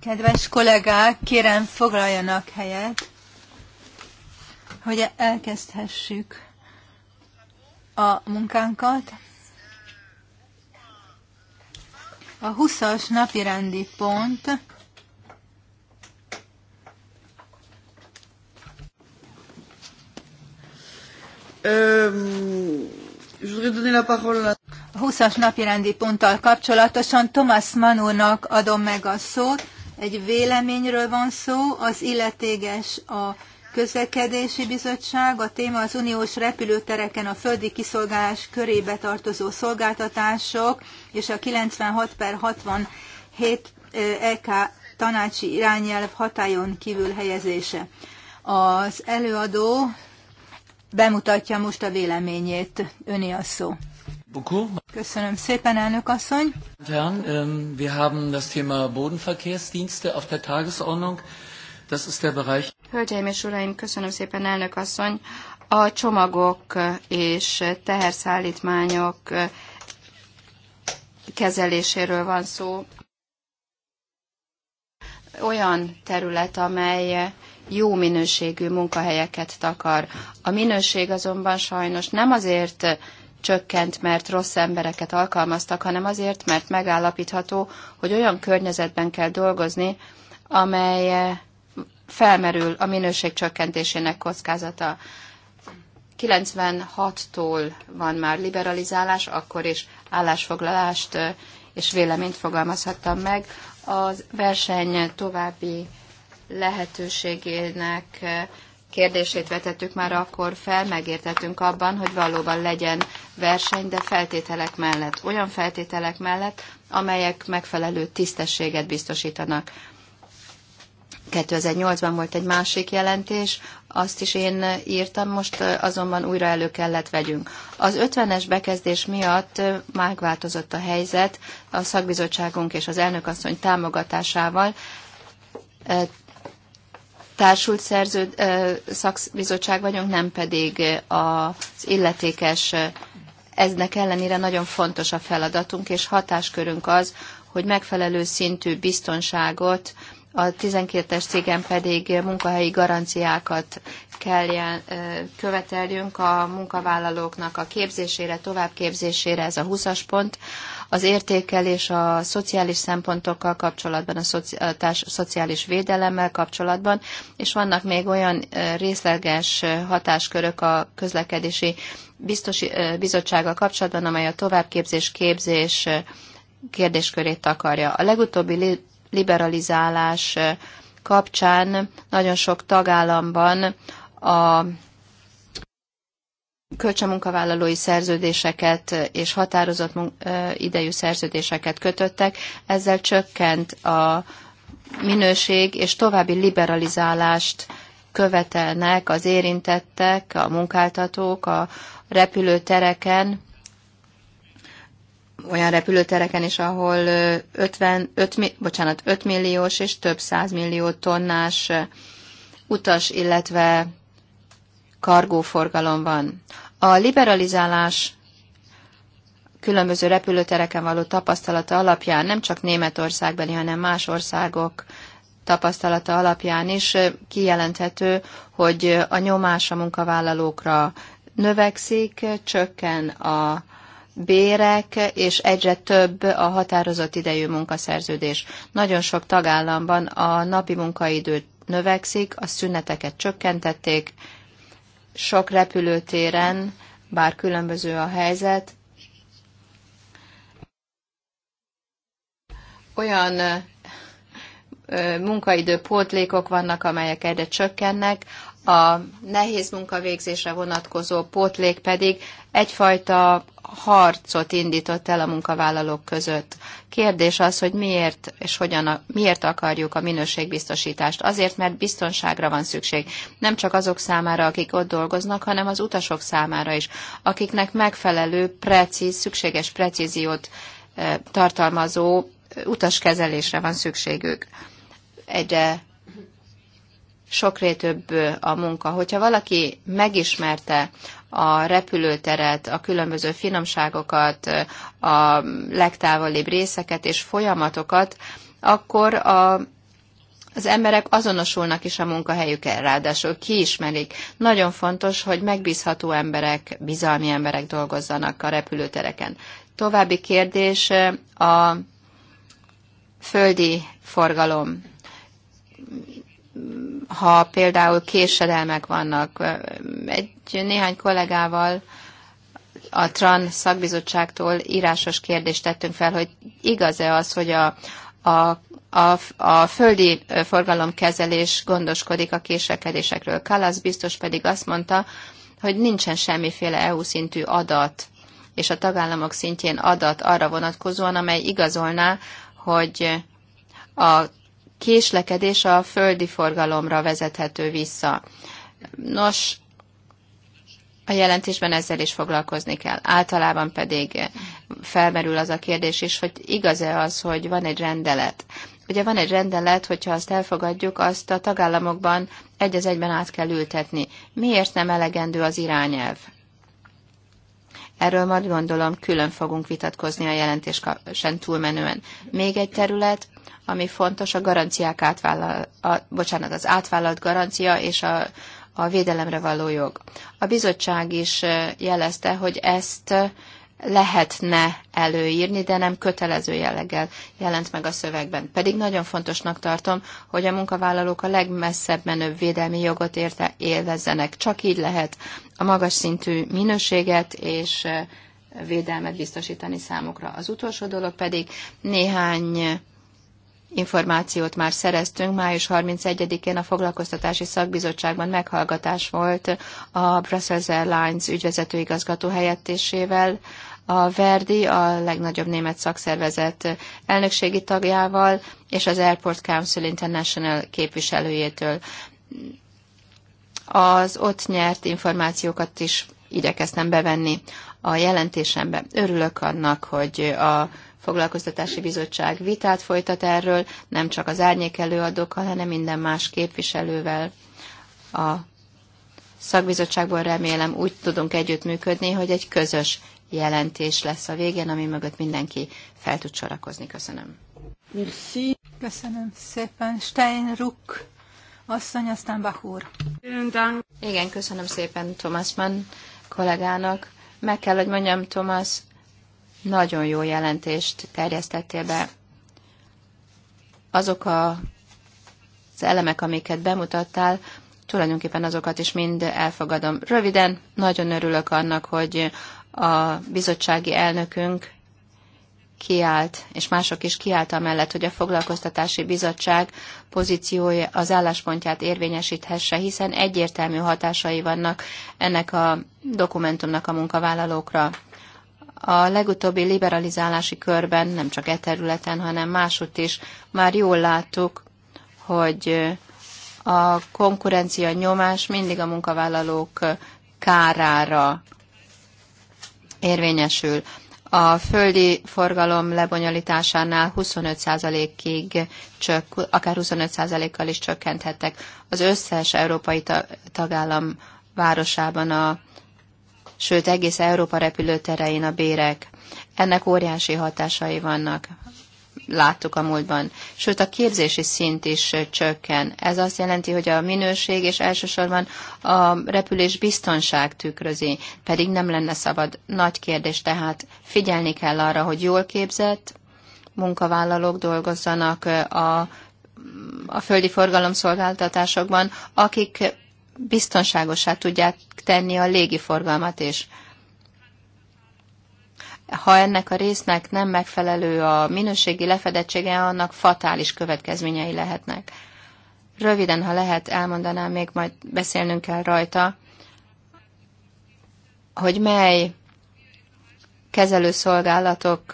Kedves kollégák, kérem foglaljanak helyet, hogy elkezdhessük a munkánkat. A 20-as napi rendi pont Euh, je voudrais donner la parole à 20-as napirendi ponttal kapcsolatosan Thomas Manónak adom meg a szót. Egy véleményről van szó, az illetéges a közlekedési bizottság, a téma az uniós repülőtereken a földi kiszolgálás körébe tartozó szolgáltatások és a 96 per 67 EK tanácsi irányelv hatájon kívül helyezése. Az előadó bemutatja most a véleményét, öné a szó. Köszönöm szépen, elnök asszony. Herren, ähm, wir haben das Thema Bodenverkehrsdienste auf der Tagesordnung. Das ist der Bereich. Hölgyeim és uraim, köszönöm szépen, elnök asszony. A csomagok és teherszállítmányok kezeléséről van szó. Olyan terület, amely jó minőségű munkahelyeket takar. A minőség azonban sajnos nem azért csökkent, mert rossz embereket alkalmaztak, hanem azért, mert megállapítható, hogy olyan környezetben kell dolgozni, amely felmerül a minőség csökkentésének kockázata. 96-tól van már liberalizálás, akkor is állásfoglalást és véleményt fogalmazhattam meg. A verseny további lehetőségének kérdését vetettük már akkor fel, megértettünk abban, hogy valóban legyen verseny, de feltételek mellett. Olyan feltételek mellett, amelyek megfelelő tisztességet biztosítanak. 2008-ban volt egy másik jelentés, azt is én írtam, most azonban újra elő kellett vegyünk. Az 50-es bekezdés miatt megváltozott a helyzet, a szakbizottságunk és az elnökasszony támogatásával társult szerző szakbizottság vagyunk, nem pedig az illetékes. Eznek ellenére nagyon fontos a feladatunk, és hatáskörünk az, hogy megfelelő szintű biztonságot, a 12-es cégen pedig munkahelyi garanciákat kelljen követeljünk a munkavállalóknak a képzésére, továbbképzésére, ez a 20-as pont az értékelés a szociális szempontokkal kapcsolatban, a, társ, szociális védelemmel kapcsolatban, és vannak még olyan részleges hatáskörök a közlekedési biztos, bizottsága kapcsolatban, amely a továbbképzés-képzés kérdéskörét takarja. A legutóbbi liberalizálás kapcsán nagyon sok tagállamban a kölcsönmunkavállalói szerződéseket és határozott idejű szerződéseket kötöttek, ezzel csökkent a minőség és további liberalizálást követelnek az érintettek, a munkáltatók a repülőtereken, olyan repülőtereken is, ahol 50, 5, bocsánat, 5 milliós és több 100 millió tonnás utas, illetve kargóforgalom van. A liberalizálás különböző repülőtereken való tapasztalata alapján nem csak Németországbeli, hanem más országok tapasztalata alapján is kijelenthető, hogy a nyomás a munkavállalókra növekszik, csökken a bérek, és egyre több a határozott idejű munkaszerződés. Nagyon sok tagállamban a napi munkaidő növekszik, a szüneteket csökkentették, sok repülőtéren, bár különböző a helyzet, olyan munkaidő pótlékok vannak, amelyek egyre csökkennek, a nehéz munkavégzésre vonatkozó pótlék pedig egyfajta harcot indított el a munkavállalók között. Kérdés az, hogy miért és hogyan a, miért akarjuk a minőségbiztosítást. Azért, mert biztonságra van szükség. Nem csak azok számára, akik ott dolgoznak, hanem az utasok számára is, akiknek megfelelő, precíz, szükséges precíziót eh, tartalmazó eh, utaskezelésre van szükségük. Egyre több a munka. Hogyha valaki megismerte a repülőteret, a különböző finomságokat, a legtávolibb részeket és folyamatokat, akkor a, az emberek azonosulnak is a munkahelyükkel, ráadásul kiismerik. Nagyon fontos, hogy megbízható emberek, bizalmi emberek dolgozzanak a repülőtereken. További kérdés a földi forgalom ha például késedelmek vannak, egy néhány kollégával a TRAN szakbizottságtól írásos kérdést tettünk fel, hogy igaz-e az, hogy a, a, a, a földi forgalomkezelés gondoskodik a késekedésekről. Kalasz biztos pedig azt mondta, hogy nincsen semmiféle EU szintű adat, és a tagállamok szintjén adat arra vonatkozóan, amely igazolná, hogy a késlekedés a földi forgalomra vezethető vissza. Nos, a jelentésben ezzel is foglalkozni kell. Általában pedig felmerül az a kérdés is, hogy igaz-e az, hogy van egy rendelet. Ugye van egy rendelet, hogyha azt elfogadjuk, azt a tagállamokban egy az egyben át kell ültetni. Miért nem elegendő az irányelv? Erről majd gondolom külön fogunk vitatkozni a jelentésen túlmenően. Még egy terület, ami fontos, a garanciák átvállal, a, bocsánat, az átvállalt garancia és a, a védelemre való jog. A bizottság is jelezte, hogy ezt lehetne előírni, de nem kötelező jelleggel jelent meg a szövegben. Pedig nagyon fontosnak tartom, hogy a munkavállalók a legmesszebb menőbb védelmi jogot érte élvezzenek. Csak így lehet a magas szintű minőséget és védelmet biztosítani számukra. Az utolsó dolog pedig néhány információt már szereztünk. Május 31-én a foglalkoztatási szakbizottságban meghallgatás volt a Brussels Airlines ügyvezetőigazgató helyettésével, a Verdi, a legnagyobb német szakszervezet elnökségi tagjával, és az Airport Council International képviselőjétől. Az ott nyert információkat is igyekeztem bevenni a jelentésembe. Örülök annak, hogy a Foglalkoztatási Bizottság vitát folytat erről, nem csak az árnyék előadókkal, hanem minden más képviselővel a szakbizottságból remélem úgy tudunk együttműködni, hogy egy közös jelentés lesz a végén, ami mögött mindenki fel tud sorakozni. Köszönöm. Merci. Köszönöm szépen. Ruck, asszony, aztán Bach úr. Igen, köszönöm szépen Thomas Mann kollégának. Meg kell, hogy mondjam, Thomas, nagyon jó jelentést terjesztettél be. Azok a, az elemek, amiket bemutattál, tulajdonképpen azokat is mind elfogadom. Röviden, nagyon örülök annak, hogy a bizottsági elnökünk kiállt, és mások is kiállt mellett hogy a foglalkoztatási bizottság pozíciója az álláspontját érvényesíthesse, hiszen egyértelmű hatásai vannak ennek a dokumentumnak a munkavállalókra a legutóbbi liberalizálási körben, nem csak e területen, hanem máshogy is már jól láttuk, hogy a konkurencia nyomás mindig a munkavállalók kárára érvényesül. A földi forgalom lebonyolításánál 25%-ig csök, akár 25%-kal is csökkenthettek. Az összes európai tagállam városában a sőt egész Európa repülőterein a bérek. Ennek óriási hatásai vannak láttuk a múltban. Sőt, a képzési szint is csökken. Ez azt jelenti, hogy a minőség és elsősorban a repülés biztonság tükrözi, pedig nem lenne szabad. Nagy kérdés, tehát figyelni kell arra, hogy jól képzett munkavállalók dolgozzanak a, a földi forgalomszolgáltatásokban, akik biztonságosá tudják tenni a légiforgalmat is. Ha ennek a résznek nem megfelelő a minőségi lefedettsége, annak fatális következményei lehetnek. Röviden, ha lehet, elmondanám, még majd beszélnünk kell rajta, hogy mely kezelőszolgálatok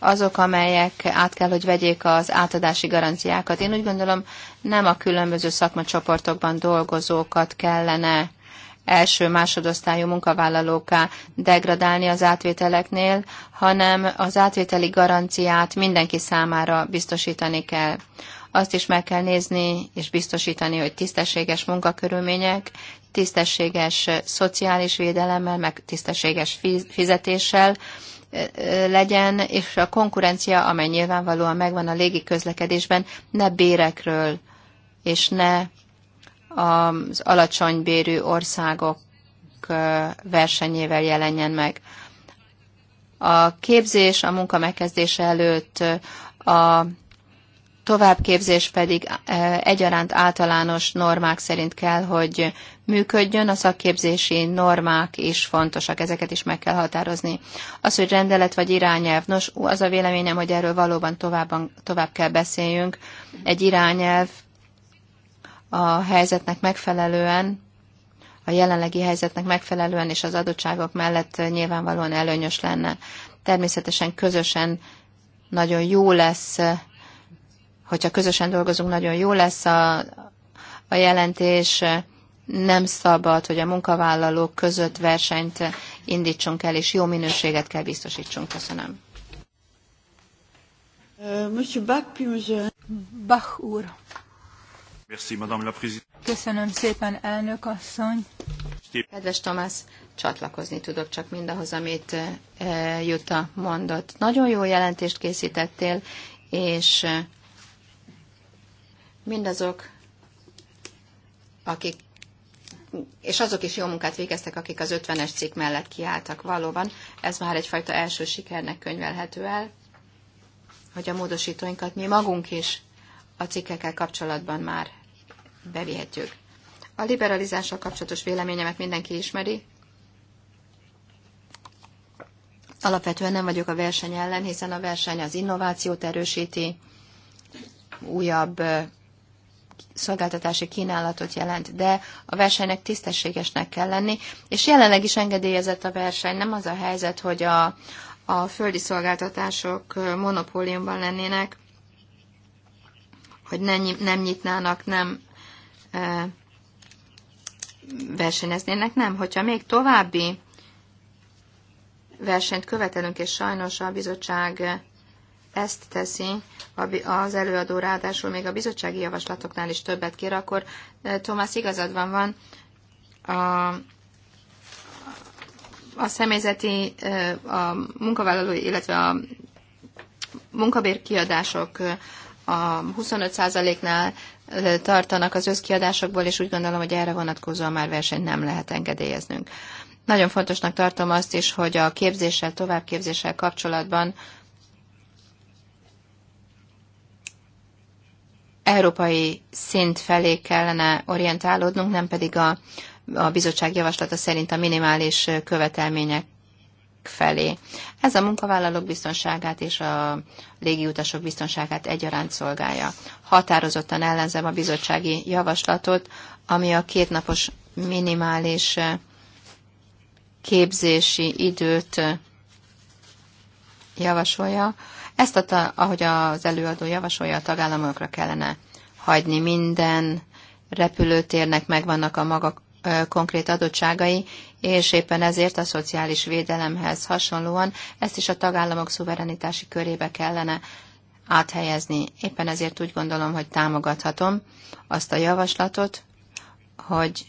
azok, amelyek át kell, hogy vegyék az átadási garanciákat. Én úgy gondolom, nem a különböző szakmacsoportokban dolgozókat kellene első, másodosztályú munkavállalóká degradálni az átvételeknél, hanem az átvételi garanciát mindenki számára biztosítani kell. Azt is meg kell nézni és biztosítani, hogy tisztességes munkakörülmények, tisztességes szociális védelemmel, meg tisztességes fizetéssel, legyen, és a konkurencia, amely nyilvánvalóan megvan a légi közlekedésben, ne bérekről, és ne az alacsony bérű országok versenyével jelenjen meg. A képzés a munka megkezdése előtt a továbbképzés pedig e, egyaránt általános normák szerint kell, hogy működjön, a szakképzési normák is fontosak, ezeket is meg kell határozni. Az, hogy rendelet vagy irányelv, nos, az a véleményem, hogy erről valóban továbban, tovább kell beszéljünk. Egy irányelv a helyzetnek megfelelően, a jelenlegi helyzetnek megfelelően és az adottságok mellett nyilvánvalóan előnyös lenne. Természetesen közösen nagyon jó lesz hogyha közösen dolgozunk, nagyon jó lesz a, a jelentés. Nem szabad, hogy a munkavállalók között versenyt indítsunk el, és jó minőséget kell biztosítsunk. Köszönöm. Euh, Bach, úr. Köszönöm szépen, elnök asszony. Kedves Tomás, csatlakozni tudok csak mindahhoz, amit eh, Jutta mondott. Nagyon jó jelentést készítettél, és eh, Mindazok, akik és azok is jó munkát végeztek, akik az 50-es cikk mellett kiálltak valóban. Ez már egyfajta első sikernek könyvelhető el, hogy a módosítóinkat mi magunk is a cikkekkel kapcsolatban már bevihetjük. A liberalizással kapcsolatos véleményemet mindenki ismeri. Alapvetően nem vagyok a verseny ellen, hiszen a verseny az innovációt erősíti, újabb szolgáltatási kínálatot jelent, de a versenynek tisztességesnek kell lenni, és jelenleg is engedélyezett a verseny. Nem az a helyzet, hogy a, a földi szolgáltatások monopóliumban lennének, hogy nem, nem nyitnának, nem e, versenyeznének, nem. Hogyha még további versenyt követelünk, és sajnos a bizottság ezt teszi az előadó, ráadásul még a bizottsági javaslatoknál is többet kér, akkor Tomás igazad van, van a, a személyzeti, a munkavállaló, illetve a munkabérkiadások a 25%-nál tartanak az összkiadásokból, és úgy gondolom, hogy erre vonatkozóan már versenyt nem lehet engedélyeznünk. Nagyon fontosnak tartom azt is, hogy a képzéssel, továbbképzéssel kapcsolatban európai szint felé kellene orientálódnunk, nem pedig a, a bizottság javaslata szerint a minimális követelmények felé. Ez a munkavállalók biztonságát és a légiutasok biztonságát egyaránt szolgálja. Határozottan ellenzem a bizottsági javaslatot, ami a kétnapos minimális képzési időt javasolja. Ezt, a, ahogy az előadó javasolja, a tagállamokra kellene hagyni minden repülőtérnek megvannak a maga konkrét adottságai, és éppen ezért a szociális védelemhez hasonlóan ezt is a tagállamok szuverenitási körébe kellene áthelyezni. Éppen ezért úgy gondolom, hogy támogathatom azt a javaslatot, hogy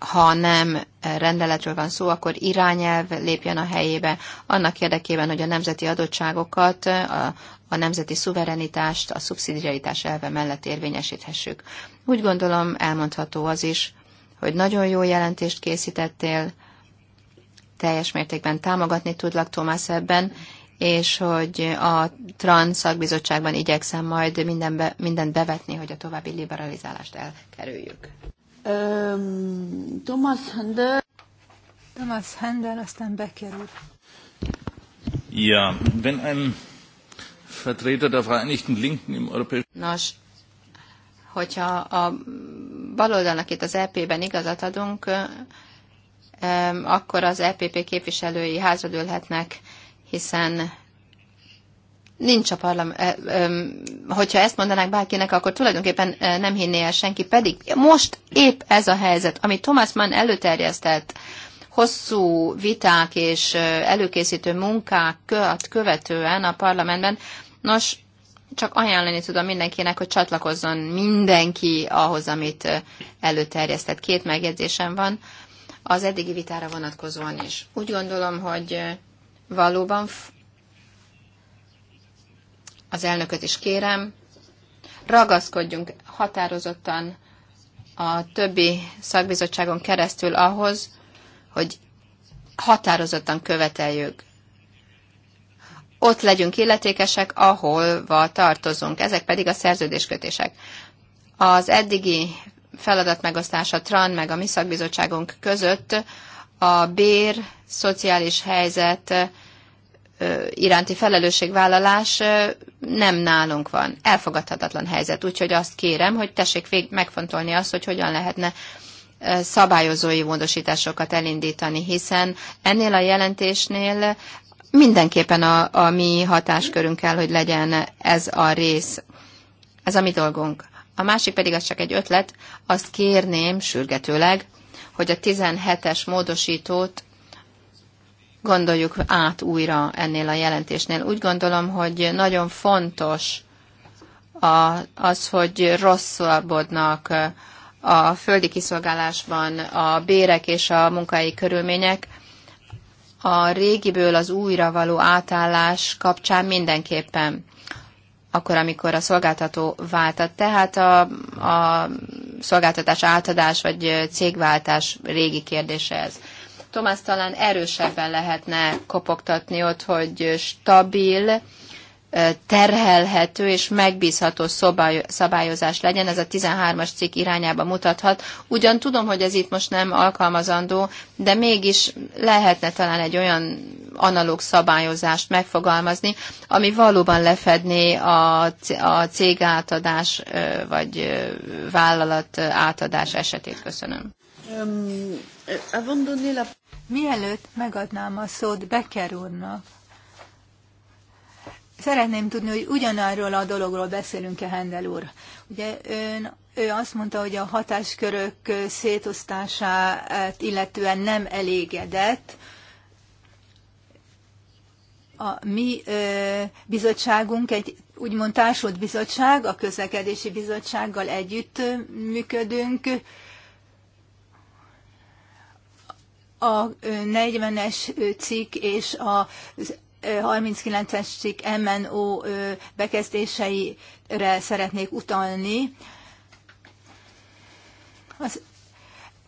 ha nem rendeletről van szó, akkor irányelv lépjen a helyébe, annak érdekében, hogy a nemzeti adottságokat, a, a nemzeti szuverenitást, a szubszidiaritás elve mellett érvényesíthessük. Úgy gondolom elmondható az is, hogy nagyon jó jelentést készítettél, teljes mértékben támogatni tudlak Tomás ebben, és hogy a trans szakbizottságban igyekszem majd minden mindent bevetni, hogy a további liberalizálást elkerüljük. Thomas Handel. Thomas Handel, aztán Becker úr. Ja, wenn ein Vertreter der Vereinigten Linken im Europäischen... Nos, hogyha a baloldalnak itt az EP-ben igazat adunk, akkor az EPP képviselői házadülhetnek, hiszen nincs a parlament, hogyha ezt mondanák bárkinek, akkor tulajdonképpen nem hinné el senki, pedig most épp ez a helyzet, ami Thomas Mann előterjesztett, hosszú viták és előkészítő munkák követően a parlamentben, nos, csak ajánlani tudom mindenkinek, hogy csatlakozzon mindenki ahhoz, amit előterjesztett. Két megjegyzésem van az eddigi vitára vonatkozóan is. Úgy gondolom, hogy valóban az elnököt is kérem, ragaszkodjunk határozottan a többi szakbizottságon keresztül ahhoz, hogy határozottan követeljük. Ott legyünk illetékesek, ahol tartozunk, ezek pedig a szerződéskötések. Az eddigi megosztása TRAN meg a mi szakbizottságunk között a bér, szociális helyzet, iránti felelősségvállalás nem nálunk van. Elfogadhatatlan helyzet, úgyhogy azt kérem, hogy tessék vég megfontolni azt, hogy hogyan lehetne szabályozói módosításokat elindítani, hiszen ennél a jelentésnél mindenképpen a, a mi hatáskörünk kell, hogy legyen ez a rész. Ez a mi dolgunk. A másik pedig az csak egy ötlet, azt kérném sürgetőleg, hogy a 17-es módosítót gondoljuk át újra ennél a jelentésnél. Úgy gondolom, hogy nagyon fontos a, az, hogy rosszabbodnak a földi kiszolgálásban a bérek és a munkai körülmények. A régiből az újra való átállás kapcsán mindenképpen akkor, amikor a szolgáltató váltat. Tehát a, a szolgáltatás átadás vagy cégváltás régi kérdése ez. Tomás talán erősebben lehetne kopogtatni ott, hogy stabil, terhelhető és megbízható szabályozás legyen, ez a 13-as cikk irányába mutathat. Ugyan tudom, hogy ez itt most nem alkalmazandó, de mégis lehetne talán egy olyan analóg szabályozást megfogalmazni, ami valóban lefedné a, a cég átadás vagy vállalat átadás esetét. Köszönöm. Um, Mielőtt megadnám a szót Becker úrnak, szeretném tudni, hogy ugyanarról a dologról beszélünk-e, Hendel úr. Ugye ön, ő azt mondta, hogy a hatáskörök szétosztását illetően nem elégedett, a mi ö, bizottságunk egy úgymond társult bizottság, a közlekedési bizottsággal együtt működünk, a 40-es cikk és a 39-es cikk MNO bekezdéseire szeretnék utalni. Az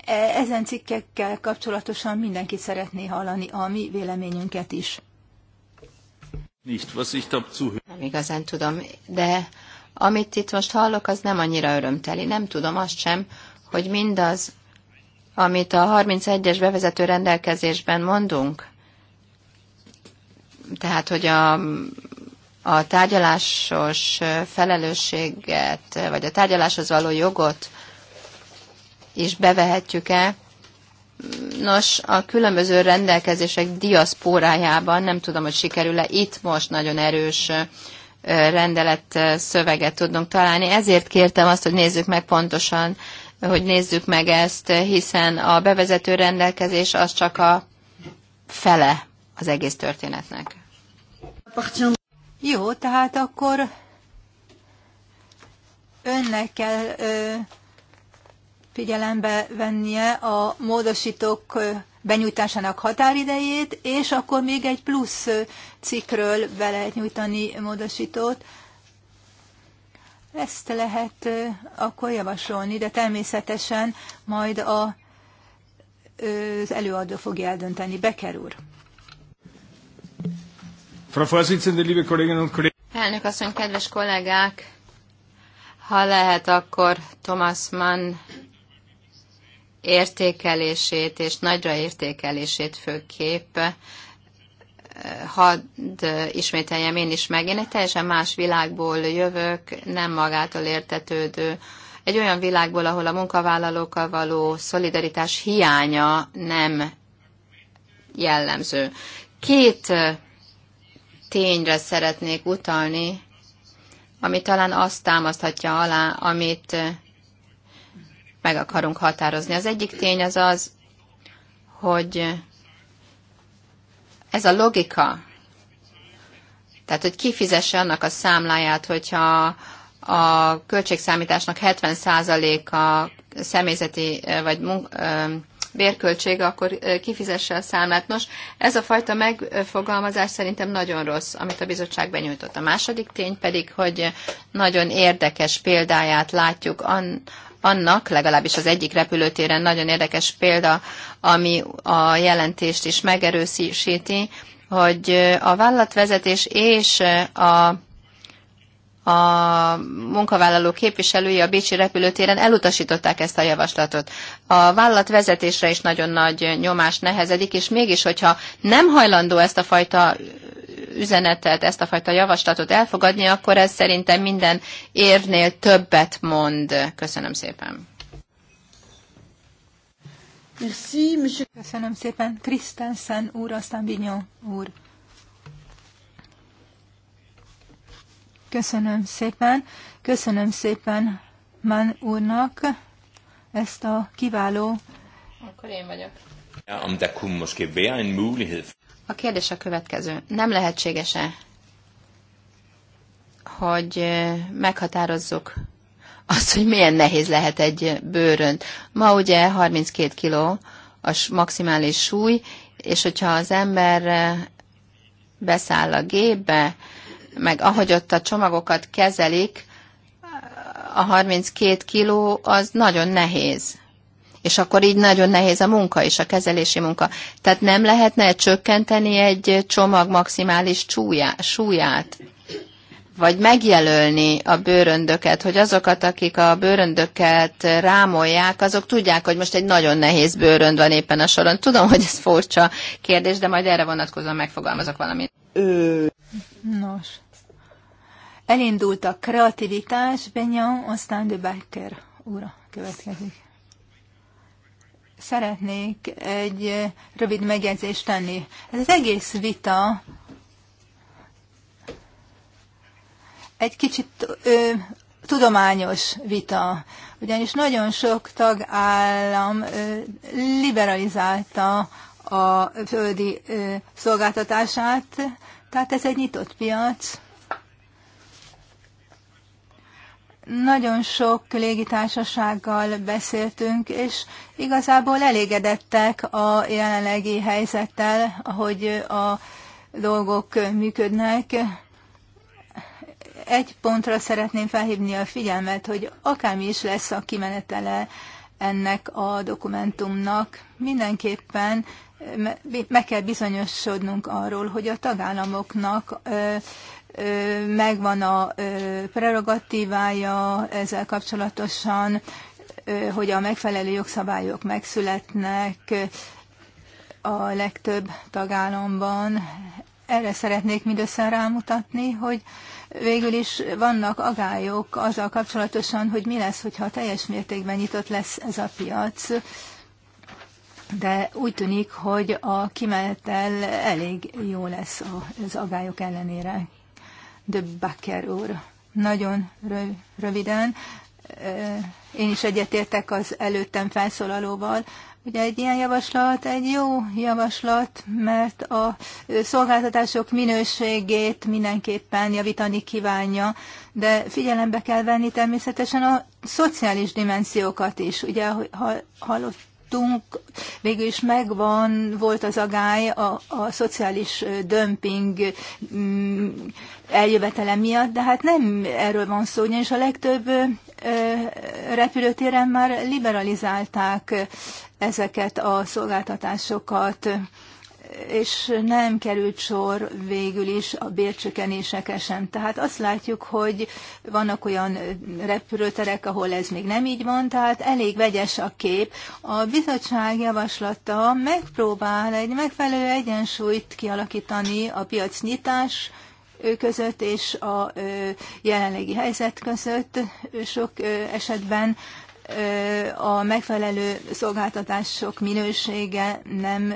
e, ezen cikkekkel kapcsolatosan mindenki szeretné hallani a mi véleményünket is. Nicht, was ich Nem igazán tudom, de amit itt most hallok, az nem annyira örömteli. Nem tudom azt sem, hogy mindaz, amit a 31-es bevezető rendelkezésben mondunk, tehát, hogy a, a tárgyalásos felelősséget, vagy a tárgyaláshoz való jogot is bevehetjük-e, Nos, a különböző rendelkezések diaszpórájában, nem tudom, hogy sikerül-e itt most nagyon erős rendelet szöveget tudnunk találni. Ezért kértem azt, hogy nézzük meg pontosan hogy nézzük meg ezt, hiszen a bevezető rendelkezés az csak a fele az egész történetnek. Jó, tehát akkor önnek kell ö, figyelembe vennie a módosítók benyújtásának határidejét, és akkor még egy plusz cikkről be lehet nyújtani módosítót. Ezt lehet akkor javasolni, de természetesen majd a, az előadó fogja eldönteni. Becker úr. Elnök asszony, kedves kollégák! Ha lehet, akkor Thomas Mann értékelését és nagyra értékelését főképp hadd ismételjem én is meg. Én egy teljesen más világból jövök, nem magától értetődő. Egy olyan világból, ahol a munkavállalókkal való szolidaritás hiánya nem jellemző. Két tényre szeretnék utalni, ami talán azt támaszthatja alá, amit meg akarunk határozni. Az egyik tény az az, hogy ez a logika. Tehát, hogy kifizesse annak a számláját, hogyha a költségszámításnak 70%-a személyzeti vagy munk, bérköltség, akkor kifizesse a számlát. Nos, ez a fajta megfogalmazás szerintem nagyon rossz, amit a bizottság benyújtott. A második tény pedig, hogy nagyon érdekes példáját látjuk an, annak, legalábbis az egyik repülőtéren nagyon érdekes példa, ami a jelentést is megerősíti, hogy a vállalatvezetés és a a munkavállaló képviselői a Bécsi repülőtéren elutasították ezt a javaslatot. A vállalat vezetésre is nagyon nagy nyomás nehezedik, és mégis, hogyha nem hajlandó ezt a fajta üzenetet, ezt a fajta javaslatot elfogadni, akkor ez szerintem minden érvnél többet mond. Köszönöm szépen. Köszönöm szépen. Krisztensen úr, aztán Vignon úr. Köszönöm szépen. Köszönöm szépen Mann úrnak ezt a kiváló... Akkor én vagyok. Ja, om der kunne måske være en mulighed a kérdés a következő. Nem lehetséges-e, hogy meghatározzuk azt, hogy milyen nehéz lehet egy bőrön. Ma ugye 32 kg a maximális súly, és hogyha az ember beszáll a gépbe, meg ahogy ott a csomagokat kezelik, a 32 kg az nagyon nehéz és akkor így nagyon nehéz a munka és a kezelési munka. Tehát nem lehetne csökkenteni egy csomag maximális csúlyá, súlyát? Vagy megjelölni a bőröndöket, hogy azokat, akik a bőröndöket rámolják, azok tudják, hogy most egy nagyon nehéz bőrönd van éppen a soron. Tudom, hogy ez furcsa kérdés, de majd erre vonatkozóan megfogalmazok valamit. Ö... Nos. Elindult a kreativitás, Benyam, aztán de Becker úra következik szeretnék egy rövid megjegyzést tenni. Ez az egész vita egy kicsit ö, tudományos vita, ugyanis nagyon sok tagállam ö, liberalizálta a földi ö, szolgáltatását, tehát ez egy nyitott piac. Nagyon sok légitársasággal beszéltünk, és igazából elégedettek a jelenlegi helyzettel, ahogy a dolgok működnek. Egy pontra szeretném felhívni a figyelmet, hogy akármi is lesz a kimenetele ennek a dokumentumnak, mindenképpen meg kell bizonyosodnunk arról, hogy a tagállamoknak megvan a prerogatívája ezzel kapcsolatosan, hogy a megfelelő jogszabályok megszületnek a legtöbb tagállamban. Erre szeretnék mindössze rámutatni, hogy végül is vannak agályok azzal kapcsolatosan, hogy mi lesz, hogyha teljes mértékben nyitott lesz ez a piac, de úgy tűnik, hogy a kimenetel elég jó lesz az agályok ellenére de Bakker úr. Nagyon röviden, én is egyetértek az előttem felszólalóval, Ugye egy ilyen javaslat egy jó javaslat, mert a szolgáltatások minőségét mindenképpen javítani kívánja, de figyelembe kell venni természetesen a szociális dimenziókat is. Ugye, ha hallott, jutottunk, végül is megvan, volt az agály a, a szociális dömping mm, eljövetele miatt, de hát nem erről van szó, ugyanis a legtöbb repülőtéren már liberalizálták ezeket a szolgáltatásokat és nem került sor végül is a bércsökenésekre sem. Tehát azt látjuk, hogy vannak olyan repülőterek, ahol ez még nem így van, tehát elég vegyes a kép. A bizottság javaslata megpróbál egy megfelelő egyensúlyt kialakítani a piac nyitás között és a jelenlegi helyzet között sok esetben a megfelelő szolgáltatások minősége nem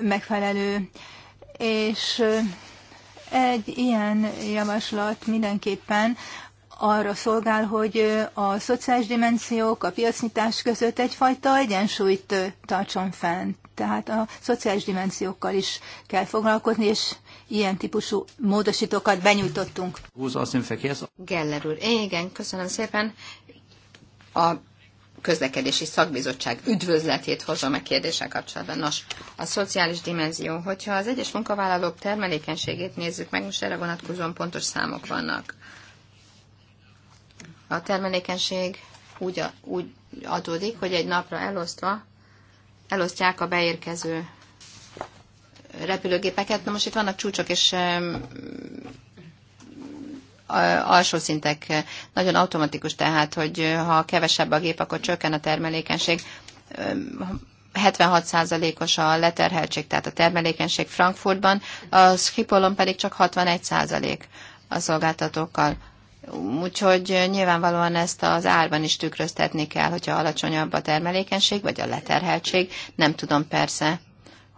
megfelelő, és egy ilyen javaslat mindenképpen arra szolgál, hogy a szociális dimenziók, a piacnyitás között egyfajta egyensúlyt tartson fent. Tehát a szociális dimenziókkal is kell foglalkozni, és ilyen típusú módosítókat benyújtottunk. Geller igen, köszönöm szépen. A közlekedési szakbizottság üdvözletét hozom a kérdéssel kapcsolatban. Nos, a szociális dimenzió, hogyha az egyes munkavállalók termelékenységét nézzük meg, most erre vonatkozóan pontos számok vannak. A termelékenység úgy, úgy adódik, hogy egy napra elosztva elosztják a beérkező repülőgépeket. Na most itt vannak csúcsok és alsó szintek nagyon automatikus, tehát, hogy ha kevesebb a gép, akkor csökken a termelékenység. 76%-os a leterheltség, tehát a termelékenység Frankfurtban, a Schipholon pedig csak 61% a szolgáltatókkal. Úgyhogy nyilvánvalóan ezt az árban is tükröztetni kell, hogyha alacsonyabb a termelékenység, vagy a leterheltség. Nem tudom persze,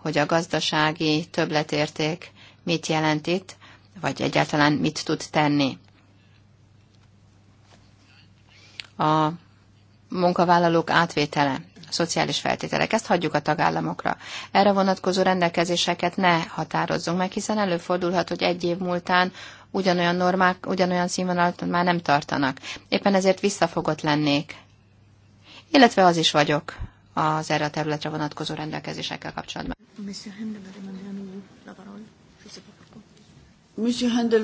hogy a gazdasági többletérték mit jelent itt, vagy egyáltalán mit tud tenni. a munkavállalók átvétele, a szociális feltételek. Ezt hagyjuk a tagállamokra. Erre vonatkozó rendelkezéseket ne határozzunk meg, hiszen előfordulhat, hogy egy év múltán ugyanolyan normák, ugyanolyan színvonalat már nem tartanak. Éppen ezért visszafogott lennék. Illetve az is vagyok az erre a területre vonatkozó rendelkezésekkel kapcsolatban. Monsieur Handel,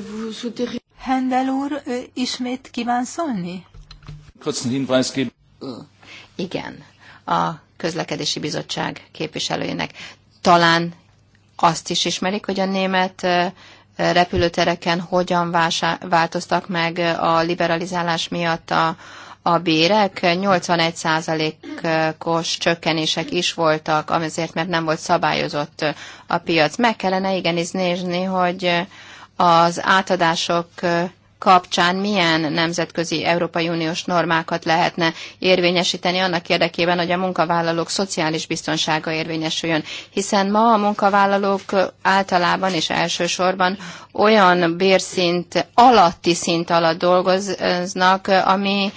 Handel úr, ismét kíván szólni? Igen, a közlekedési bizottság képviselőjének. Talán azt is ismerik, hogy a német repülőtereken hogyan változtak meg a liberalizálás miatt a, a bérek. 81%-os csökkenések is voltak, azért, mert nem volt szabályozott a piac. Meg kellene igenis nézni, hogy az átadások kapcsán milyen nemzetközi Európai Uniós normákat lehetne érvényesíteni annak érdekében, hogy a munkavállalók szociális biztonsága érvényesüljön. Hiszen ma a munkavállalók általában és elsősorban olyan bérszint alatti szint alatt dolgoznak, ami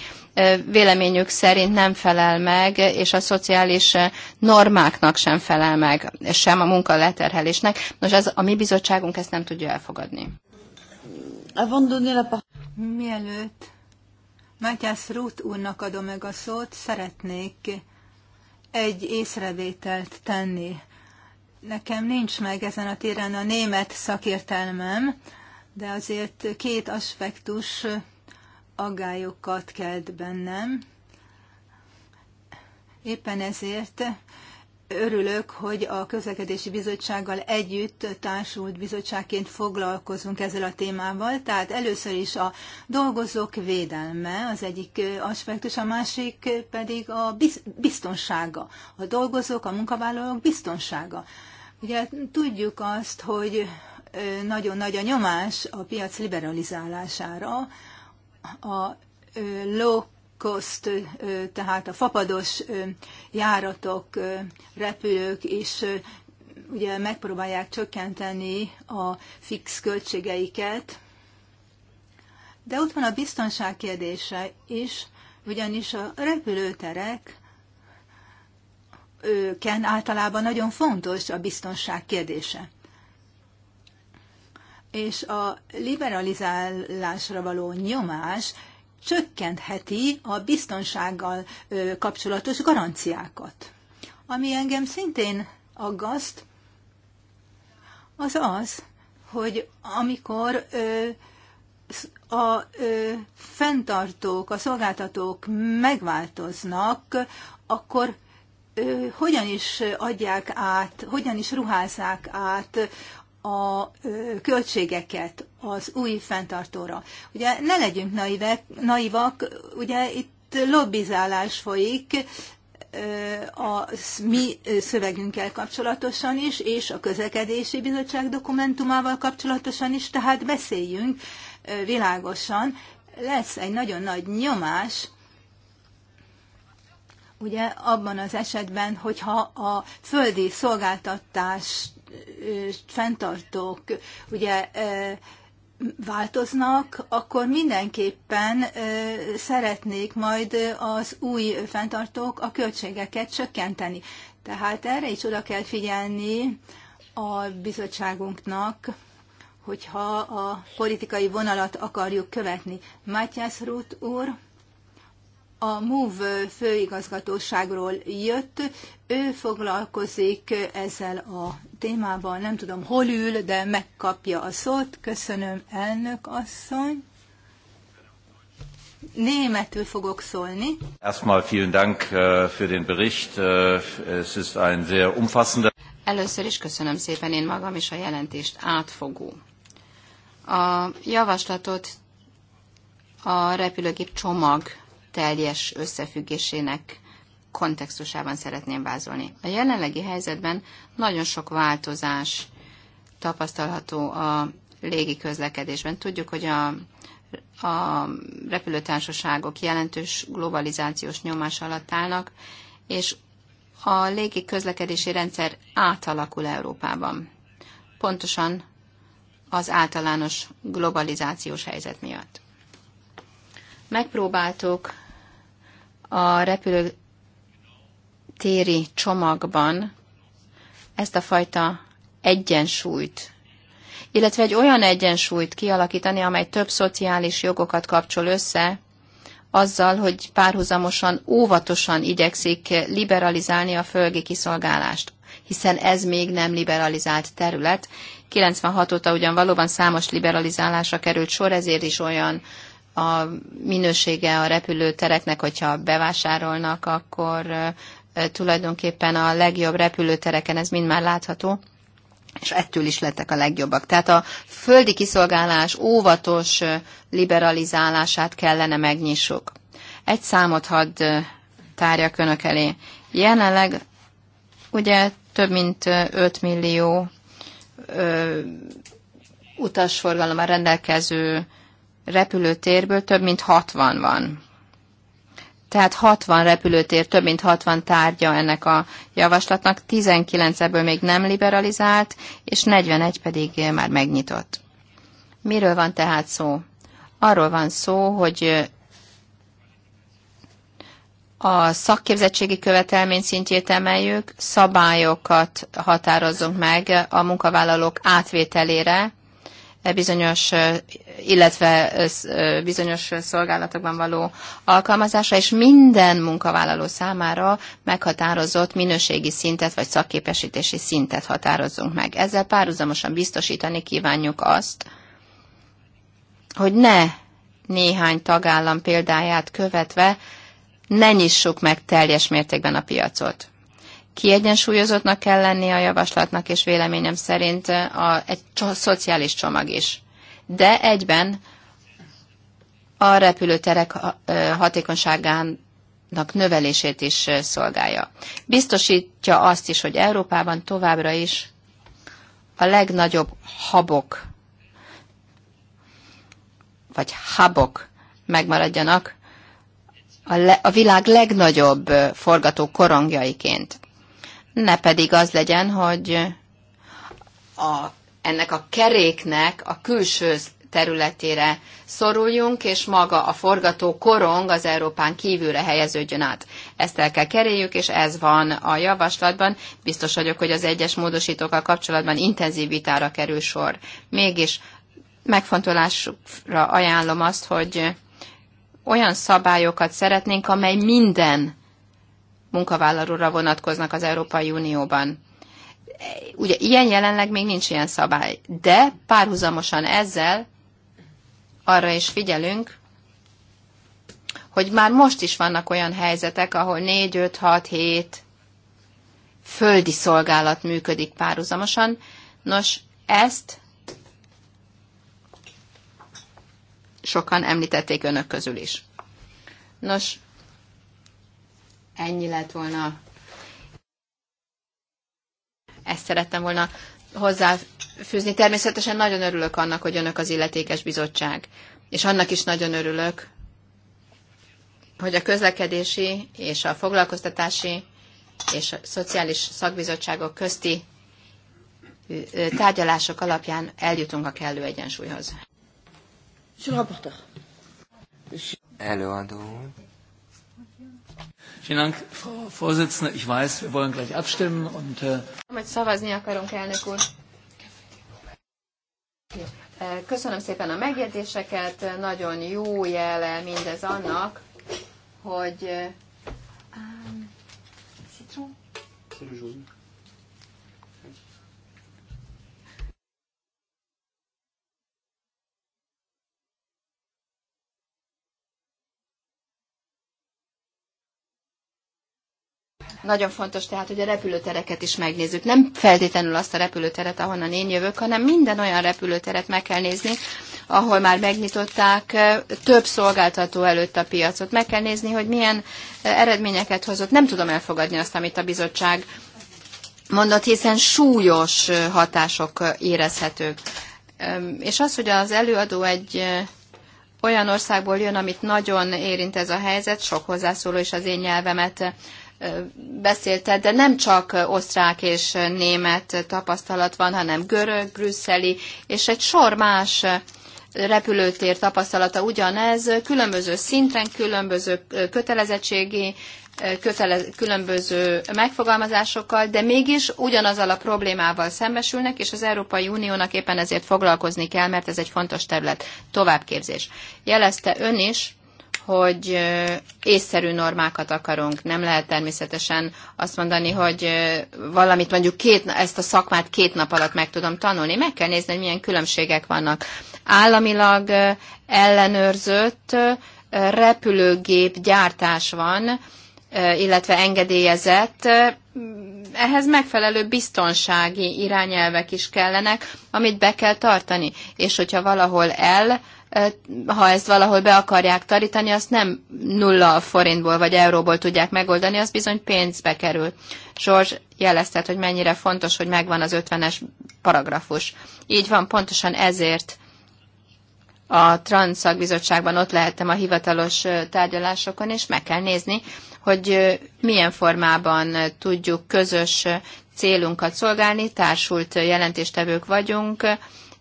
véleményük szerint nem felel meg, és a szociális normáknak sem felel meg, sem a munkaleterhelésnek. Nos, ez, a mi bizottságunk ezt nem tudja elfogadni. Avant de donner la parole. Mielőtt Mátyász Ruth úrnak adom meg a szót, szeretnék egy észrevételt tenni. Nekem nincs meg ezen a téren a német szakértelmem, de azért két aspektus aggályokat kelt bennem. Éppen ezért örülök, hogy a közlekedési bizottsággal együtt társult bizottságként foglalkozunk ezzel a témával. Tehát először is a dolgozók védelme az egyik aspektus, a másik pedig a biztonsága. A dolgozók, a munkavállalók biztonsága. Ugye tudjuk azt, hogy nagyon nagy a nyomás a piac liberalizálására, a low koszt, tehát a fapados járatok, repülők is ugye megpróbálják csökkenteni a fix költségeiket, de ott van a biztonság kérdése is, ugyanis a repülőterek őken általában nagyon fontos a biztonság kérdése. És a liberalizálásra való nyomás csökkentheti a biztonsággal kapcsolatos garanciákat. Ami engem szintén aggaszt, az az, hogy amikor a fenntartók, a szolgáltatók megváltoznak, akkor hogyan is adják át, hogyan is ruházzák át a költségeket az új fenntartóra. Ugye ne legyünk naivek, naivak, ugye itt lobbizálás folyik a mi szövegünkkel kapcsolatosan is, és a közlekedési bizottság dokumentumával kapcsolatosan is, tehát beszéljünk világosan. Lesz egy nagyon nagy nyomás, ugye abban az esetben, hogyha a földi szolgáltatást fenntartók ugye változnak, akkor mindenképpen szeretnék majd az új fenntartók a költségeket csökkenteni. Tehát erre is oda kell figyelni a bizottságunknak, hogyha a politikai vonalat akarjuk követni. Mátyász Rút úr a MOVE főigazgatóságról jött, ő foglalkozik ezzel a témával, nem tudom hol ül, de megkapja a szót. Köszönöm, elnök asszony. Németül fogok szólni. Erstmal vielen Dank äh, für den Bericht. Äh, es ist ein sehr umfassender. Először is köszönöm szépen én magam is a jelentést átfogó. A javaslatot a repülőgép csomag teljes összefüggésének kontextusában szeretném vázolni. A jelenlegi helyzetben nagyon sok változás tapasztalható a légi közlekedésben. Tudjuk, hogy a, a repülőtársaságok jelentős globalizációs nyomás alatt állnak, és a légi közlekedési rendszer átalakul Európában. Pontosan az általános globalizációs helyzet miatt. Megpróbáltuk a repülőtéri csomagban ezt a fajta egyensúlyt, illetve egy olyan egyensúlyt kialakítani, amely több szociális jogokat kapcsol össze, azzal, hogy párhuzamosan, óvatosan igyekszik liberalizálni a földi kiszolgálást, hiszen ez még nem liberalizált terület. 96 óta ugyan valóban számos liberalizálásra került sor, ezért is olyan a minősége a repülőtereknek, hogyha bevásárolnak, akkor tulajdonképpen a legjobb repülőtereken ez mind már látható, és ettől is lettek a legjobbak. Tehát a földi kiszolgálás óvatos liberalizálását kellene megnyissuk. Egy számot hadd tárjak önök elé. Jelenleg ugye több mint 5 millió ö, utasforgalommal rendelkező repülőtérből több mint 60 van. Tehát 60 repülőtér, több mint 60 tárgya ennek a javaslatnak, 19 ebből még nem liberalizált, és 41 pedig már megnyitott. Miről van tehát szó? Arról van szó, hogy a szakképzettségi követelmény szintjét emeljük, szabályokat határozzunk meg a munkavállalók átvételére, E bizonyos, e, illetve e, bizonyos szolgálatokban való alkalmazásra, és minden munkavállaló számára meghatározott minőségi szintet vagy szakképesítési szintet határozzunk meg. Ezzel párhuzamosan biztosítani kívánjuk azt, hogy ne néhány tagállam példáját követve ne nyissuk meg teljes mértékben a piacot kiegyensúlyozottnak kell lennie a javaslatnak, és véleményem szerint a, egy cso- szociális csomag is. De egyben a repülőterek hatékonyságának növelését is szolgálja. Biztosítja azt is, hogy Európában továbbra is a legnagyobb habok, vagy habok megmaradjanak a, le, a világ legnagyobb forgató korongjaiként ne pedig az legyen, hogy a, ennek a keréknek a külső területére szoruljunk, és maga a forgató korong az Európán kívülre helyeződjön át. Ezt el kell keréljük, és ez van a javaslatban. Biztos vagyok, hogy az egyes módosítókkal kapcsolatban intenzív vitára kerül sor. Mégis megfontolásra ajánlom azt, hogy olyan szabályokat szeretnénk, amely minden munkavállalóra vonatkoznak az Európai Unióban. Ugye ilyen jelenleg még nincs ilyen szabály, de párhuzamosan ezzel arra is figyelünk, hogy már most is vannak olyan helyzetek, ahol 4, 5, 6, 7 földi szolgálat működik párhuzamosan. Nos, ezt sokan említették önök közül is. Nos, Ennyi lett volna. Ezt szerettem volna hozzáfűzni. Természetesen nagyon örülök annak, hogy önök az illetékes bizottság. És annak is nagyon örülök, hogy a közlekedési és a foglalkoztatási és a szociális szakbizottságok közti tárgyalások alapján eljutunk a kellő egyensúlyhoz. Előadó. Vielen Dank, Frau Vorsitzende. Ich weiß, wir wollen gleich abstimmen und... Äh, szavazni akarunk, elnök úr. Köszönöm szépen a megjegyzéseket, nagyon jó jele mindez annak, hogy... Um, Nagyon fontos tehát, hogy a repülőtereket is megnézzük. Nem feltétlenül azt a repülőteret, ahonnan én jövök, hanem minden olyan repülőteret meg kell nézni, ahol már megnyitották több szolgáltató előtt a piacot. Meg kell nézni, hogy milyen eredményeket hozott. Nem tudom elfogadni azt, amit a bizottság mondott, hiszen súlyos hatások érezhetők. És az, hogy az előadó egy olyan országból jön, amit nagyon érint ez a helyzet, sok hozzászóló is az én nyelvemet beszélted, de nem csak osztrák és német tapasztalat van, hanem görög, brüsszeli, és egy sor más repülőtér tapasztalata ugyanez, különböző szinten, különböző kötelezettségi, kötelez, különböző megfogalmazásokkal, de mégis ugyanazzal a problémával szembesülnek, és az Európai Uniónak éppen ezért foglalkozni kell, mert ez egy fontos terület. Továbbképzés. Jelezte ön is, hogy észszerű normákat akarunk. Nem lehet természetesen azt mondani, hogy valamit mondjuk két, ezt a szakmát két nap alatt meg tudom tanulni. Meg kell nézni, hogy milyen különbségek vannak. Államilag ellenőrzött repülőgép gyártás van, illetve engedélyezett, ehhez megfelelő biztonsági irányelvek is kellenek, amit be kell tartani. És hogyha valahol el ha ezt valahol be akarják tarítani, azt nem nulla forintból vagy euróból tudják megoldani, az bizony pénzbe kerül. George jelezted, hogy mennyire fontos, hogy megvan az 50-es paragrafus. Így van, pontosan ezért a Transzakbizottságban ott lehettem a hivatalos tárgyalásokon, és meg kell nézni, hogy milyen formában tudjuk közös célunkat szolgálni, társult jelentéstevők vagyunk,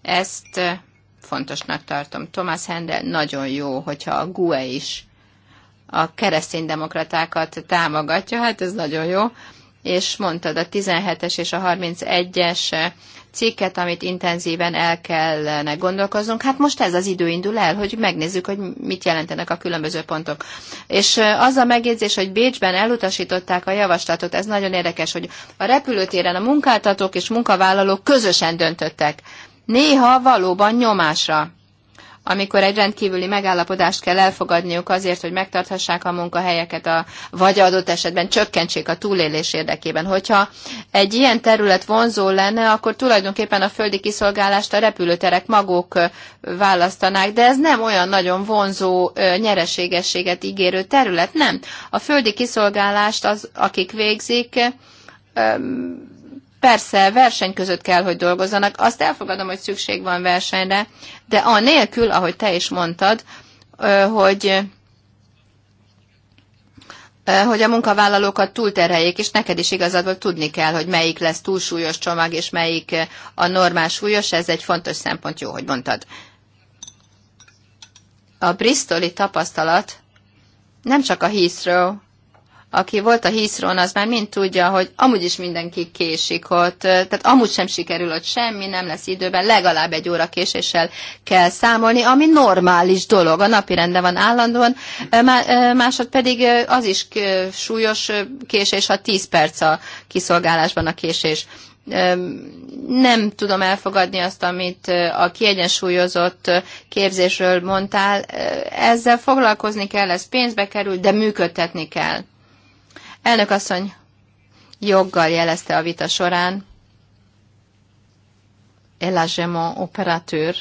ezt fontosnak tartom. Thomas Hendel nagyon jó, hogyha a GUE is a kereszténydemokratákat támogatja, hát ez nagyon jó. És mondtad a 17-es és a 31-es cikket, amit intenzíven el kellene gondolkoznunk. Hát most ez az idő indul el, hogy megnézzük, hogy mit jelentenek a különböző pontok. És az a megjegyzés, hogy Bécsben elutasították a javaslatot, ez nagyon érdekes, hogy a repülőtéren a munkáltatók és munkavállalók közösen döntöttek néha valóban nyomásra, amikor egy rendkívüli megállapodást kell elfogadniuk azért, hogy megtarthassák a munkahelyeket, a, vagy adott esetben csökkentsék a túlélés érdekében. Hogyha egy ilyen terület vonzó lenne, akkor tulajdonképpen a földi kiszolgálást a repülőterek maguk választanák, de ez nem olyan nagyon vonzó nyereségességet ígérő terület, nem. A földi kiszolgálást az, akik végzik, Persze, verseny között kell, hogy dolgozzanak. Azt elfogadom, hogy szükség van versenyre, de anélkül, ahogy te is mondtad, hogy hogy a munkavállalókat túlterheljék, és neked is igazad volt, tudni kell, hogy melyik lesz túlsúlyos csomag, és melyik a normál súlyos, ez egy fontos szempont, jó, hogy mondtad. A bristoli tapasztalat nem csak a Heathrow, aki volt a hiszron, az már mind tudja, hogy amúgy is mindenki késik ott, tehát amúgy sem sikerül ott semmi, nem lesz időben, legalább egy óra késéssel kell számolni, ami normális dolog, a napi rende van állandóan, másod pedig az is súlyos késés, ha 10 perc a kiszolgálásban a késés nem tudom elfogadni azt, amit a kiegyensúlyozott képzésről mondtál. Ezzel foglalkozni kell, ez pénzbe kerül, de működtetni kell. Elnök asszony joggal jelezte a vita során, elagement operatőr,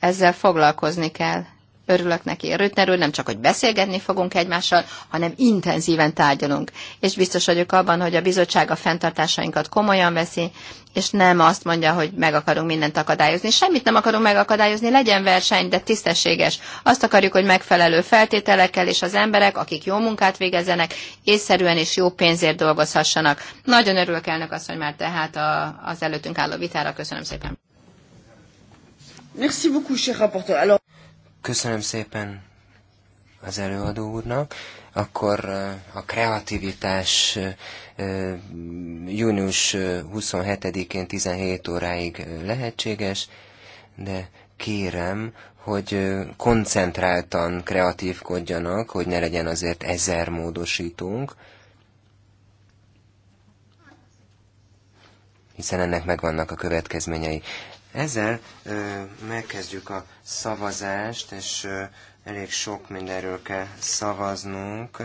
ezzel foglalkozni kell örülök neki. Rötnerről nem csak, hogy beszélgetni fogunk egymással, hanem intenzíven tárgyalunk. És biztos vagyok abban, hogy a bizottság a fenntartásainkat komolyan veszi, és nem azt mondja, hogy meg akarunk mindent akadályozni. Semmit nem akarunk megakadályozni, legyen verseny, de tisztességes. Azt akarjuk, hogy megfelelő feltételekkel, és az emberek, akik jó munkát végezzenek, észszerűen és jó pénzért dolgozhassanak. Nagyon örülök elnök azt, hogy már tehát a, az előttünk álló vitára. Köszönöm szépen. Merci beaucoup, cher rapporteur. Alors... Köszönöm szépen az előadó úrnak. Akkor a kreativitás június 27-én 17 óráig lehetséges, de kérem, hogy koncentráltan kreatívkodjanak, hogy ne legyen azért ezer módosítunk, hiszen ennek megvannak a következményei. Ezzel megkezdjük a szavazást, és elég sok mindenről kell szavaznunk.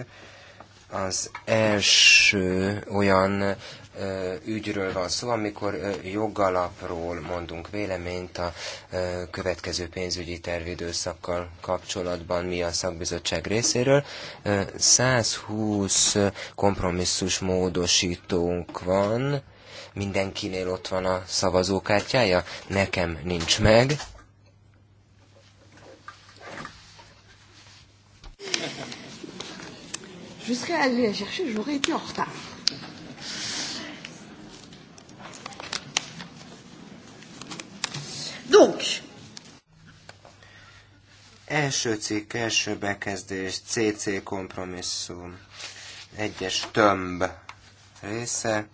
Az első olyan ügyről van szó, amikor jogalapról mondunk véleményt a következő pénzügyi tervidőszakkal kapcsolatban mi a szakbizottság részéről. 120 kompromisszus módosítónk van, Mindenkinél ott van a szavazókártyája? Nekem nincs meg. Je serais allée la chercher, j'aurais été en retard. Donc. Első cikk, első bekezdés, CC kompromisszum, egyes tömb része,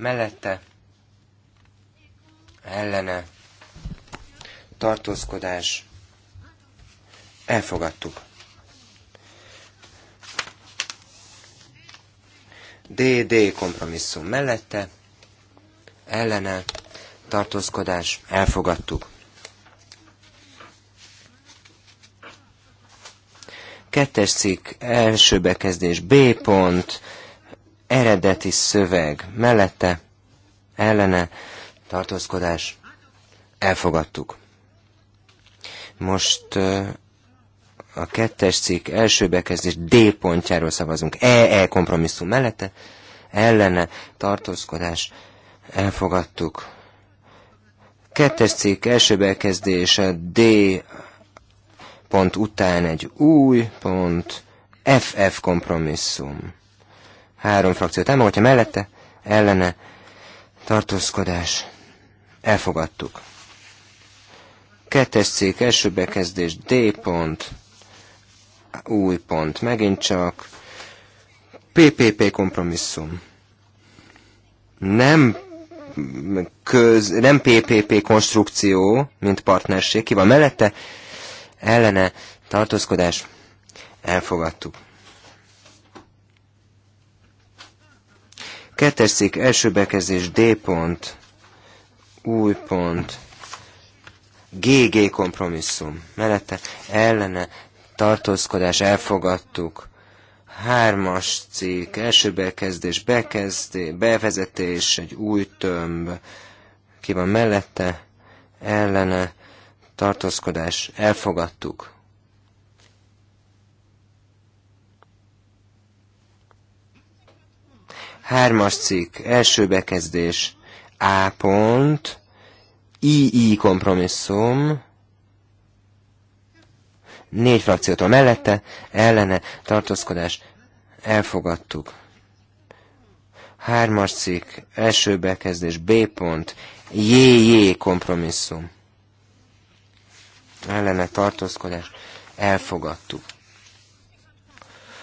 mellette ellene tartózkodás elfogadtuk. DD kompromisszum mellette ellene tartózkodás elfogadtuk. Kettes cikk első bekezdés B pont eredeti szöveg mellette, ellene, tartózkodás, elfogadtuk. Most a kettes cikk első bekezdés D pontjáról szavazunk. EE e kompromisszum mellette, ellene, tartózkodás, elfogadtuk. Kettes cikk első bekezdés a D pont után egy új pont, FF kompromisszum Három frakció támogatja mellette, ellene, tartózkodás, elfogadtuk. Kettes cég, első bekezdés, D pont, új pont, megint csak, PPP kompromisszum. Nem köz, nem PPP konstrukció, mint partnerség, ki van mellette, ellene tartózkodás, elfogadtuk. Kettes cikk, első bekezdés, D pont, új pont, GG kompromisszum. Mellette ellene tartózkodás elfogadtuk. Hármas cikk, első bekezdés, bekezdé, bevezetés, egy új tömb. Ki van mellette? Ellene tartózkodás elfogadtuk. Hármas cikk, első bekezdés, A pont, II kompromisszum, négy frakciótól mellette, ellene, tartózkodás, elfogadtuk. Hármas cikk, első bekezdés, B pont, JJ kompromisszum. Ellene tartózkodás, elfogadtuk.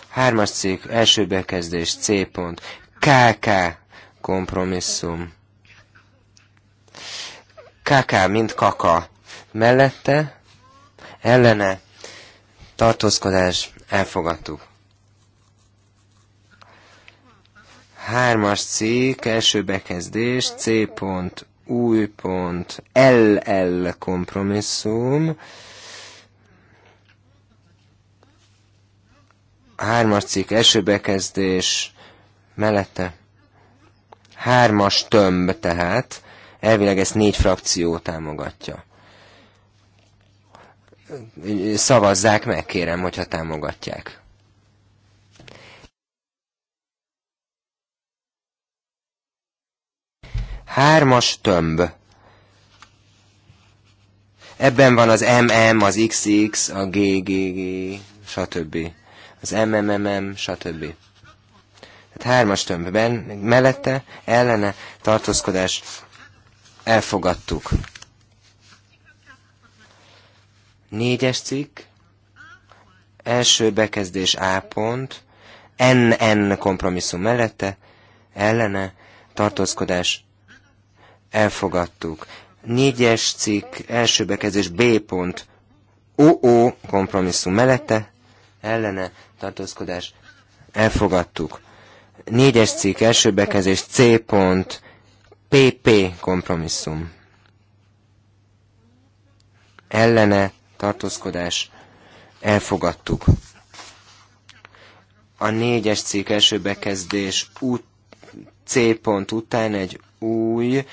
Hármas cikk, első bekezdés, C pont, KK kompromisszum. KK, mint kaka. Mellette, ellene, tartózkodás, elfogadtuk. Hármas cikk, első bekezdés, C pont, új pont, LL kompromisszum. Hármas cikk, első bekezdés, mellette. Hármas tömb tehát, elvileg ezt négy frakció támogatja. Szavazzák meg, kérem, hogyha támogatják. Hármas tömb. Ebben van az MM, az XX, a GGG, stb. Az MMMM, stb. Tehát hármas tömbben mellette ellene tartózkodás elfogadtuk. Négyes cikk, első bekezdés A pont, NN kompromisszum mellette, ellene, tartózkodás, elfogadtuk. Négyes cikk, első bekezdés B pont, OO kompromisszum mellette, ellene, tartózkodás, elfogadtuk. Négyes cikk, első bekezdés, C pont, PP kompromisszum. Ellene, tartózkodás, elfogadtuk. A négyes cikk első bekezdés út, C pont után egy új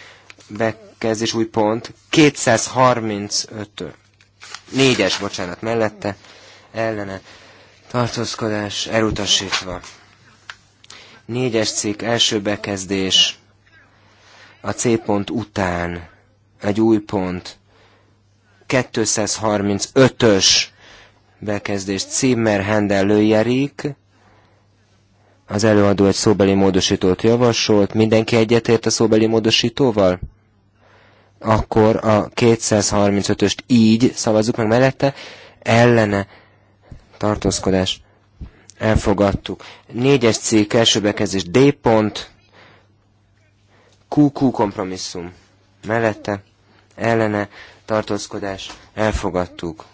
bekezdés, új pont, 235 -ö. négyes, bocsánat, mellette, ellene, tartózkodás elutasítva. Négyes cikk, első bekezdés, a C pont után egy új pont, 235-ös bekezdés, címer Hendel Lőjerik, az előadó egy szóbeli módosítót javasolt, mindenki egyetért a szóbeli módosítóval? Akkor a 235-öst így szavazzuk meg mellette, ellene tartózkodás elfogadtuk. Négyes cikk, első bekezdés, D pont, QQ kompromisszum, mellette, ellene, tartózkodás, elfogadtuk.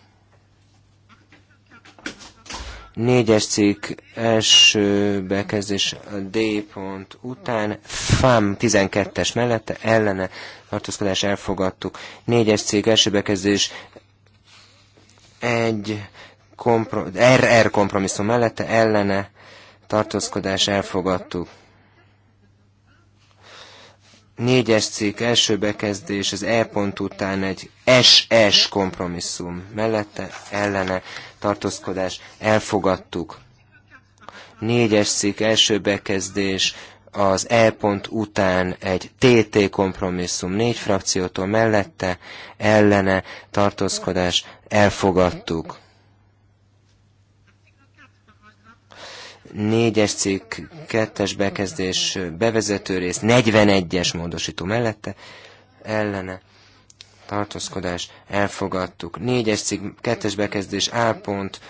Négyes cikk, első bekezdés, D pont után, FAM 12-es mellette, ellene, tartózkodás, elfogadtuk. Négyes cikk, első bekezdés, egy RR kompromisszum mellette ellene tartózkodás elfogadtuk. Négyes cikk első bekezdés az E pont után egy SS kompromisszum mellette ellene tartózkodás elfogadtuk. Négyes cikk első bekezdés az E pont után egy TT kompromisszum négy frakciótól mellette ellene tartózkodás elfogadtuk. négyes cikk, kettes bekezdés, bevezető rész, 41-es módosító mellette, ellene, tartózkodás, elfogadtuk. Négyes cikk, kettes bekezdés, A pont,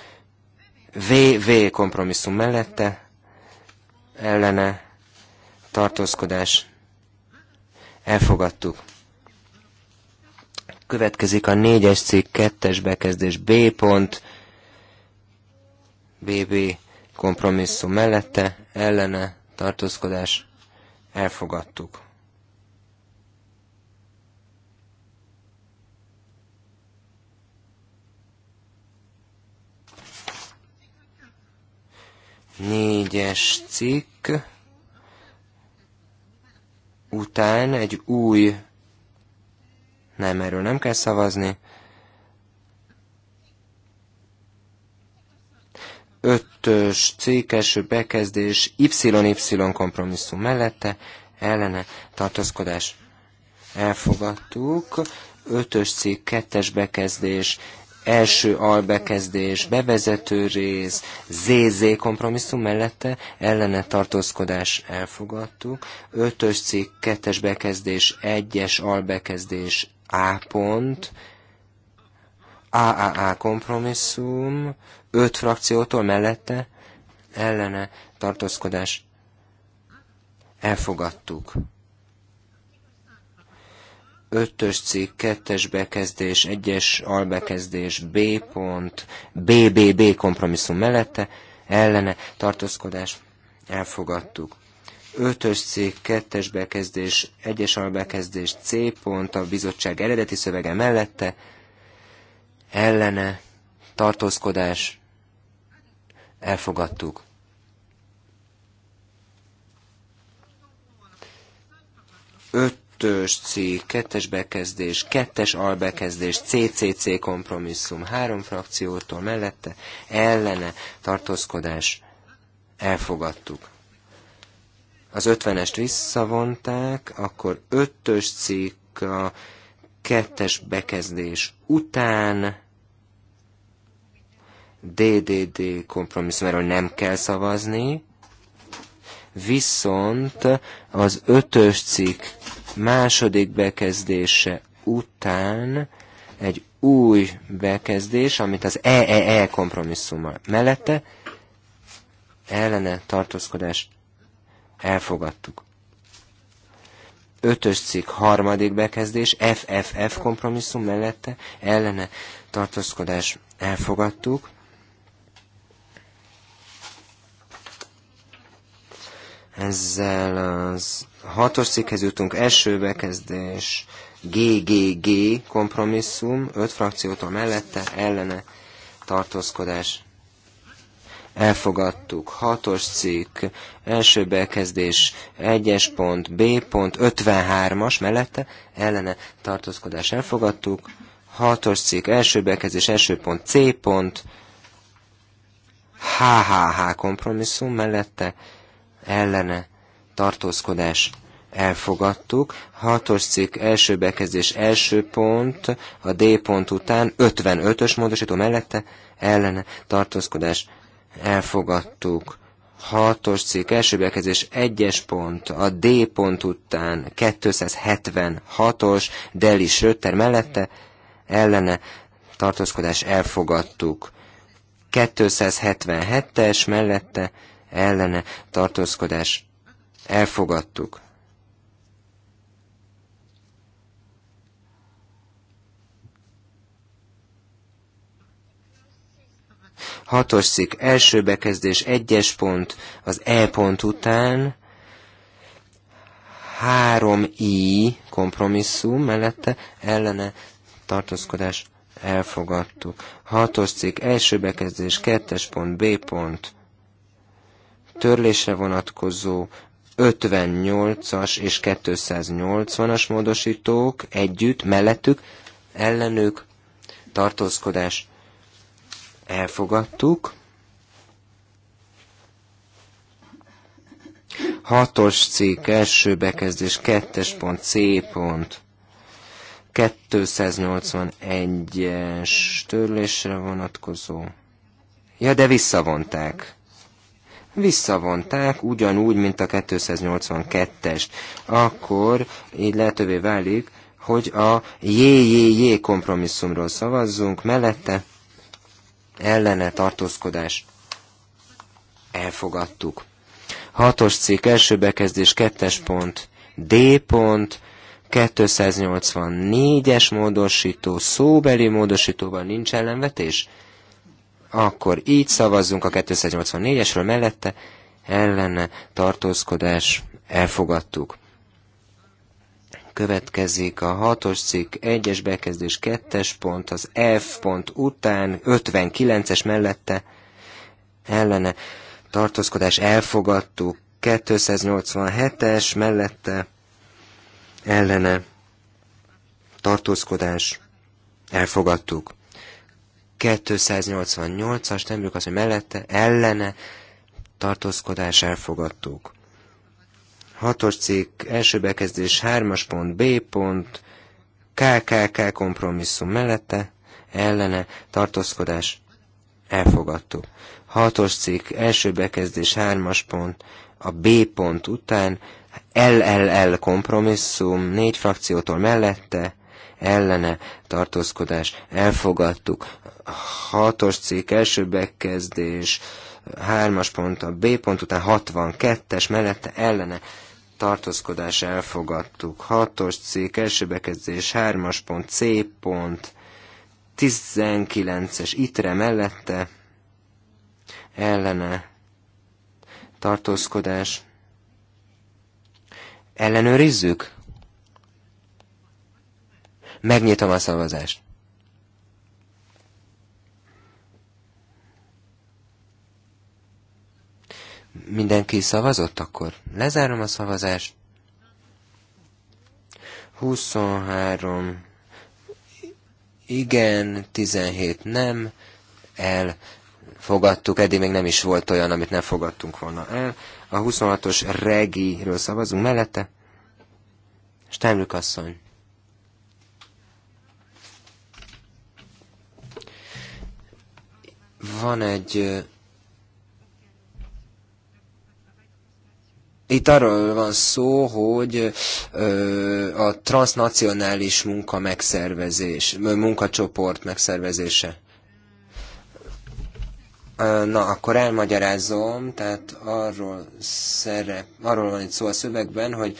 VV kompromisszum mellette, ellene, tartózkodás, elfogadtuk. Következik a négyes cikk, kettes bekezdés, B pont, BB kompromisszum mellette, ellene, tartózkodás, elfogadtuk. Négyes cikk után egy új, nem, erről nem kell szavazni, ötös cikk bekezdés bekezdés YY kompromisszum mellette ellene tartózkodás elfogadtuk. Ötös cikk kettes bekezdés első albekezdés, bevezető rész, ZZ kompromisszum mellette ellene tartózkodás elfogadtuk, ötös cikk, kettes bekezdés, egyes albekezdés, A pont, AAA kompromisszum, öt frakciótól mellette ellene tartózkodás elfogadtuk. Ötös cikk, kettes bekezdés, egyes albekezdés, B pont, BBB kompromisszum mellette, ellene tartózkodás elfogadtuk. Ötös cikk, kettes bekezdés, egyes albekezdés, C pont, a bizottság eredeti szövege mellette, ellene tartózkodás Elfogadtuk. Ötös c kettes bekezdés, kettes albekezdés, CCC kompromisszum, három frakciótól mellette, ellene, tartózkodás, elfogadtuk az ötvenest visszavonták, akkor ötös cikk a kettes bekezdés után DDD erről nem kell szavazni, viszont az ötös cikk második bekezdése után egy új bekezdés, amit az EEE kompromisszummal mellette ellene tartózkodást elfogadtuk. Ötös cikk harmadik bekezdés, FFF kompromisszum mellette ellene tartózkodás elfogadtuk. Ezzel az hatos cikkhez jutunk, első bekezdés, GGG kompromisszum, öt frakciótól mellette, ellene tartózkodás. Elfogadtuk. Hatos cikk, első bekezdés, egyes pont, B pont, 53-as mellette, ellene tartózkodás. Elfogadtuk. Hatos cikk, első bekezdés, első pont, C pont, HHH kompromisszum mellette, ellene tartózkodás elfogadtuk. Hatos cikk első bekezdés első pont, a D pont után 55-ös módosító mellette ellene tartózkodás elfogadtuk. Hatos cikk első bekezdés egyes pont, a D pont után 276-os Deli Schröter mellette ellene tartózkodás elfogadtuk. 277-es mellette ellene tartózkodás elfogadtuk. Hatos szik, első bekezdés, egyes pont, az E pont után, három i kompromisszum mellette ellene tartózkodás elfogadtuk. Hatos cikk, első bekezdés, kettes pont, B pont, törlésre vonatkozó 58-as és 280-as módosítók együtt, mellettük, ellenük tartózkodás elfogadtuk. Hatos cikk, első bekezdés, kettes pont, C pont. 281-es törlésre vonatkozó. Ja, de visszavonták visszavonták, ugyanúgy, mint a 282-est. Akkor így lehetővé válik, hogy a JJJ kompromisszumról szavazzunk, mellette ellene tartózkodás. Elfogadtuk. Hatos cikk, első bekezdés, kettes pont, D pont, 284-es módosító, szóbeli módosítóval nincs ellenvetés? Akkor így szavazzunk a 284-esről mellette, ellene tartózkodás elfogadtuk. Következik a 6-os cikk, 1-es bekezdés, 2-es pont, az F pont után, 59-es mellette ellene tartózkodás elfogadtuk, 287-es mellette ellene tartózkodás elfogadtuk. 288-as, nem az, hogy mellette, ellene, tartózkodás elfogadtuk. 6-os cikk, első bekezdés, 3-as pont, B pont, KKK kompromisszum mellette, ellene, tartózkodás elfogadtuk. 6-os cikk, első bekezdés, 3-as pont, a B pont után, LLL kompromisszum, négy frakciótól mellette, ellene tartózkodás elfogadtuk. Hatos cikk első bekezdés, hármas pont a B pont, után 62-es mellette ellene tartózkodás elfogadtuk. Hatos cikk első bekezdés, hármas pont C pont, 19-es itre mellette ellene tartózkodás ellenőrizzük? Megnyitom a szavazást. Mindenki szavazott akkor? Lezárom a szavazást. 23 igen, 17 nem, el fogadtuk, eddig még nem is volt olyan, amit nem fogadtunk volna el. A 26-os regiről szavazunk mellette. Stemlük asszony. Van egy... Itt arról van szó, hogy a transnacionális munka megszervezés, munkacsoport megszervezése. Na, akkor elmagyarázom, tehát arról, szerep, arról van itt szó a szövegben, hogy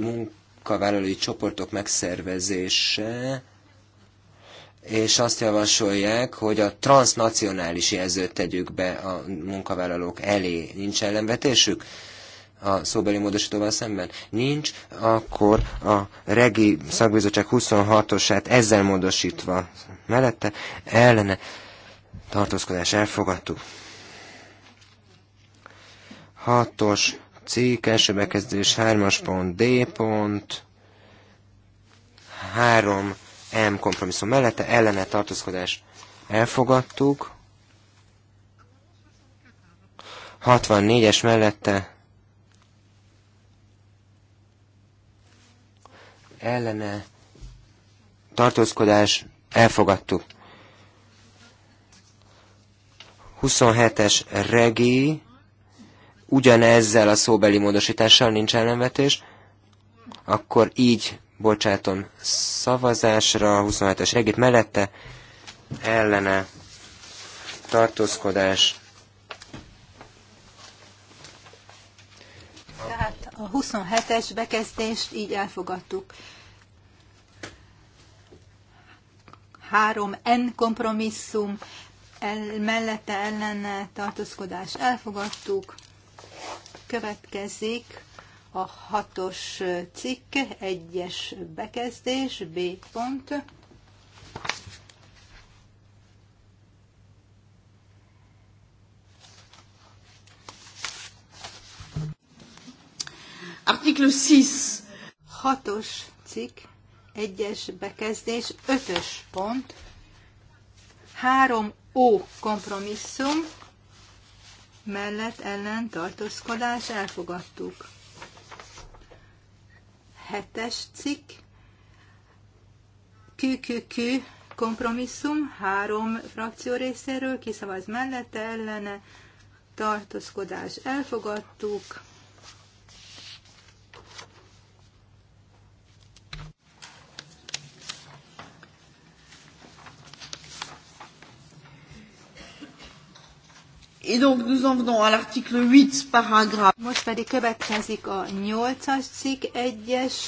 munkavállalói csoportok megszervezése, és azt javasolják, hogy a transnacionális jelzőt tegyük be a munkavállalók elé. Nincs ellenvetésük? a szóbeli módosítóval szemben nincs, akkor a regi szakbizottság 26-osát ezzel módosítva mellette ellene tartózkodás elfogadtuk. 6-os cikk, első bekezdés 3-as pont, D pont, 3 M kompromisszum mellette, ellene tartózkodás elfogadtuk. 64-es mellette ellene tartózkodás elfogadtuk. 27-es regi, ugyanezzel a szóbeli módosítással nincs ellenvetés, akkor így bocsátom szavazásra, 27-es regét mellette, ellene, tartózkodás. Tehát a 27-es bekezdést így elfogadtuk. 3N kompromisszum, el, mellette ellene tartózkodás elfogadtuk. Következik a hatos cikk, egyes bekezdés, B pont. Artikel 6. Hatos cikk, egyes bekezdés, ötös pont, három ó kompromisszum, mellett ellen tartózkodás elfogadtuk hetes cikk, QQQ kompromisszum, három frakció részéről, kiszavaz mellette, ellene, tartózkodás elfogadtuk, Et donc nous en venons à l'article 8, paragraphe. Most pedig következik a 8-as cikk 1-es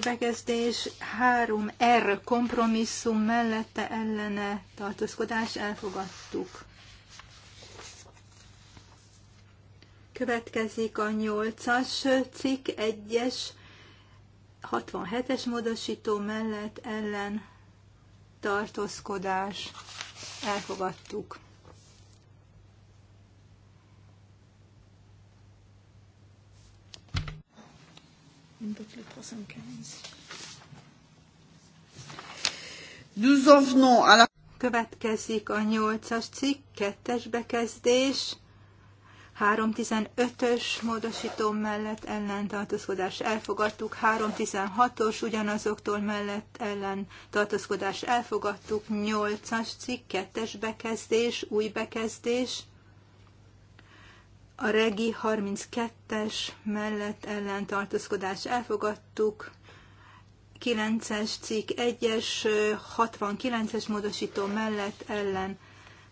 bekezdés 3R er kompromisszum mellette ellene tartózkodás elfogadtuk. Következik a 8-as cikk 1-es 67-es módosító mellett ellen tartózkodás elfogadtuk. un peu plus 315. Nous en venons à la... Következik a nyolcas cikk, kettes bekezdés, 3.15-ös módosító mellett ellentartózkodás elfogadtuk, 3.16-os ugyanazoktól mellett ellentartózkodás elfogadtuk, 8-as cikk, kettes bekezdés, új bekezdés, a regi 32-es mellett ellentartózkodás elfogadtuk, 9-es cikk 1-es 69-es módosító mellett ellen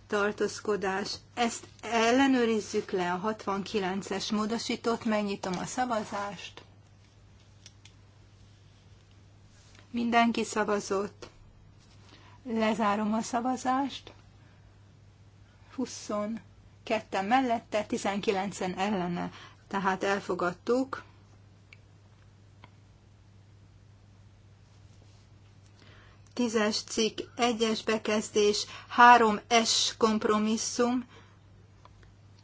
tartózkodás. Ezt ellenőrizzük le a 69-es módosítót, megnyitom a szavazást. Mindenki szavazott. Lezárom a szavazást. 20 ketten mellette, 19-en ellene. Tehát elfogadtuk. Tízes cikk, egyes bekezdés, 3S kompromisszum,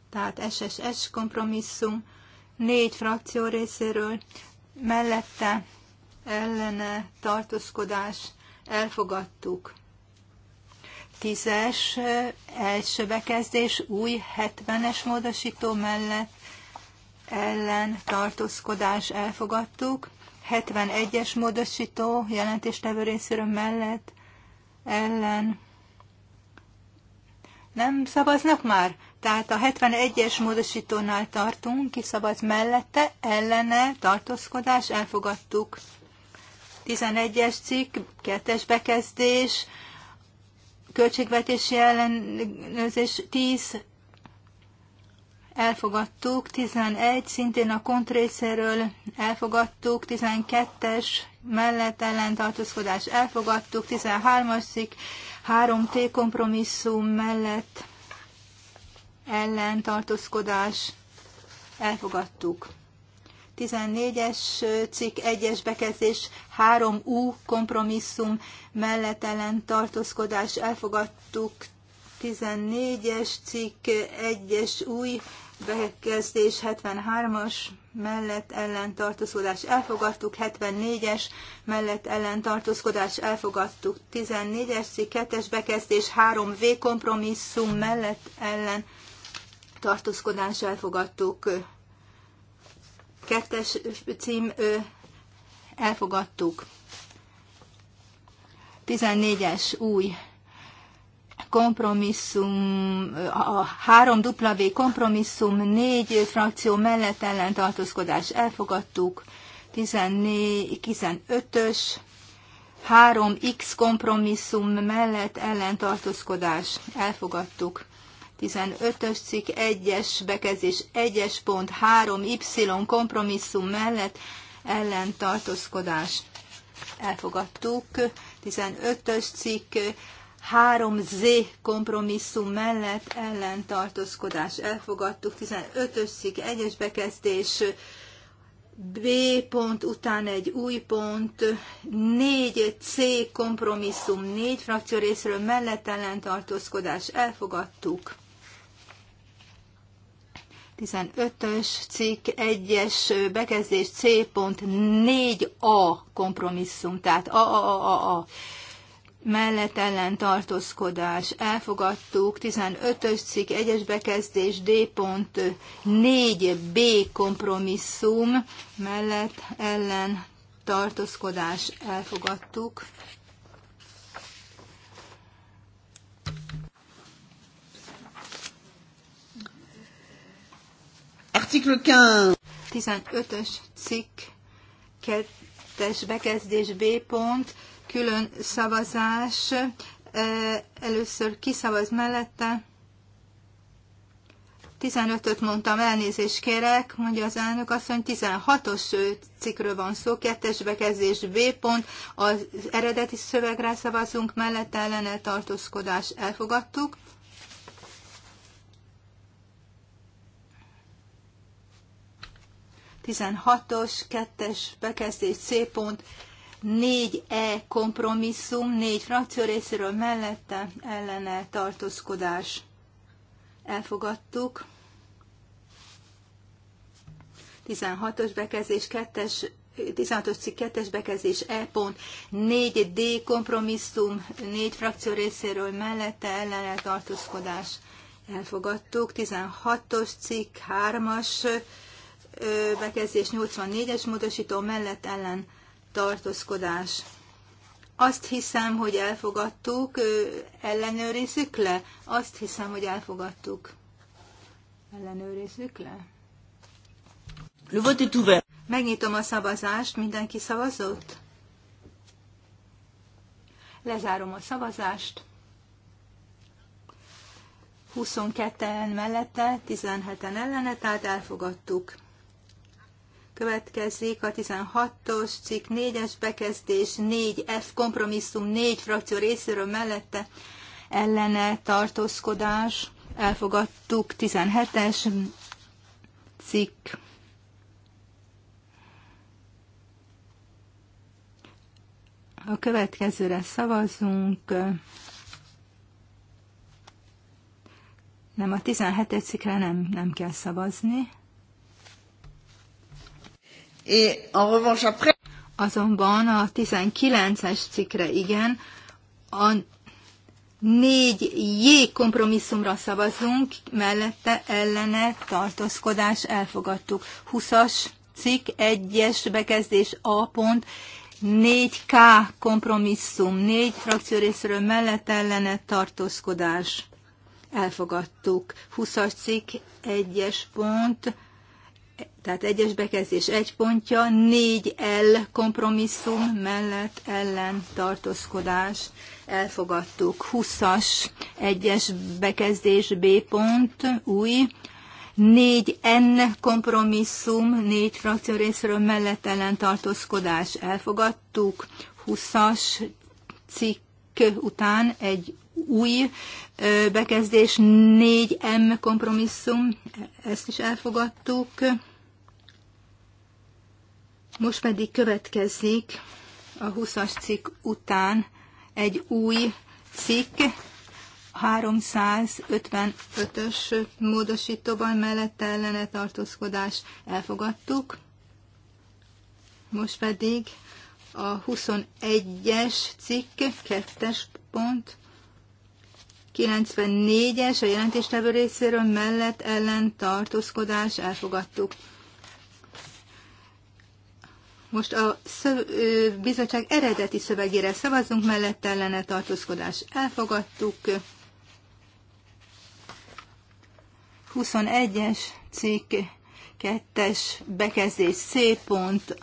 tehát SSS kompromisszum, négy frakció részéről, mellette ellene tartózkodás elfogadtuk tízes eh, első bekezdés új 70-es módosító mellett ellen tartózkodás elfogadtuk, 71-es módosító jelentéstevő részéről mellett ellen nem szavaznak már? Tehát a 71-es módosítónál tartunk, ki szavaz mellette, ellene, tartózkodás, elfogadtuk. 11-es cikk, 2-es bekezdés, költségvetési ellenőrzés 10 elfogadtuk, 11 szintén a kont részéről elfogadtuk, 12-es mellett ellentartózkodás elfogadtuk, 13-as szik 3T kompromisszum mellett ellentartózkodás elfogadtuk. 14-es cikk 1-es bekezdés 3U kompromisszum mellett ellen tartózkodás elfogadtuk 14-es cikk 1-es új bekezdés 73-as mellett ellen tartózkodás elfogadtuk, 74-es mellett ellen tartózkodás elfogadtuk, 14-es cikk 2-es bekezdés 3V kompromisszum mellett ellen tartózkodás elfogadtuk kettes cím elfogadtuk. 14-es új kompromisszum, a három W kompromisszum, négy frakció mellett ellentartózkodás elfogadtuk, 14, 15-ös, 3X kompromisszum mellett ellentartózkodás elfogadtuk. 15-ös cikk 1-es bekezdés 1-es pont 3y kompromisszum mellett ellen tartózkodás. Elfogadtuk. 15-ös cikk 3Z kompromisszum mellett ellen tartózkodás. Elfogadtuk. 15-ös cikk 1-es bekezdés B pont után egy új pont, 4C kompromisszum, 4 frakció részről mellett ellentartózkodás elfogadtuk. 15-ös cikk 1-es bekezdés C.4 a kompromisszum, tehát a, a, a, a, a mellett ellen tartózkodás. Elfogadtuk 15-ös cikk 1-es bekezdés D.4 b kompromisszum mellett ellen tartózkodás elfogadtuk. Article 15. 15-ös cikk, kettes bekezdés B pont, külön szavazás, először kiszavaz mellette. 15-öt mondtam, elnézést kérek, mondja az elnök asszony, 16-os cikkről van szó, kettes bekezdés B pont, az eredeti szövegre szavazunk, mellette ellene tartózkodás elfogadtuk. 16-os, 2-es bekezdés C pont, 4E kompromisszum, 4 frakció részéről mellette ellene tartózkodás. Elfogadtuk. 16-os bekezdés 2-es 16-os cikk 2-es bekezdés E pont 4D kompromisszum 4 frakció részéről mellette ellene tartózkodás elfogadtuk. 16-os cikk 3-as bekezdés 84-es módosító mellett ellen tartózkodás. Azt hiszem, hogy elfogadtuk, ellenőrizzük le? Azt hiszem, hogy elfogadtuk. Ellenőrizzük le? Le vote est ouvert. Megnyitom a szavazást, mindenki szavazott? Lezárom a szavazást. 22-en mellette, 17-en ellene, tehát elfogadtuk. Következik a 16-os cikk 4-es bekezdés, 4F kompromisszum, 4 frakció részéről mellette ellene tartózkodás. Elfogadtuk 17-es cikk. A következőre szavazunk. Nem, a 17. cikre nem, nem kell szavazni. Azonban a 19-es cikre igen, a négy J kompromisszumra szavazunk, mellette ellene tartózkodás elfogadtuk. 20-as cikk, 1-es bekezdés A pont, 4K kompromisszum, négy frakció részéről mellett ellene tartózkodás elfogadtuk. 20-as cikk, 1-es pont, tehát egyes bekezdés egy pontja, négy l kompromisszum mellett ellen tartózkodás, elfogadtuk. 20-as egyes bekezdés B pont, új, négy n kompromisszum, négy frakció részről mellett ellen tartózkodás, elfogadtuk. 20-as cikk után egy új bekezdés, 4M kompromisszum, ezt is elfogadtuk. Most pedig következik a 20-as cikk után egy új cikk, 355-ös módosítóval mellett ellene tartózkodás elfogadtuk. Most pedig a 21-es cikk, 2-es pont, 94-es a jelentéstevő részéről mellett ellen tartózkodás elfogadtuk. Most a szöv, bizottság eredeti szövegére szavazunk, mellett ellene tartózkodás elfogadtuk. 21-es cikk, 2-es bekezdés, C pont,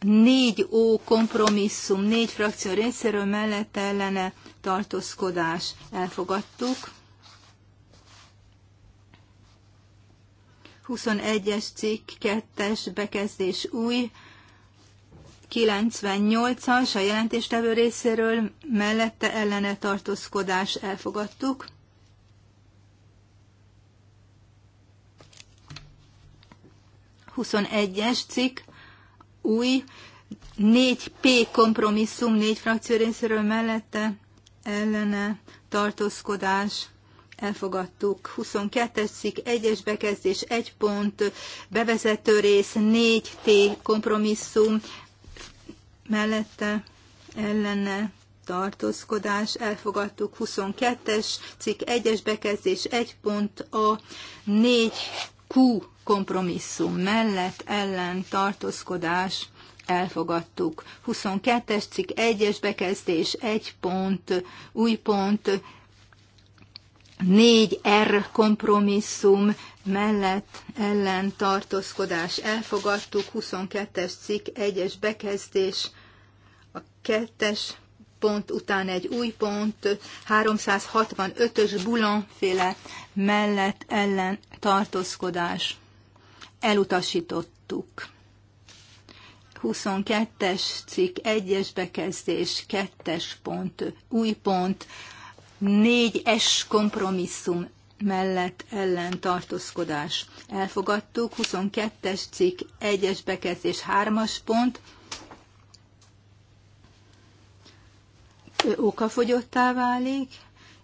4 ó kompromisszum, 4 frakció részéről mellett ellene tartózkodás elfogadtuk. 21-es cikk, 2-es bekezdés új, 98-as a jelentéstevő részéről mellette ellene tartózkodás elfogadtuk. es cikk, új, 4P kompromisszum, négy frakció részéről mellette ellene tartózkodás elfogadtuk. 22-es cikk, 1-es bekezdés, 1 pont, bevezető rész, 4T kompromisszum, mellette ellene tartózkodás, elfogadtuk 22-es cikk 1-es bekezdés 1 pont a 4Q kompromisszum mellett ellen tartózkodás, elfogadtuk. 22-es cikk 1-es bekezdés 1 pont, új pont 4R kompromisszum mellett ellen tartózkodás elfogadtuk, 22-es cikk 1-es bekezdés kettes pont után egy új pont, 365-ös bulonféle mellett ellen tartózkodás. Elutasítottuk. 22-es cikk, 1-es bekezdés, 2-es pont, új pont, 4-es kompromisszum mellett ellen tartózkodás. Elfogadtuk, 22-es cikk, 1-es bekezdés, 3-as pont, okafogyottá válik,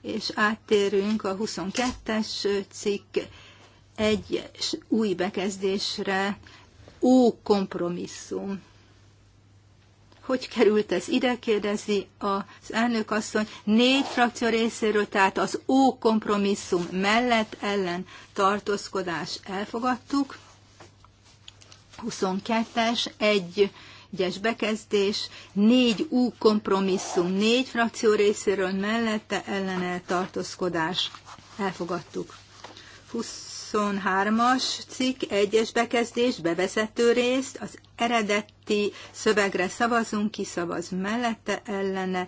és áttérünk a 22-es cikk egy új bekezdésre, ó kompromisszum. Hogy került ez ide, kérdezi az elnök asszony. Négy frakció részéről, tehát az ó kompromisszum mellett ellen tartózkodás elfogadtuk. 22-es, egy egyes bekezdés, négy ú kompromisszum, négy frakció részéről mellette ellene tartózkodás. Elfogadtuk. 23-as cikk, egyes bekezdés, bevezető részt, az eredeti szövegre szavazunk, ki szavaz mellette ellene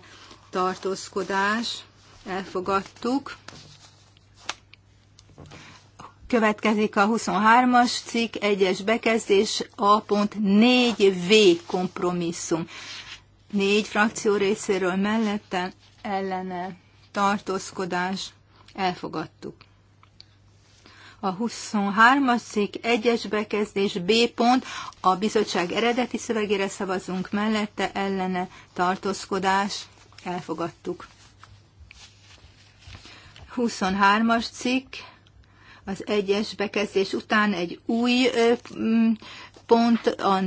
tartózkodás. Elfogadtuk. Következik a 23-as cikk, egyes bekezdés, a pont 4V kompromisszum. Négy frakció részéről mellette ellene tartózkodás elfogadtuk. A 23-as cikk egyes bekezdés B pont, a bizottság eredeti szövegére szavazunk mellette ellene tartózkodás elfogadtuk. 23-as cikk az egyes bekezdés után egy új pont a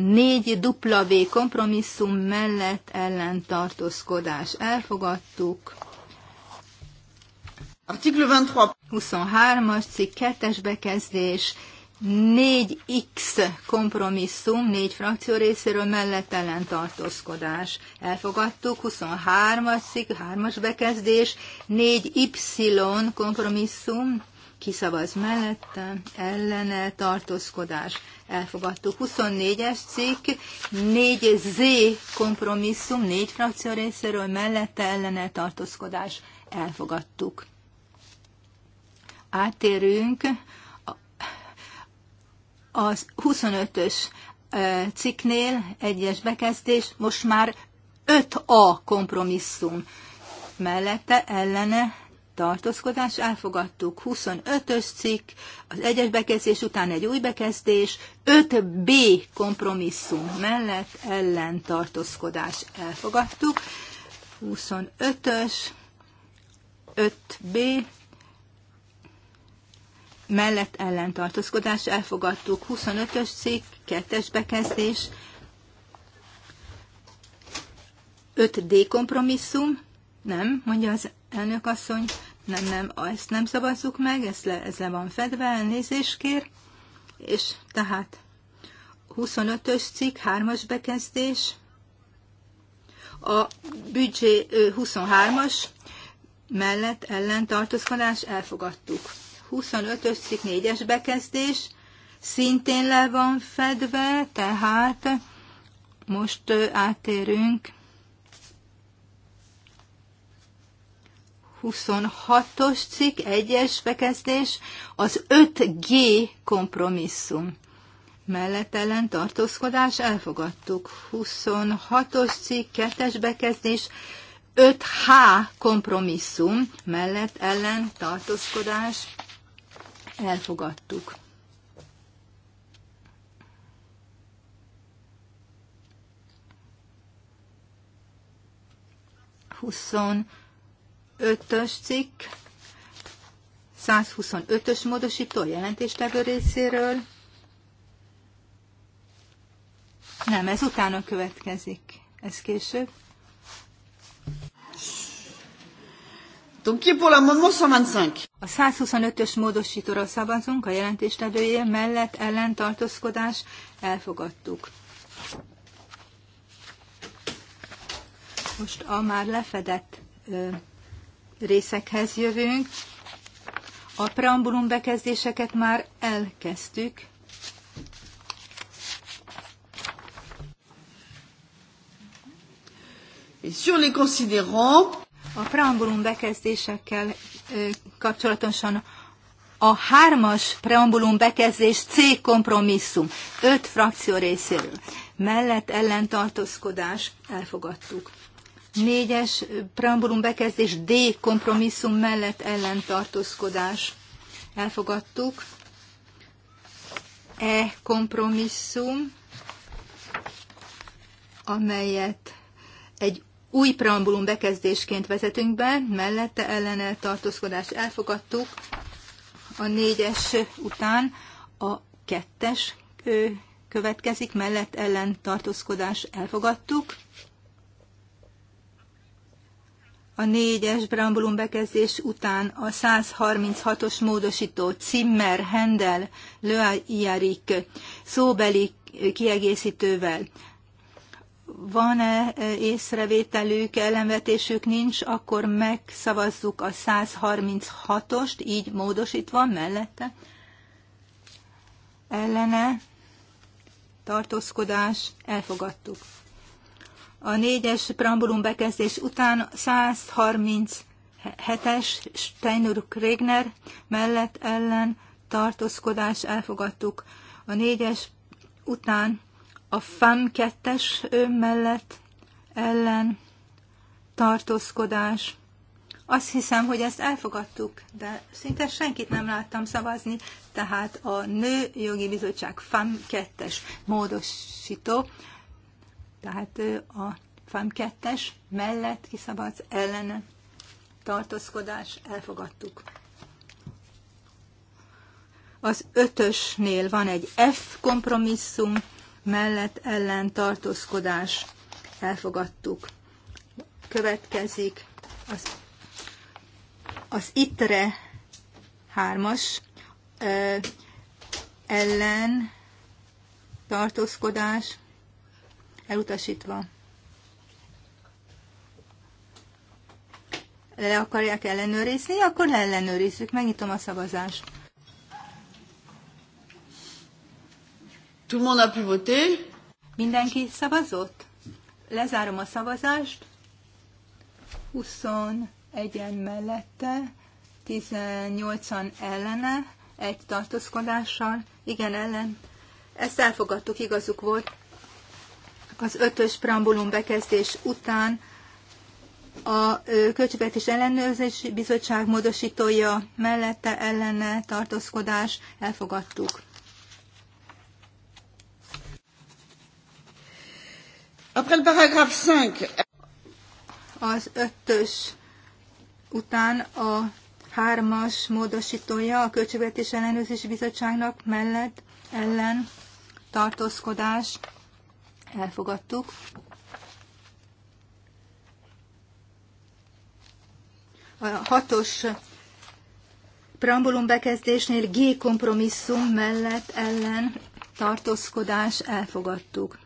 dupla w kompromisszum mellett ellentartózkodás. Elfogadtuk. Artikel 23. 23-as cikk 2-es bekezdés 4X kompromisszum, négy frakció részéről mellett ellentartózkodás. Elfogadtuk, 23-as cikk, 3-as bekezdés, 4Y kompromisszum kiszavaz mellette, ellene tartózkodás. Elfogadtuk. 24-es cikk, 4Z kompromisszum, 4 frakció részéről mellette ellene tartózkodás. Elfogadtuk. Átérünk az 25-ös cikknél egyes bekezdés, most már 5A kompromisszum mellette ellene tartózkodás, elfogadtuk 25-ös cikk, az egyes bekezdés után egy új bekezdés, 5B kompromisszum mellett ellen tartózkodás elfogadtuk, 25-ös, 5B mellett ellen tartózkodás elfogadtuk, 25-ös cikk, kettes bekezdés, 5D kompromisszum, nem, mondja az elnök asszony, nem, nem, ezt nem szavazzuk meg, ez le, ez le van fedve, elnézést kér, és tehát 25-ös cikk, 3-as bekezdés, a büdzsé 23-as mellett ellen tartózkodás elfogadtuk. 25-ös cikk 4-es bekezdés szintén le van fedve, tehát most átérünk 26-os cikk, egyes bekezdés, az 5G kompromisszum. Mellett ellen tartózkodás elfogadtuk. 26-os cikk, kettes bekezdés, 5H kompromisszum. Mellett ellen tartózkodás elfogadtuk. Huszon 5-ös cikk, 125-ös módosító jelentéstevő részéről. Nem, ez utána következik. Ez később. A 125-ös módosítóra szavazunk, a jelentéstevője mellett ellentartózkodás elfogadtuk. Most a már lefedett ö, részekhez jövünk. A preambulum bekezdéseket már elkezdtük. Et sur les considérants, a preambulum bekezdésekkel kapcsolatosan a hármas preambulum bekezdés C kompromisszum öt frakció részéről. Mellett ellentartózkodás elfogadtuk négyes preambulum bekezdés D kompromisszum mellett ellentartózkodás. Elfogadtuk. E kompromisszum, amelyet egy új preambulum bekezdésként vezetünk be, mellette ellene tartózkodást elfogadtuk. A négyes után a kettes következik, mellett ellen tartózkodás elfogadtuk a négyes brambulum bekezdés után a 136-os módosító Zimmer, Hendel, Löajarik szóbeli kiegészítővel. Van-e e, észrevételük, ellenvetésük nincs, akkor megszavazzuk a 136-ost, így módosítva mellette. Ellene tartózkodás, elfogadtuk a négyes preambulum bekezdés után 137-es Steiner Regner mellett ellen tartózkodás elfogadtuk. A négyes után a FAM 2-es mellett ellen tartózkodás. Azt hiszem, hogy ezt elfogadtuk, de szinte senkit nem láttam szavazni, tehát a Nő Jogi Bizottság FAM 2-es módosító tehát a FAM 2 mellett kiszabadsz ellene tartózkodás elfogadtuk. Az ötösnél van egy F kompromisszum, mellett ellen tartózkodás elfogadtuk. Következik az, az ittre hármas ellen tartózkodás elutasítva. Le akarják ellenőrizni, akkor ellenőrizzük. Megnyitom a szavazást. Tout le monde a pu voter? Mindenki szavazott? Lezárom a szavazást. 21-en mellette, 18-an ellene, egy tartózkodással, igen ellen. Ezt elfogadtuk, igazuk volt az ötös preambulum bekezdés után a Költségvetés Ellenőrzés Bizottság módosítója mellette ellene tartózkodás elfogadtuk. 5. Az ötös után a hármas módosítója a Költségvetés Ellenőrzési Bizottságnak mellett ellen tartózkodás elfogadtuk. A hatos preambulum bekezdésnél G kompromisszum mellett ellen tartózkodás elfogadtuk.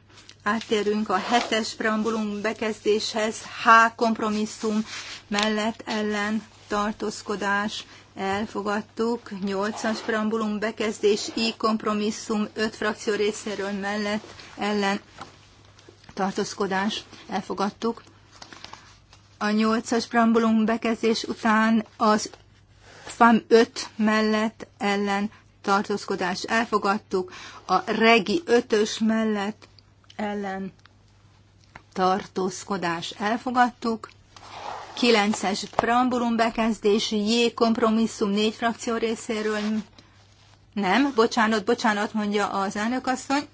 Áttérünk a hetes preambulum bekezdéshez, H kompromisszum mellett ellen tartózkodás elfogadtuk. Nyolcas preambulum bekezdés, I kompromisszum öt frakció részéről mellett ellen tartózkodás elfogadtuk. A nyolcas prambulum bekezdés után az FAM 5 mellett ellen tartózkodás elfogadtuk, a REGI 5-ös mellett ellen tartózkodás elfogadtuk, 9-es preambulum bekezdés, J kompromisszum négy frakció részéről, nem, bocsánat, bocsánat, mondja az elnökasszony,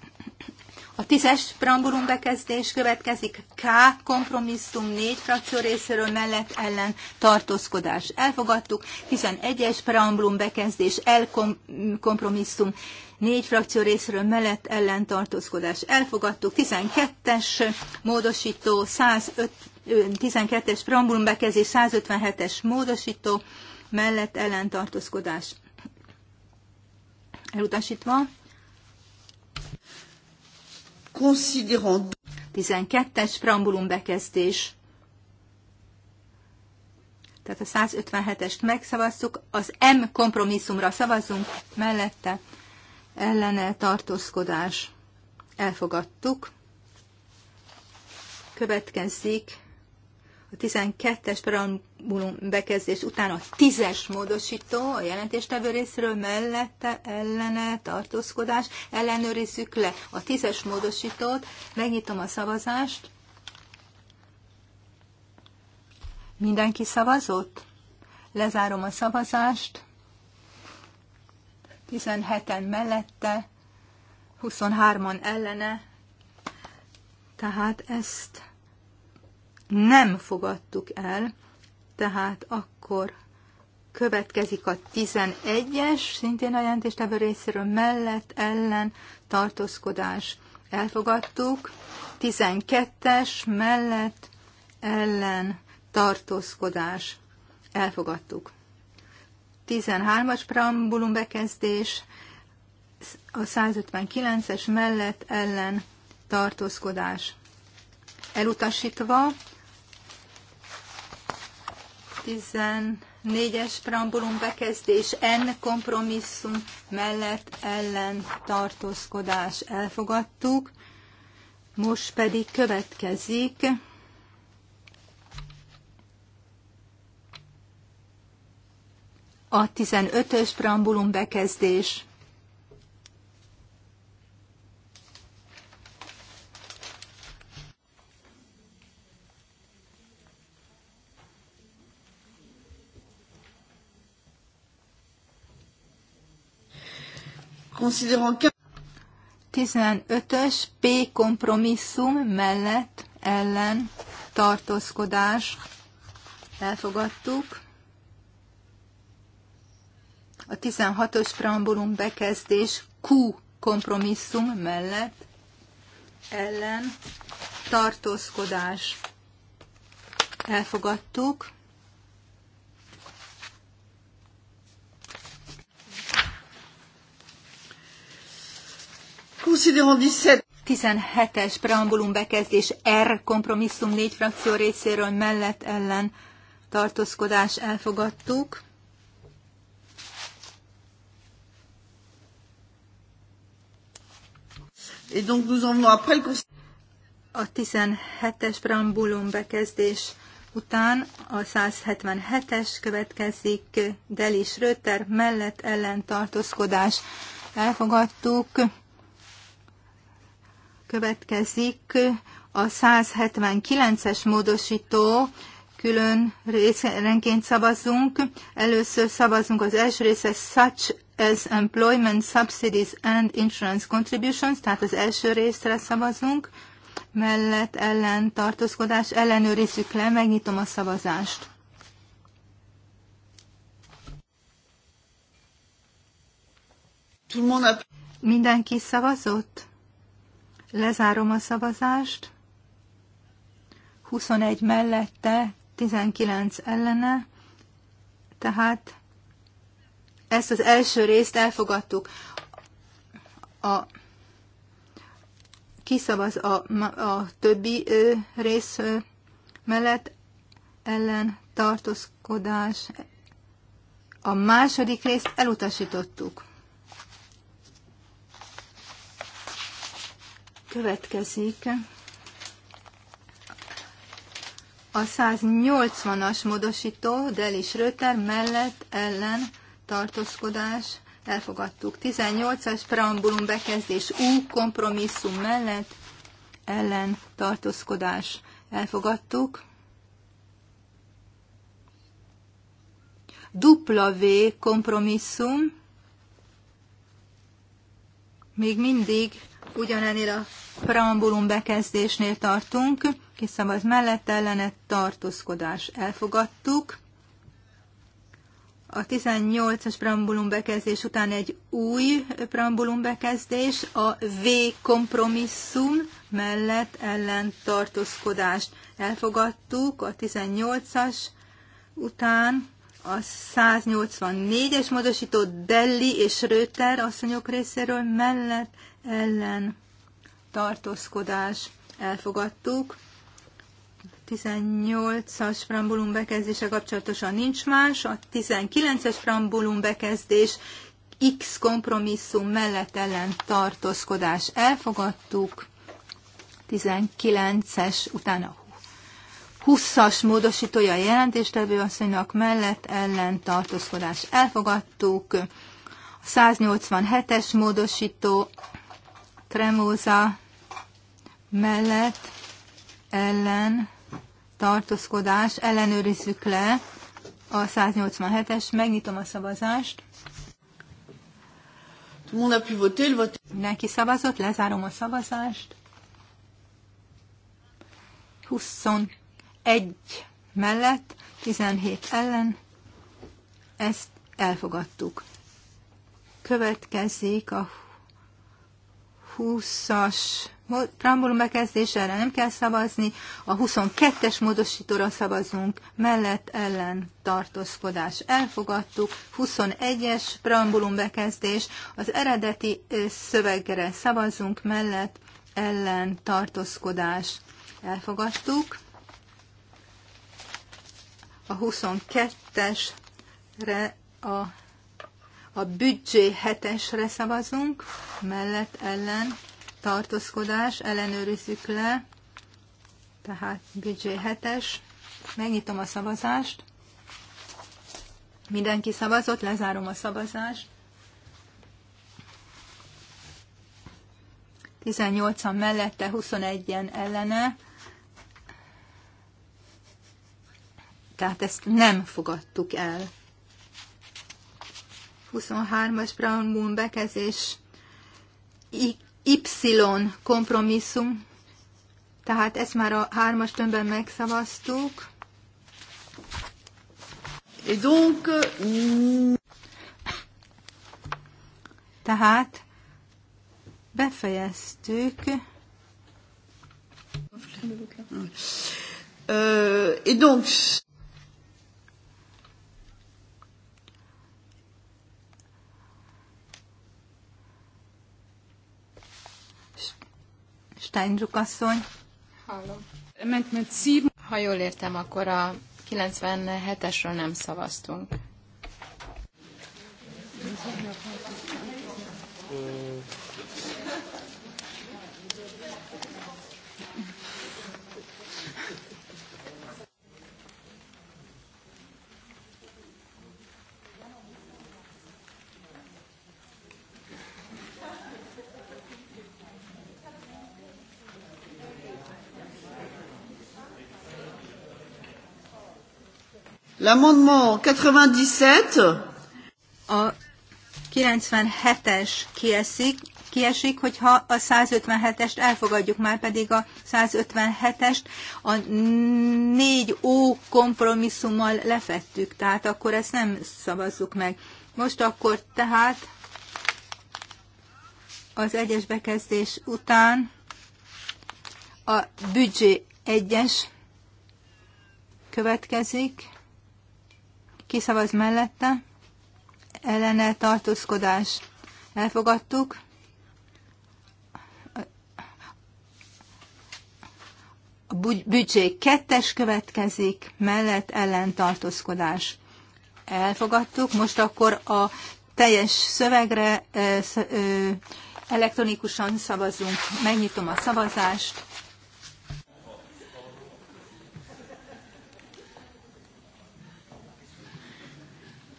a tízes prambulum bekezdés következik, K kompromisszum négy frakció részéről mellett ellen tartózkodás. Elfogadtuk, 11-es prambulum bekezdés, L kompromisszum négy frakció részéről mellett ellen tartózkodás. Elfogadtuk, 12-es módosító, 105, 12-es prambulum bekezdés, 157-es módosító mellett ellentartózkodás. Elutasítva considérant... 12-es preambulum bekezdés. Tehát a 157-est megszavaztuk, az M kompromisszumra szavazunk, mellette ellene tartózkodás. Elfogadtuk. Következik a 12-es bekezdés után a tízes módosító a jelentéstevő részről mellette ellene tartózkodás. Ellenőrizzük le a tízes módosítót. Megnyitom a szavazást. Mindenki szavazott? Lezárom a szavazást. 17-en mellette, 23-an ellene. Tehát ezt nem fogadtuk el. Tehát akkor következik a 11-es, szintén a jelentéstevő részéről mellett, ellen, tartózkodás. Elfogadtuk. 12-es mellett, ellen, tartózkodás. Elfogadtuk. 13-as preambulum bekezdés, a 159-es mellett ellen tartózkodás. Elutasítva 14-es preambulum bekezdés N kompromisszum mellett ellen tartózkodás elfogadtuk. Most pedig következik a 15-ös preambulum bekezdés considérant 15-ös P kompromisszum mellett ellen tartózkodás elfogadtuk. A 16 ös preambulum bekezdés Q kompromisszum mellett ellen tartózkodás elfogadtuk. 17. 17-es preambulum bekezdés R kompromisszum négy frakció részéről mellett ellen tartózkodás elfogadtuk. Et donc nous en après le a 17-es preambulum bekezdés után a 177-es következik, Delis röter mellett ellentartózkodás elfogadtuk. Következik a 179-es módosító, külön részenként szavazunk. Először szavazunk az első része Such as Employment Subsidies and Insurance Contributions, tehát az első részre szavazunk, mellett ellen tartózkodás, ellenőrizzük le, megnyitom a szavazást. Mindenki szavazott? Lezárom a szavazást. 21 mellette, 19 ellene. Tehát ezt az első részt elfogadtuk. A kiszavaz a, a többi ö, rész ö, mellett ellen tartózkodás. A második részt elutasítottuk. Következik a 180-as módosító Deli Schröter mellett ellen tartózkodás elfogadtuk. 18-as preambulum bekezdés U kompromisszum mellett ellen tartózkodás elfogadtuk. Dupla V kompromisszum még mindig ugyanennél a preambulum bekezdésnél tartunk, az mellett ellene tartózkodás elfogadtuk. A 18-as preambulum bekezdés után egy új preambulum bekezdés, a V kompromisszum mellett ellen tartózkodást elfogadtuk. A 18-as után a 184-es módosító Delli és Röter asszonyok részéről mellett ellen tartózkodás elfogadtuk. 18-as frambulum bekezdése kapcsolatosan nincs más, a 19-es frambulum bekezdés X kompromisszum mellett ellen tartózkodás elfogadtuk, 19-es utána 20-as módosítója a jelentéstevő asszonynak mellett ellen tartózkodás elfogadtuk, a 187-es módosító Tremóza mellett ellen tartózkodás, ellenőrizzük le a 187-es, megnyitom a szavazást. Mindenki szavazott, lezárom a szavazást. 21 mellett, 17 ellen, ezt elfogadtuk. Következik a 20-as preambulum bekezdés, erre nem kell szavazni, a 22-es módosítóra szavazunk, mellett ellen tartózkodás elfogadtuk, 21-es preambulum bekezdés, az eredeti szövegre szavazunk, mellett ellen tartózkodás elfogadtuk, a 22-esre a a büdzsé hetesre szavazunk, mellett ellen tartózkodás, ellenőrizzük le, tehát büdzsé hetes. Megnyitom a szavazást. Mindenki szavazott, lezárom a szavazást. 18-an mellette, 21-en ellene. Tehát ezt nem fogadtuk el. 23-as Moon bekezés Y kompromisszum, tehát ezt már a hármas tömbben megszavaztuk. Et donc, tehát befejeztük. Euh, et donc, asszony. Hallom. Ha jól értem, akkor a 97-esről nem szavaztunk. Ö... L'amendement 97. A 97-es kiesik, kiesik, hogyha a 157-est elfogadjuk, már pedig a 157-est a 4 ó kompromisszummal lefettük, tehát akkor ezt nem szavazzuk meg. Most akkor tehát az egyes bekezdés után a büdzsé egyes következik kiszavaz mellette, ellene tartózkodás elfogadtuk. A büdzsé kettes következik, mellett ellen tartózkodás elfogadtuk. Most akkor a teljes szövegre elektronikusan szavazunk. Megnyitom a szavazást.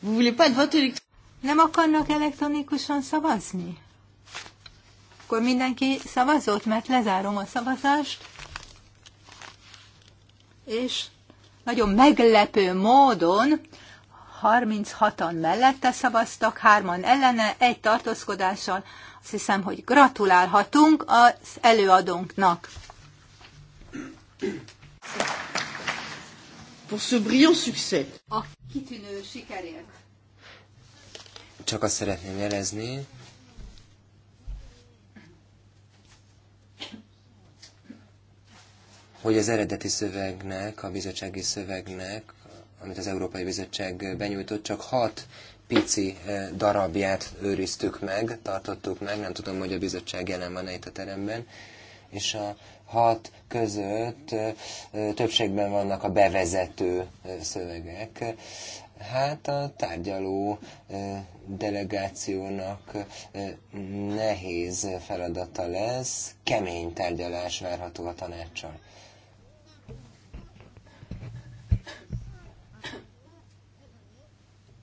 Vous voulez pas de vote électronique? Nem akarnak elektronikusan szavazni? Akkor mindenki szavazott, mert lezárom a szavazást. És nagyon meglepő módon 36-an mellette szavaztak, hárman ellene, egy tartózkodással. Azt hiszem, hogy gratulálhatunk az előadónknak. Köszönöm pour ce brillant succès. A kitűnő sikerért. Csak azt szeretném jelezni, hogy az eredeti szövegnek, a bizottsági szövegnek, amit az Európai Bizottság benyújtott, csak hat pici eh, darabját őriztük meg, tartottuk meg, nem tudom, hogy a bizottság jelen van-e itt a teremben, és a hat között többségben vannak a bevezető szövegek. Hát a tárgyaló delegációnak nehéz feladata lesz, kemény tárgyalás várható a tanácssal.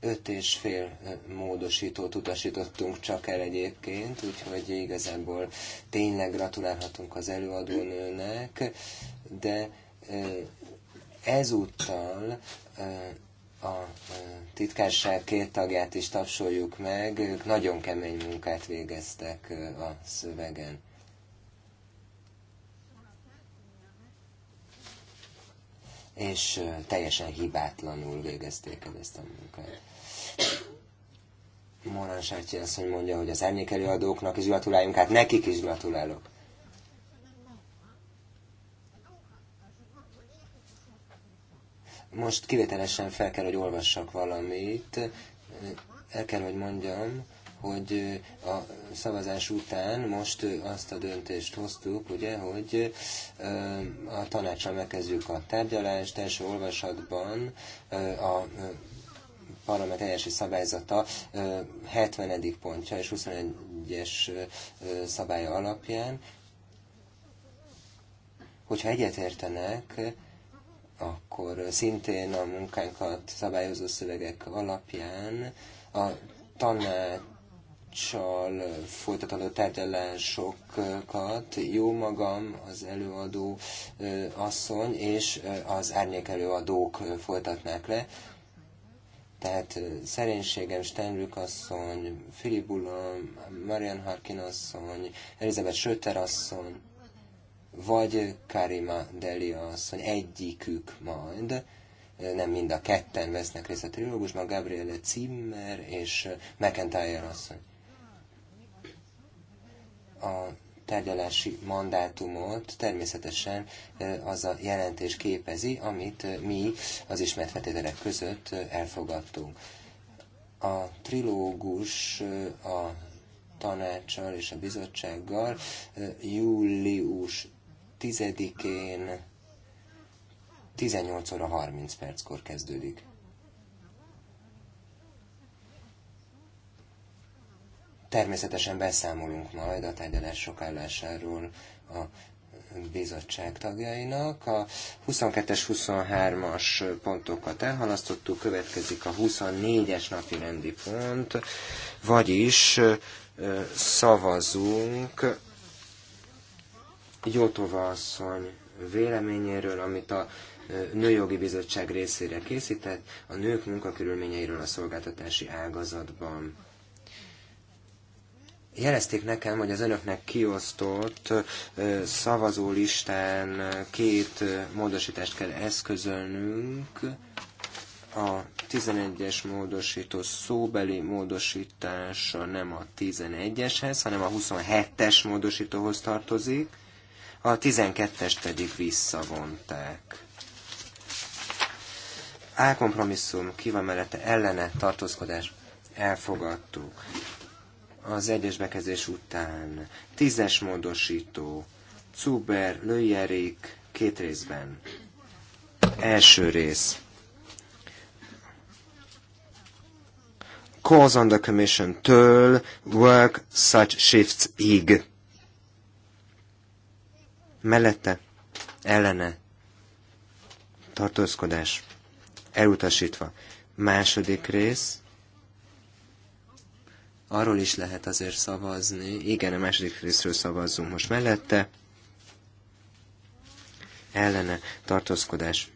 öt és fél módosítót utasítottunk csak el egyébként, úgyhogy igazából tényleg gratulálhatunk az előadónőnek, de ezúttal a titkárság két tagját is tapsoljuk meg, ők nagyon kemény munkát végeztek a szövegen. és teljesen hibátlanul végezték el ezt a munkát. Morán Sártyi azt mondja, hogy az emlékelőadóknak is gratuláljunk, hát nekik is gratulálok. Most kivételesen fel kell, hogy olvassak valamit. El kell, hogy mondjam, hogy a szavazás után most azt a döntést hoztuk, ugye, hogy a tanácsal megkezdjük a tárgyalást első olvasatban a parlament eljárási szabályzata 70. pontja és 21-es szabálya alapján, hogyha egyetértenek, akkor szintén a munkánkat szabályozó szövegek alapján a tanács tanácssal folytatandó tárgyalásokat, jó magam, az előadó asszony és az árnyék előadók folytatnák le. Tehát szerénységem, Stenrük asszony, Filibula, Marian Harkin asszony, Elizabeth Söter asszony, vagy Karima Delia asszony, egyikük majd nem mind a ketten vesznek részt a trilógusban, Gabriele Zimmer és McIntyre asszony a tárgyalási mandátumot természetesen az a jelentés képezi, amit mi az ismert feltételek között elfogadtunk. A trilógus a tanácssal és a bizottsággal július 10-én 18 óra 30 perckor kezdődik. Természetesen beszámolunk majd a tárgyalás sokállásáról a bizottság tagjainak. A 22-es, 23-as pontokat elhalasztottuk, következik a 24-es napi rendi pont, vagyis szavazunk Jótova asszony véleményéről, amit a Nőjogi Bizottság részére készített, a nők munkakörülményeiről a szolgáltatási ágazatban jelezték nekem, hogy az önöknek kiosztott szavazólistán két módosítást kell eszközölnünk. A 11-es módosító szóbeli módosítása nem a 11-eshez, hanem a 27-es módosítóhoz tartozik, a 12 es pedig visszavonták. Álkompromisszum, kompromisszum, ellene tartózkodás, elfogadtuk az egyes bekezés után. Tízes módosító. Zuber, Löjjerik, két részben. Első rész. Calls on the Commission-től work such shifts-ig. Mellette, ellene, tartózkodás, elutasítva. Második rész arról is lehet azért szavazni. Igen, a második részről szavazzunk most mellette. Ellene tartózkodás.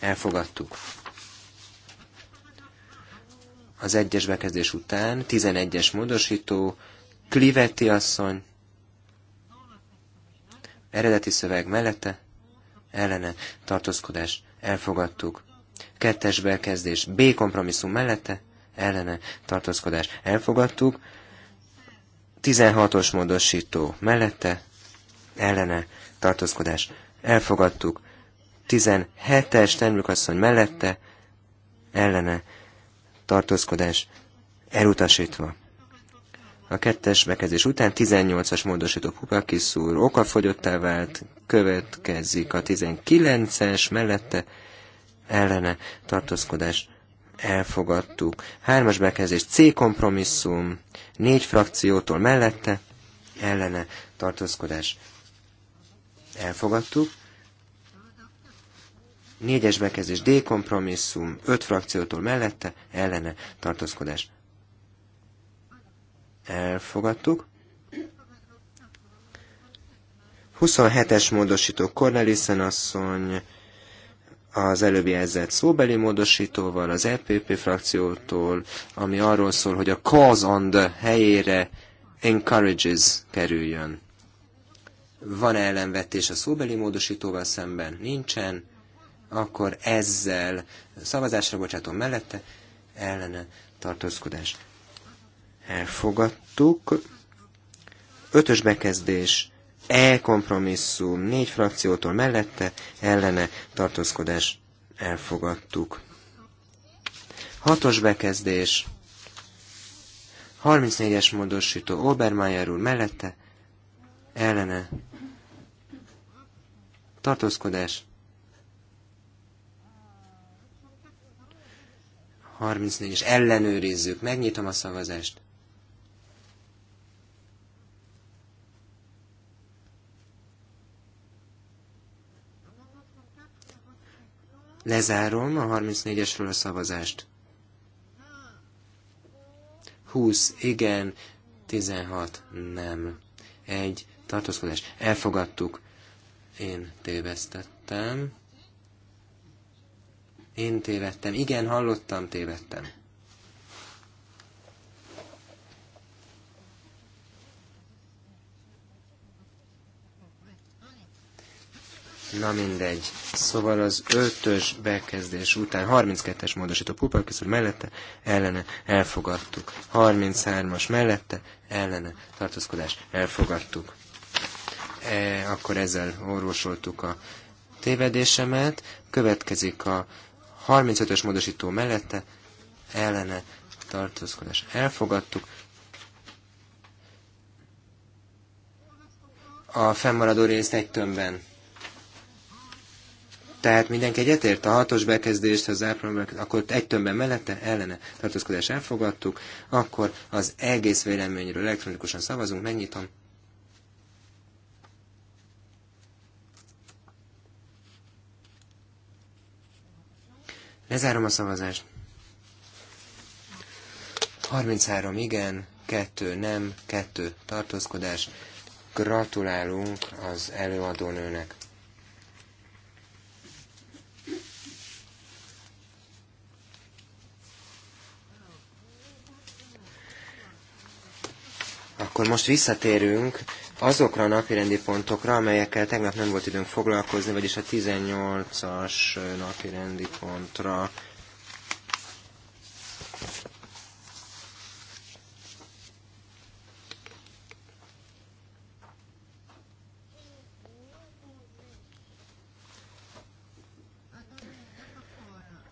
Elfogadtuk. Az egyes bekezdés után 11-es módosító, Kliveti asszony, eredeti szöveg mellette, ellene tartózkodás. Elfogadtuk. Kettes bekezdés B kompromisszum mellette, ellene tartózkodás elfogadtuk. 16-os módosító mellette ellene tartózkodás elfogadtuk. 17-es termőkasszony mellette ellene tartózkodás elutasítva. A kettes bekezdés után 18-as módosító Pupakis úr okafogyottá vált, következik a 19-es mellette ellene tartózkodás elfogadtuk. Hármas bekezdés C kompromisszum, négy frakciótól mellette, ellene tartózkodás elfogadtuk. Négyes bekezdés D kompromisszum, öt frakciótól mellette, ellene tartózkodás elfogadtuk. 27-es módosító Cornelissen asszony az előbb jelzett szóbeli módosítóval, az EPP frakciótól, ami arról szól, hogy a cause on the helyére encourages kerüljön. Van -e ellenvetés a szóbeli módosítóval szemben? Nincsen. Akkor ezzel szavazásra bocsátom mellette ellene tartózkodás. Elfogadtuk. Ötös bekezdés E kompromisszum négy frakciótól mellette, ellene tartózkodás elfogadtuk. Hatos bekezdés. 34-es módosító Obermeyer úr mellette, ellene tartózkodás. 34 es ellenőrizzük. Megnyitom a szavazást. Lezárom a 34-esről a szavazást. 20 igen, 16 nem. Egy tartózkodás. Elfogadtuk. Én tévesztettem. Én tévedtem. Igen, hallottam, tévedtem. Na mindegy. Szóval az ötös bekezdés után 32-es módosító pupa, köszönöm mellette, ellene, elfogadtuk. 33-as mellette, ellene, tartózkodás, elfogadtuk. E, akkor ezzel orvosoltuk a tévedésemet. Következik a 35-ös módosító mellette, ellene, tartózkodás, elfogadtuk. A fennmaradó részt egy tömbben tehát mindenki egyetért a hatos bekezdést, az elproblémák, akkor egy tömbben mellette ellene tartózkodás elfogadtuk, akkor az egész véleményről elektronikusan szavazunk, megnyitom. Lezárom a szavazást. 33 igen, 2 nem, 2 tartózkodás. Gratulálunk az előadónőnek. Akkor most visszatérünk azokra a napirendi pontokra, amelyekkel tegnap nem volt időnk foglalkozni, vagyis a 18-as napirendi pontra.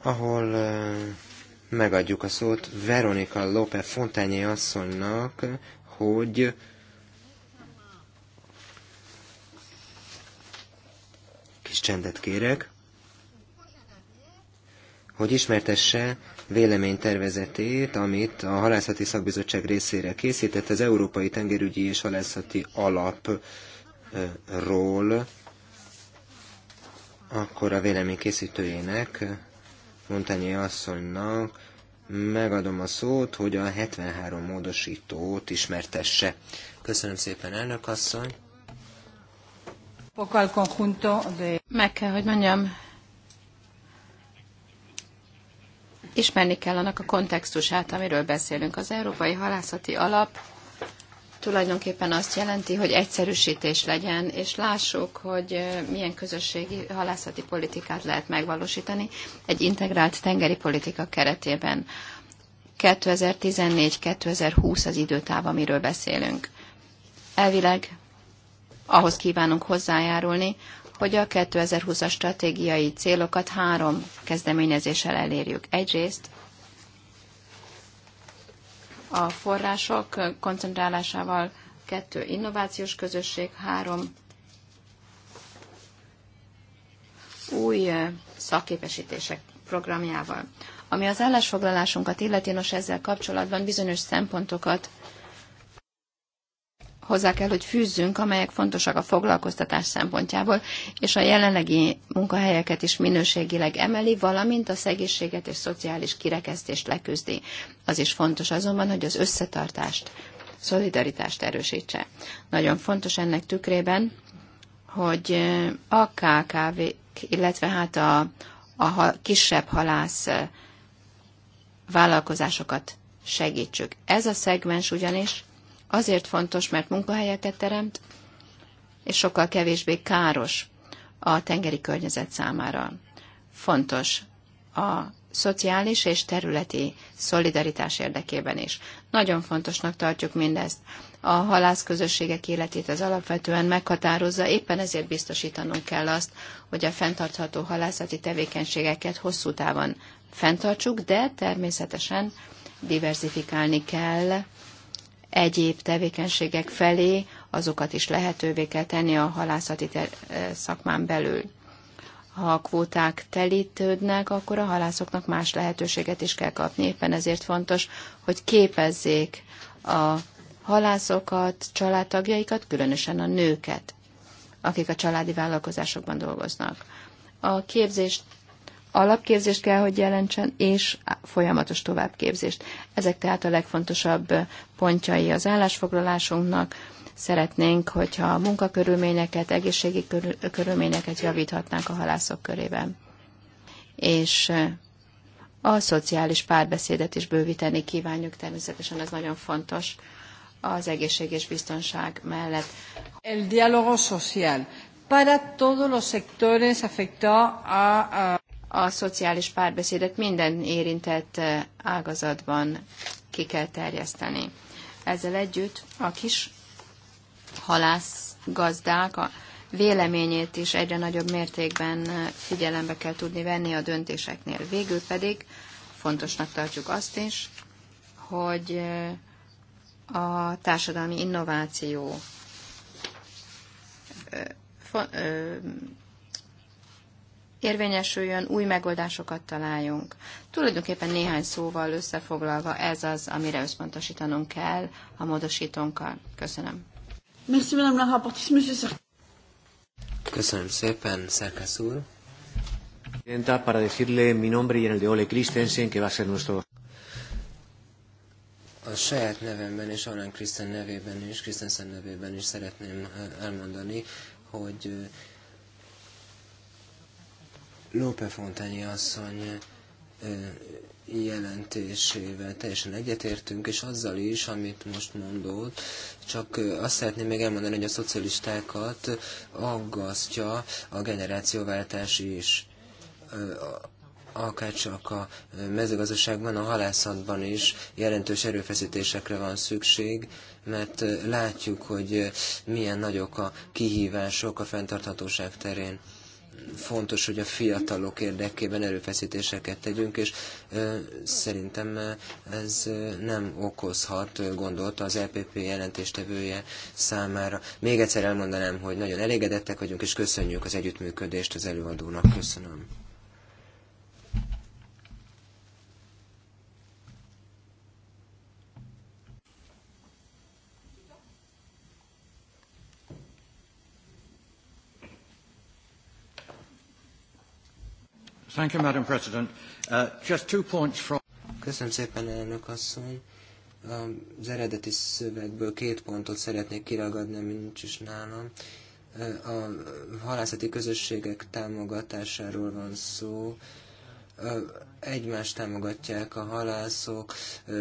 ahol megadjuk a szót Veronika López Fontányi asszonynak, hogy kis csendet kérek, hogy ismertesse véleménytervezetét, amit a Halászati Szakbizottság részére készített az Európai Tengerügyi és Halászati Alapról, akkor a vélemény készítőjének, Montanyi asszonynak, megadom a szót, hogy a 73 módosítót ismertesse. Köszönöm szépen, elnök asszony. Meg kell, hogy mondjam, ismerni kell annak a kontextusát, amiről beszélünk. Az Európai Halászati Alap tulajdonképpen azt jelenti, hogy egyszerűsítés legyen, és lássuk, hogy milyen közösségi halászati politikát lehet megvalósítani egy integrált tengeri politika keretében. 2014-2020 az időtáv, amiről beszélünk. Elvileg ahhoz kívánunk hozzájárulni, hogy a 2020-as stratégiai célokat három kezdeményezéssel elérjük. Egyrészt a források koncentrálásával, kettő innovációs közösség, három új szakképesítések programjával. Ami az állásfoglalásunkat illeti, nos ezzel kapcsolatban bizonyos szempontokat hozzá kell, hogy fűzzünk, amelyek fontosak a foglalkoztatás szempontjából, és a jelenlegi munkahelyeket is minőségileg emeli, valamint a szegészséget és szociális kirekesztést leküzdi. Az is fontos azonban, hogy az összetartást, szolidaritást erősítse. Nagyon fontos ennek tükrében, hogy a kkv illetve hát a, a kisebb halász vállalkozásokat segítsük. Ez a szegmens ugyanis Azért fontos, mert munkahelyeket teremt, és sokkal kevésbé káros a tengeri környezet számára. Fontos a szociális és területi szolidaritás érdekében is. Nagyon fontosnak tartjuk mindezt. A közösségek életét az alapvetően meghatározza, éppen ezért biztosítanunk kell azt, hogy a fenntartható halászati tevékenységeket hosszú távon fenntartsuk, de természetesen diversifikálni kell egyéb tevékenységek felé, azokat is lehetővé kell tenni a halászati szakmán belül. Ha a kvóták telítődnek, akkor a halászoknak más lehetőséget is kell kapni. Éppen ezért fontos, hogy képezzék a halászokat, családtagjaikat, különösen a nőket, akik a családi vállalkozásokban dolgoznak. A képzést alapképzést kell, hogy jelentsen, és folyamatos továbbképzést. Ezek tehát a legfontosabb pontjai az állásfoglalásunknak. Szeretnénk, hogyha a munkakörülményeket, egészségi körülményeket javíthatnánk a halászok körében. És eh, a szociális párbeszédet is bővíteni kívánjuk, természetesen ez nagyon fontos az egészség és biztonság mellett. El diálogo social para todos los sectores afectados a, a a szociális párbeszédet minden érintett eh, ágazatban ki kell terjeszteni. Ezzel együtt a kis halász gazdák a véleményét is egyre nagyobb mértékben eh, figyelembe kell tudni venni a döntéseknél. Végül pedig fontosnak tartjuk azt is, hogy eh, a társadalmi innováció érvényesüljön, új megoldásokat találjunk. Tulajdonképpen néhány szóval összefoglalva ez az, amire összpontosítanunk kell a módosítónkkal. Köszönöm. madame la Köszönöm szépen, Szerkesz úr. Para decirle mi nombre y en el de Ole Christensen, que va a ser nuestro... A saját nevemben és Alan Kristen nevében is, Christensen nevében is szeretném eh, elmondani, hogy eh, Lópe Fontányi asszony jelentésével teljesen egyetértünk, és azzal is, amit most mondott, csak azt szeretném még elmondani, hogy a szocialistákat aggasztja a generációváltás is csak a mezőgazdaságban, a halászatban is jelentős erőfeszítésekre van szükség, mert látjuk, hogy milyen nagyok a kihívások a fenntarthatóság terén fontos, hogy a fiatalok érdekében erőfeszítéseket tegyünk, és szerintem ez nem okozhat gondot az EPP jelentéstevője számára. Még egyszer elmondanám, hogy nagyon elégedettek vagyunk, és köszönjük az együttműködést az előadónak. Köszönöm. Thank you, Madam President. Uh, just two points from... Köszönöm szépen, elnök asszony. Az eredeti szövegből két pontot szeretnék kiragadni, ami nincs is nálam. Uh, a halászati közösségek támogatásáról van szó uh, egymást támogatják a halászok uh,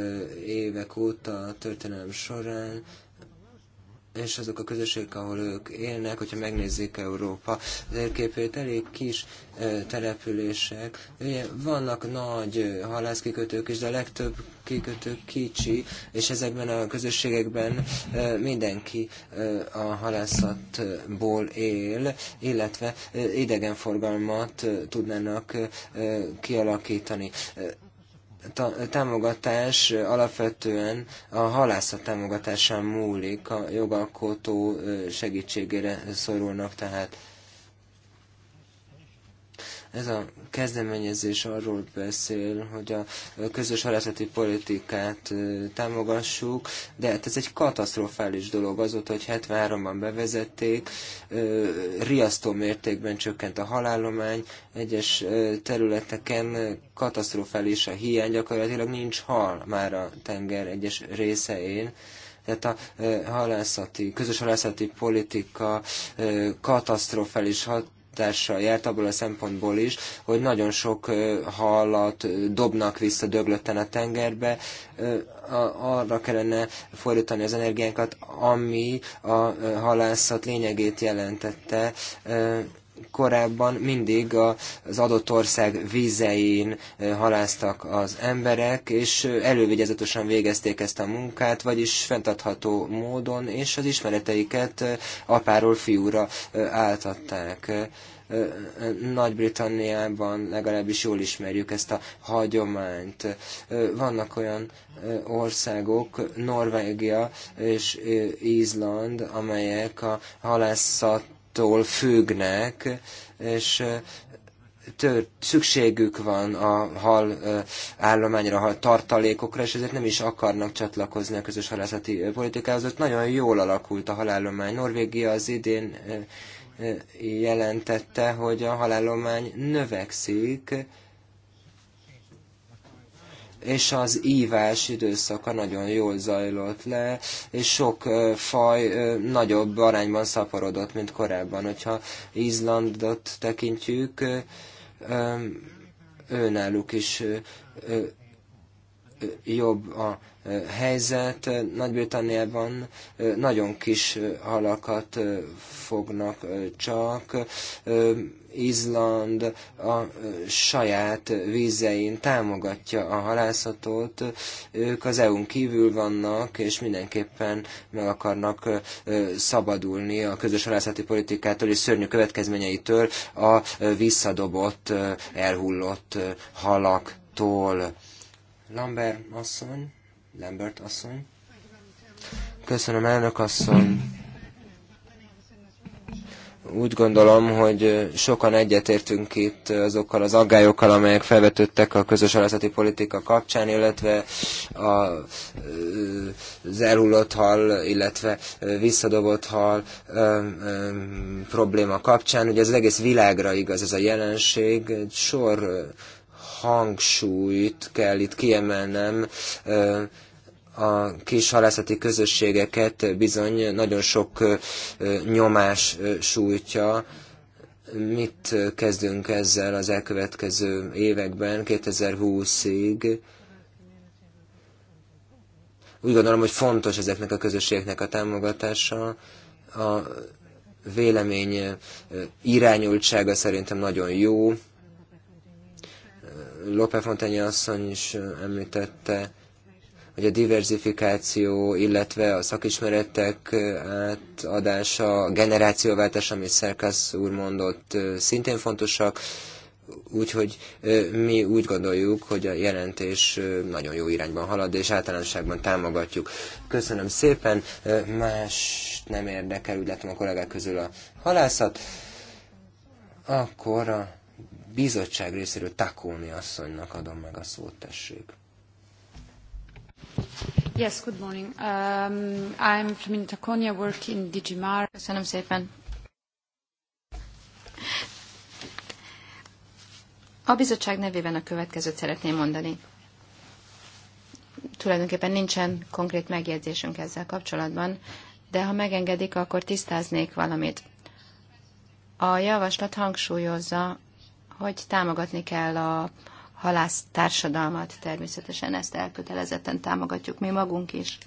évek óta a történelem során, és azok a közösségek, ahol ők élnek, hogyha megnézzék Európa térképét, elég kis települések. Ugye vannak nagy halászkikötők is, de a legtöbb kikötő kicsi, és ezekben a közösségekben mindenki a halászatból él, illetve idegenforgalmat tudnának kialakítani támogatás alapvetően a halászat támogatásán múlik, a jogalkotó segítségére szorulnak tehát ez a kezdeményezés arról beszél, hogy a közös halászati politikát támogassuk, de hát ez egy katasztrofális dolog. Azóta, hogy 73-ban bevezették, riasztó mértékben csökkent a halállomány, egyes területeken katasztrofális a hiány, gyakorlatilag nincs hal már a tenger egyes részein tehát a halászati, közös halászati politika katasztrofális hat, hatással járt abból a szempontból is, hogy nagyon sok halat dobnak vissza döglötten a tengerbe, arra kellene fordítani az energiánkat, ami a halászat lényegét jelentette, korábban mindig az adott ország vízein halásztak az emberek, és elővigyázatosan végezték ezt a munkát, vagyis fenntartható módon, és az ismereteiket apáról fiúra átadták. Nagy-Britanniában legalábbis jól ismerjük ezt a hagyományt. Vannak olyan országok, Norvégia és Ízland, amelyek a halászat attól függnek, és eh, tört, szükségük van a hal eh, állományra, a hal tartalékokra, és ezért nem is akarnak csatlakozni a közös halászati eh, politikához. Ott nagyon jól alakult a halállomány. Norvégia az idén jelentette, hogy a halállomány növekszik, és az ívás időszaka nagyon jól zajlott le, és sok faj nagyobb arányban szaporodott, mint korábban. Hogyha Izlandot tekintjük, náluk is jobb a helyzet. Nagy-Britanniában nagyon kis halakat fognak csak, Izland a saját vízein támogatja a halászatot, ők az EU-n kívül vannak, és mindenképpen meg akarnak szabadulni a közös halászati politikától és szörnyű következményeitől a visszadobott, elhullott halaktól. Lambert asszony, Lambert asszony. Köszönöm, elnök asszony úgy gondolom, hogy sokan egyetértünk itt azokkal az aggályokkal, amelyek felvetődtek a közös alázati politika kapcsán, illetve a, az elhullott hal, illetve visszadobott hal probléma kapcsán. Ugye ez az egész világra igaz ez a jelenség, egy sor hangsúlyt kell itt kiemelnem, a kis halászati közösségeket bizony nagyon sok nyomás sújtja. Mit kezdünk ezzel az elkövetkező években, 2020-ig? Úgy gondolom, hogy fontos ezeknek a közösségeknek a támogatása. A vélemény irányultsága szerintem nagyon jó. Lope Fontenya asszony is említette, hogy a diversifikáció, illetve a szakismeretek átadása, a generációváltás, amit Szerkasz úr mondott, szintén fontosak, úgyhogy mi úgy gondoljuk, hogy a jelentés nagyon jó irányban halad, és általánosságban támogatjuk. Köszönöm szépen, más nem érdekel, úgy látom a kollégák közül a halászat. Akkor a bizottság részéről Takóni asszonynak adom meg a szót, tessék. Yes, good morning. Um, I'm Flaminta Konya, work in Digimar. Köszönöm szépen. A bizottság nevében a következőt szeretném mondani. Tulajdonképpen nincsen konkrét megjegyzésünk ezzel kapcsolatban, de ha megengedik, akkor tisztáznék valamit. A javaslat hangsúlyozza, hogy támogatni kell a, halász társadalmat. Természetesen ezt elkötelezetten támogatjuk mi magunk is.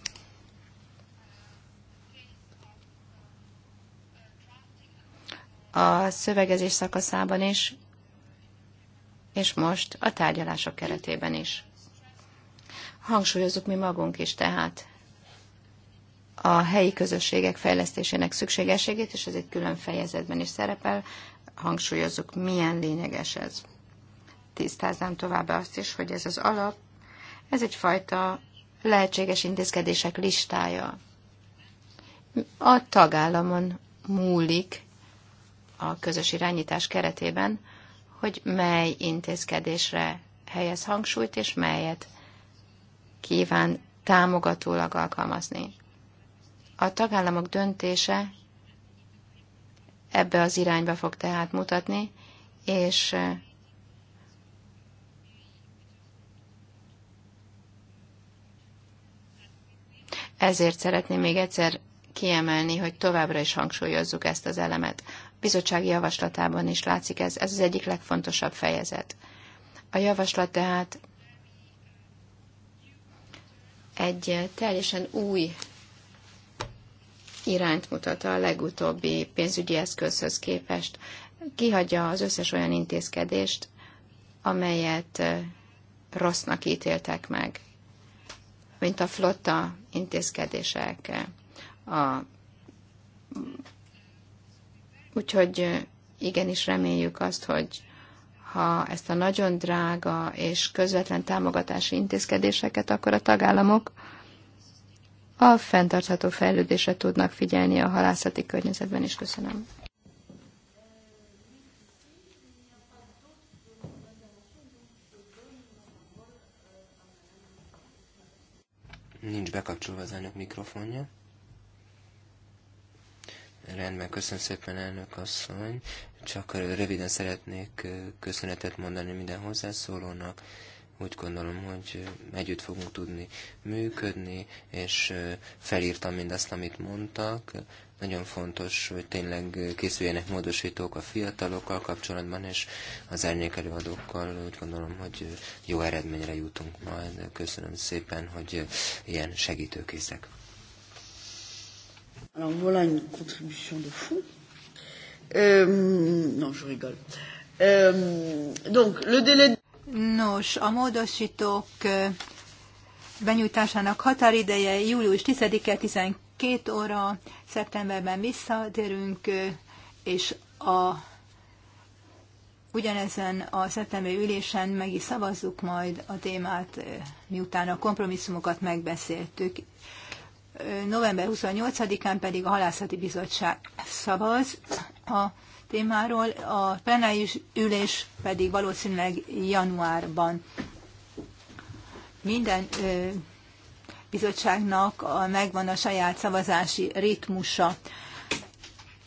A szövegezés szakaszában is, és most a tárgyalások keretében is. Hangsúlyozunk mi magunk is tehát a helyi közösségek fejlesztésének szükségességét, és ez egy külön fejezetben is szerepel, hangsúlyozzuk, milyen lényeges ez tisztáznám tovább azt is, hogy ez az alap, ez egyfajta lehetséges intézkedések listája. A tagállamon múlik a közös irányítás keretében, hogy mely intézkedésre helyez hangsúlyt, és melyet kíván támogatólag alkalmazni. A tagállamok döntése ebbe az irányba fog tehát mutatni, és Ezért szeretném még egyszer kiemelni, hogy továbbra is hangsúlyozzuk ezt az elemet. A bizottsági javaslatában is látszik ez, ez az egyik legfontosabb fejezet. A javaslat tehát egy teljesen új irányt mutat a legutóbbi pénzügyi eszközhöz képest. Kihagyja az összes olyan intézkedést, amelyet rossznak ítéltek meg, mint a flotta intézkedések. A... Úgyhogy igenis reméljük azt, hogy ha ezt a nagyon drága és közvetlen támogatási intézkedéseket, akkor a tagállamok a fenntartható fejlődésre tudnak figyelni a halászati környezetben is. Köszönöm. Nincs bekapcsolva az elnök mikrofonja. Rendben, köszönöm szépen, elnök asszony. Csak röviden szeretnék köszönetet mondani minden hozzászólónak. Úgy gondolom, hogy együtt fogunk tudni működni, és felírtam mindazt, amit mondtak. Nagyon fontos, hogy tényleg készüljenek módosítók a fiatalokkal kapcsolatban, és az árnyékelőadókkal úgy gondolom, hogy jó eredményre jutunk majd. Köszönöm szépen, hogy ilyen segítőkészek. Alors voilà une contribution de fou. Euh, non, je rigole. Euh, donc, le délai... Nos, a módosítók euh, benyújtásának határideje július 10-e 12 óra, Szeptemberben visszatérünk, és a ugyanezen a szeptemberi ülésen meg is szavazzuk majd a témát, miután a kompromisszumokat megbeszéltük. November 28-án pedig a Halászati Bizottság szavaz a témáról, a plenáris ülés pedig valószínűleg januárban. Minden bizottságnak a, megvan a saját szavazási ritmusa.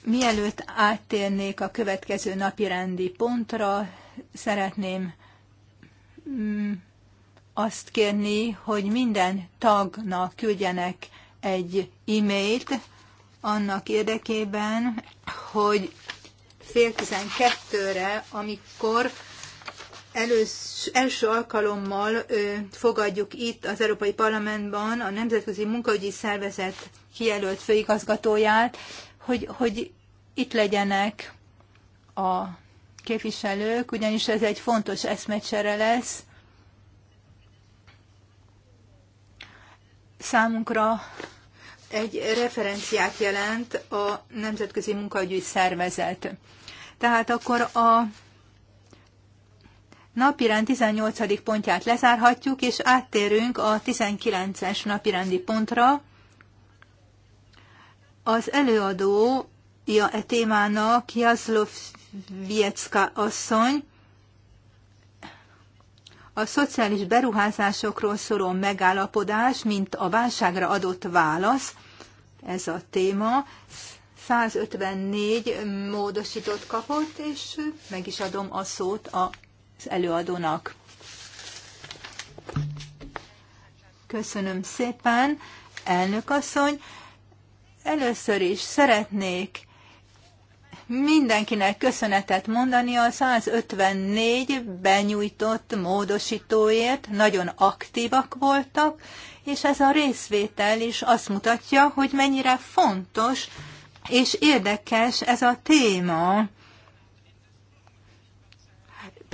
Mielőtt áttérnék a következő napi rendi pontra, szeretném mm, azt kérni, hogy minden tagnak küldjenek egy e-mailt annak érdekében, hogy fél tizenkettőre, amikor elősz, első alkalommal ö, fogadjuk itt az Európai parlamentben a Nemzetközi Munkaügyi Szervezet kijelölt főigazgatóját, hogy, hogy itt legyenek a képviselők, ugyanis ez egy fontos eszmecsere lesz. Számunkra egy referenciát jelent a Nemzetközi Munkaügyi Szervezet. Tehát akkor a napirend 18. pontját lezárhatjuk, és áttérünk a 19-es napirendi pontra. Az előadója e témának Jazlov Vietzka asszony, a szociális beruházásokról szóló megállapodás, mint a válságra adott válasz, ez a téma. 154 módosított kapott, és meg is adom a szót a az előadónak. Köszönöm szépen, elnök asszony. Először is szeretnék mindenkinek köszönetet mondani a 154 benyújtott módosítóért, nagyon aktívak voltak, és ez a részvétel is azt mutatja, hogy mennyire fontos és érdekes ez a téma.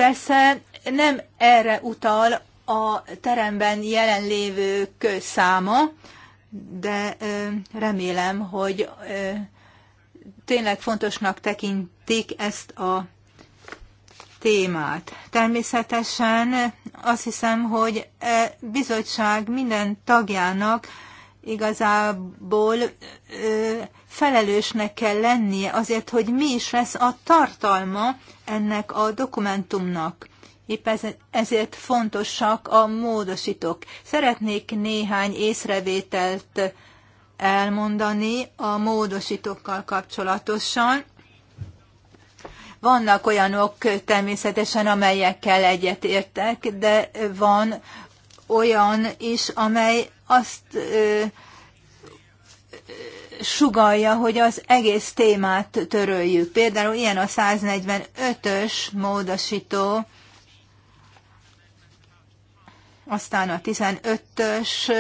Persze nem erre utal a teremben jelenlévők száma, de remélem, hogy tényleg fontosnak tekintik ezt a témát. Természetesen azt hiszem, hogy a bizottság minden tagjának igazából felelősnek kell lennie azért, hogy mi is lesz a tartalma ennek a dokumentumnak. Épp ezért fontosak a módosítók. Szeretnék néhány észrevételt elmondani a módosítókkal kapcsolatosan. Vannak olyanok természetesen, amelyekkel egyetértek, de van olyan is, amely azt sugalja, hogy az egész témát töröljük. Például ilyen a 145-ös módosító, aztán a 15-ös,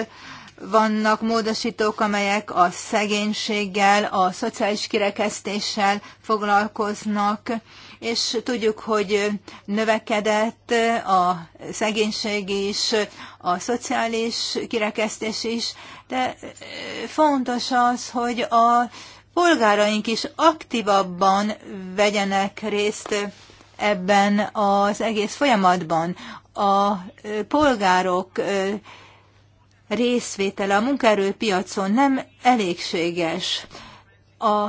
vannak módosítók, amelyek a szegénységgel, a szociális kirekesztéssel foglalkoznak és tudjuk, hogy növekedett a szegénység is, a szociális kirekesztés is, de fontos az, hogy a polgáraink is aktívabban vegyenek részt ebben az egész folyamatban. A polgárok részvétele a munkaerőpiacon nem elégséges. A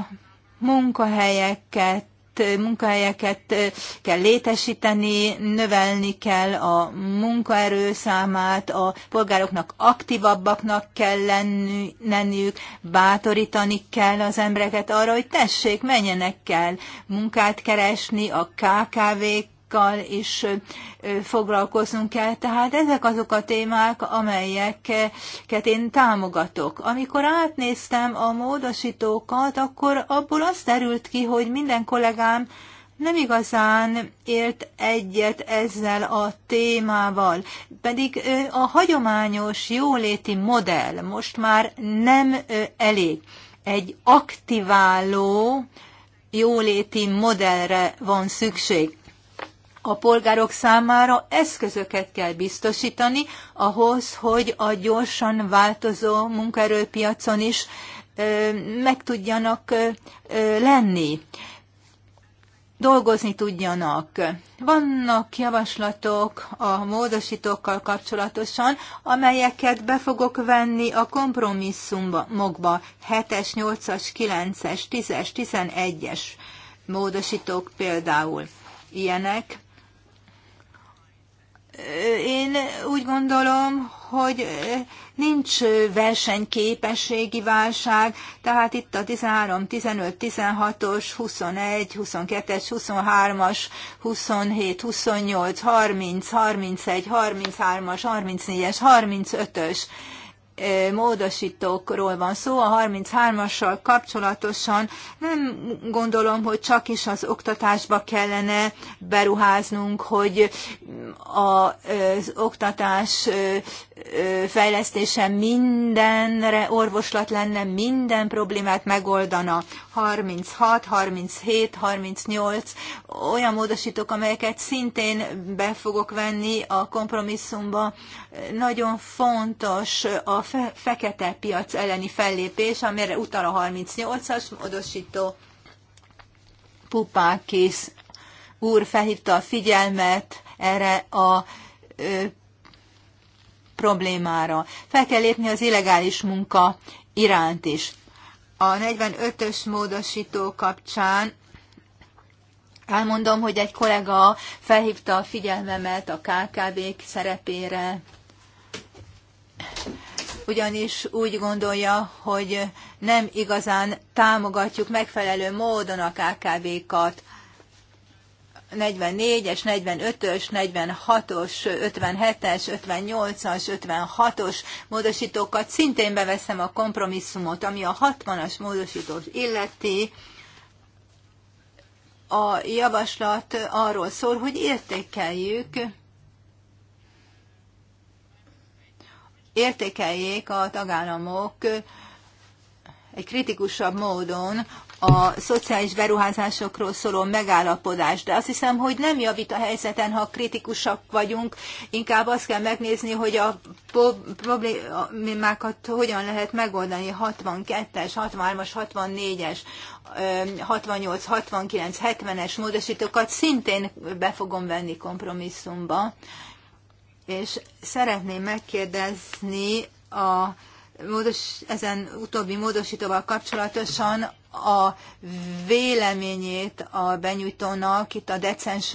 munkahelyeket munkahelyeket kell létesíteni, növelni kell a munkaerő számát, a polgároknak aktívabbaknak kell lenni, lenniük, bátorítani kell az embereket arra, hogy tessék, menjenek kell munkát keresni, a KKV-k kal is foglalkoznunk kell. Tehát ezek azok a témák, amelyeket én támogatok. Amikor átnéztem a módosítókat, akkor abból az derült ki, hogy minden kollégám nem igazán ért egyet ezzel a témával, pedig a hagyományos jóléti modell most már nem elég. Egy aktiváló jóléti modellre van szükség a polgárok számára eszközöket kell biztosítani ahhoz, hogy a gyorsan változó munkaerőpiacon is meg tudjanak lenni, dolgozni tudjanak. Vannak javaslatok a módosítókkal kapcsolatosan, amelyeket be fogok venni a kompromisszumokba 7-es, 8-as, 9-es, 10-es, 11-es módosítók például ilyenek. Én úgy gondolom, hogy nincs versenyképességi válság, tehát itt a 13, 15, 16-os, 21, 22-es, 23-as, 27, 28, 30, 31, 33-as, 34-es, 35-ös módosítókról van szó, a 33-assal kapcsolatosan nem gondolom, hogy csak is az oktatásba kellene beruháznunk, hogy az oktatás fejlesztése mindenre orvoslat lenne, minden problémát megoldana. 36, 37, 38 olyan módosítók, amelyeket szintén be fogok venni a kompromisszumba. Nagyon fontos a fe- fekete piac elleni fellépés, amire utal a 38-as módosító. Pupákis úr felhívta a figyelmet erre a ö, problémára. Fel kell lépni az illegális munka iránt is a 45-ös módosító kapcsán elmondom, hogy egy kollega felhívta a figyelmemet a KKV-k szerepére, ugyanis úgy gondolja, hogy nem igazán támogatjuk megfelelő módon a KKV-kat. 44-es, 45-ös, 46-os, 57-es, 58-as, 56-os módosítókat szintén beveszem a kompromisszumot, ami a 60-as módosítót illeti. A javaslat arról szól, hogy értékeljük, értékeljék a tagállamok egy kritikusabb módon a szociális beruházásokról szóló megállapodás, de azt hiszem, hogy nem javít a helyzeten, ha kritikusak vagyunk, inkább azt kell megnézni, hogy a problémákat hogyan lehet megoldani 62-es, 63-as, 64-es, 68, 69, 70-es módosítókat szintén be fogom venni kompromisszumba. És szeretném megkérdezni a módos, ezen utóbbi módosítóval kapcsolatosan a véleményét a benyújtónak. Itt a decens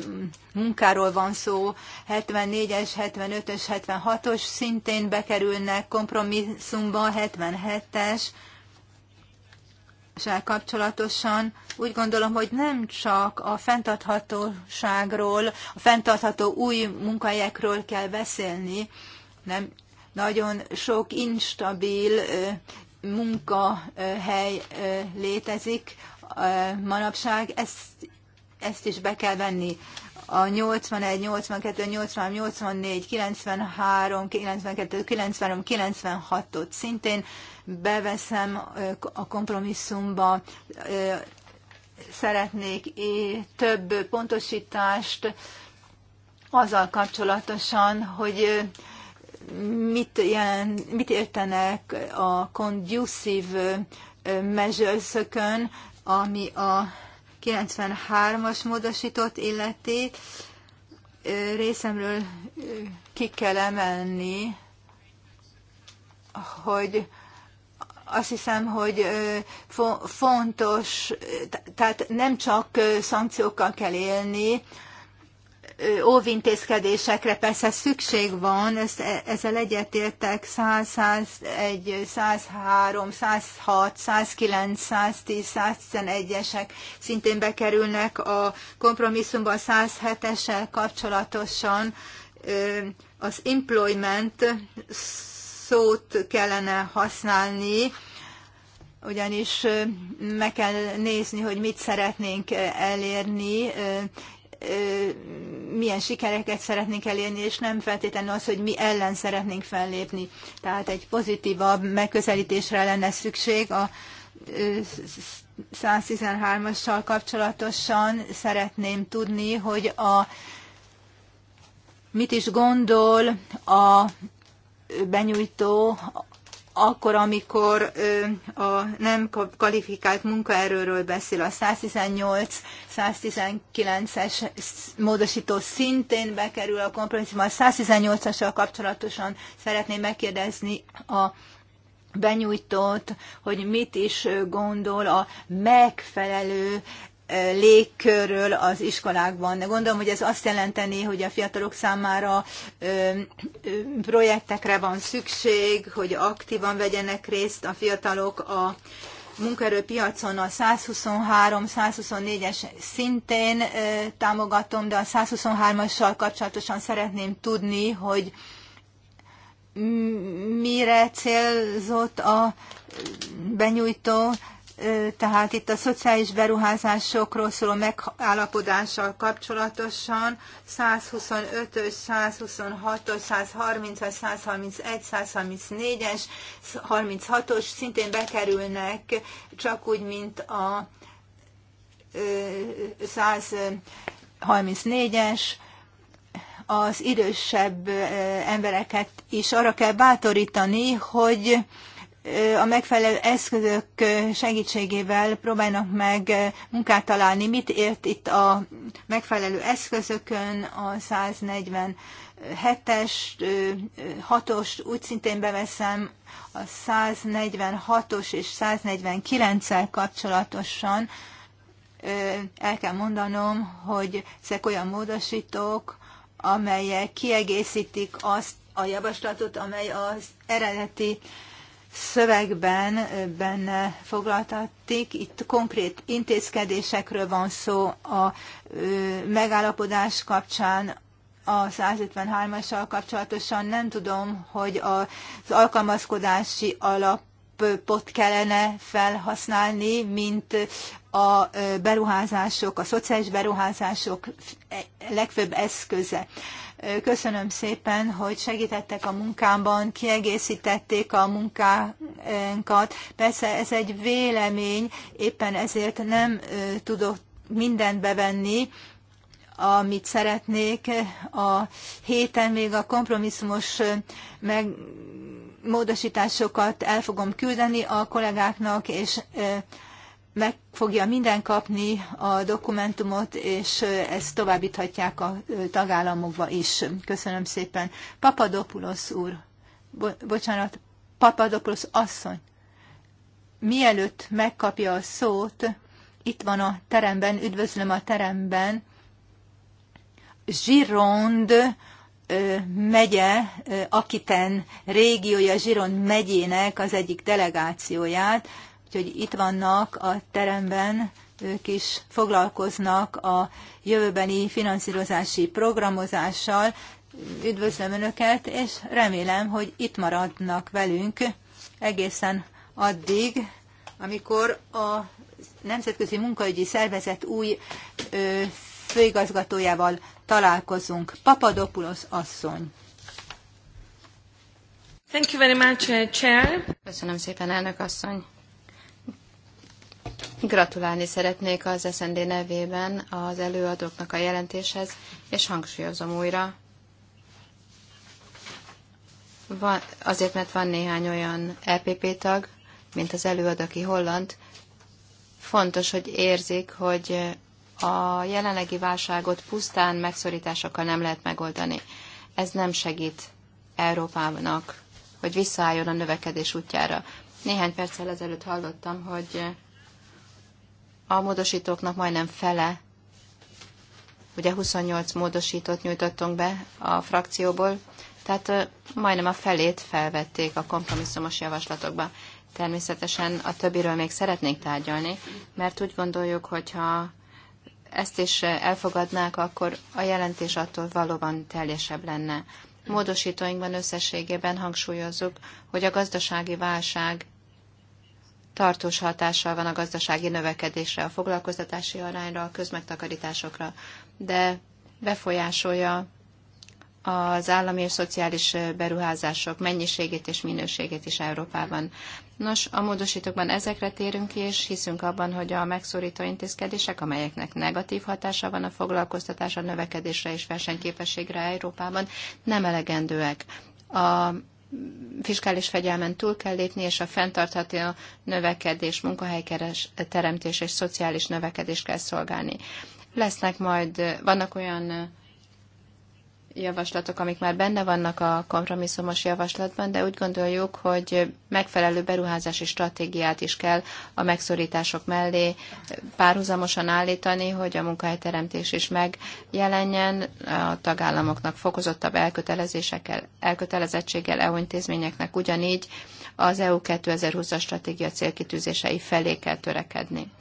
munkáról van szó, 74-es, 75-ös, 76-os szintén bekerülnek kompromisszumba, 77-es kapcsolatosan úgy gondolom, hogy nem csak a fenntarthatóságról, a fenntartható új munkahelyekről kell beszélni, nem nagyon sok instabil munkahely létezik manapság, ezt, ezt is be kell venni. A 81, 82, 83, 84, 93, 92, 93, 96-ot szintén beveszem a kompromisszumba. Szeretnék több pontosítást azzal kapcsolatosan, hogy mit, jelent, mit értenek a conducive measures ami a 93-as módosított illeti. Részemről ki kell emelni, hogy azt hiszem, hogy fontos, tehát nem csak szankciókkal kell élni, óvintézkedésekre persze szükség van, ezt, e, ezzel egyetértek 100, 101, 103, 106, 109, 110, 111-esek szintén bekerülnek a kompromisszumba 107-essel kapcsolatosan az employment szót kellene használni, ugyanis meg kell nézni, hogy mit szeretnénk elérni, milyen sikereket szeretnénk elérni, és nem feltétlenül az, hogy mi ellen szeretnénk fellépni. Tehát egy pozitívabb megközelítésre lenne szükség a 113-assal kapcsolatosan szeretném tudni, hogy a, mit is gondol a benyújtó akkor, amikor a nem kvalifikált munkaerőről beszél, a 118-119-es módosító szintén bekerül a kompromisszum. A 118-assal kapcsolatosan szeretném megkérdezni a benyújtott, hogy mit is gondol a megfelelő légkörről az iskolákban. Gondolom, hogy ez azt jelenteni, hogy a fiatalok számára projektekre van szükség, hogy aktívan vegyenek részt a fiatalok a munkaerőpiacon a 123-124-es szintén támogatom, de a 123-assal kapcsolatosan szeretném tudni, hogy mire célzott a benyújtó, tehát itt a szociális beruházásokról szóló megállapodással kapcsolatosan 125-ös, 126-os, 130-as, 131, 134-es, 36-os szintén bekerülnek, csak úgy, mint a 134-es, az idősebb embereket is arra kell bátorítani, hogy a megfelelő eszközök segítségével próbálnak meg munkát találni. Mit ért itt a megfelelő eszközökön a 147-es, 6-os, úgy szintén beveszem a 146-os és 149-el kapcsolatosan el kell mondanom, hogy ezek olyan módosítók, amelyek kiegészítik azt a javaslatot, amely az eredeti szövegben benne foglaltatik. Itt konkrét intézkedésekről van szó a megállapodás kapcsán, a 153-assal kapcsolatosan nem tudom, hogy az alkalmazkodási alapot kellene felhasználni, mint a beruházások, a szociális beruházások e-, legfőbb eszköze. Köszönöm szépen, hogy segítettek a munkámban, kiegészítették a munkánkat. Persze ez egy vélemény, éppen ezért nem tudok mindent bevenni, amit szeretnék. A héten még a kompromisszumos meg módosításokat el fogom küldeni a kollégáknak, és meg fogja minden kapni a dokumentumot, és ezt továbbíthatják a tagállamokba is. Köszönöm szépen. Papadopoulos úr, bo- bocsánat, Papadopoulos asszony, mielőtt megkapja a szót, itt van a teremben, üdvözlöm a teremben, Gironde megye, Akiten régiója, Gironde megyének az egyik delegációját, Úgyhogy itt vannak a teremben, ők is foglalkoznak a jövőbeni finanszírozási programozással. Üdvözlöm Önöket, és remélem, hogy itt maradnak velünk egészen addig, amikor a Nemzetközi Munkaügyi Szervezet új ö, főigazgatójával találkozunk. Papadopoulos asszony. Thank you very much, uh, Chair. Köszönöm szépen, elnök asszony. Gratulálni szeretnék az SND nevében az előadóknak a jelentéshez, és hangsúlyozom újra. Van, azért, mert van néhány olyan EPP tag, mint az előad, aki holland, fontos, hogy érzik, hogy a jelenlegi válságot pusztán megszorításokkal nem lehet megoldani. Ez nem segít Európának, hogy visszaálljon a növekedés útjára. Néhány perccel ezelőtt hallottam, hogy a módosítóknak majdnem fele, ugye 28 módosítót nyújtottunk be a frakcióból, tehát majdnem a felét felvették a kompromisszumos javaslatokba. Természetesen a többiről még szeretnénk tárgyalni, mert úgy gondoljuk, hogyha ezt is elfogadnák, akkor a jelentés attól valóban teljesebb lenne. Módosítóinkban összességében hangsúlyozzuk, hogy a gazdasági válság tartós hatással van a gazdasági növekedésre, a foglalkoztatási arányra, a közmegtakarításokra, de befolyásolja az állami és szociális beruházások mennyiségét és minőségét is Európában. Nos, a módosítókban ezekre térünk ki, és hiszünk abban, hogy a megszorító intézkedések, amelyeknek negatív hatása van a foglalkoztatásra, növekedésre és versenyképességre Európában, nem elegendőek. A fiskális fegyelmen túl kell lépni, és a fenntartható növekedés, munkahelykeres teremtés és szociális növekedés kell szolgálni. Lesznek majd, vannak olyan javaslatok, amik már benne vannak a kompromisszumos javaslatban, de úgy gondoljuk, hogy megfelelő beruházási stratégiát is kell a megszorítások mellé párhuzamosan állítani, hogy a munkahelyteremtés is megjelenjen a tagállamoknak fokozottabb elkötelezésekkel, elkötelezettséggel, EU intézményeknek ugyanígy az EU 2020-as stratégia célkitűzései felé kell törekedni.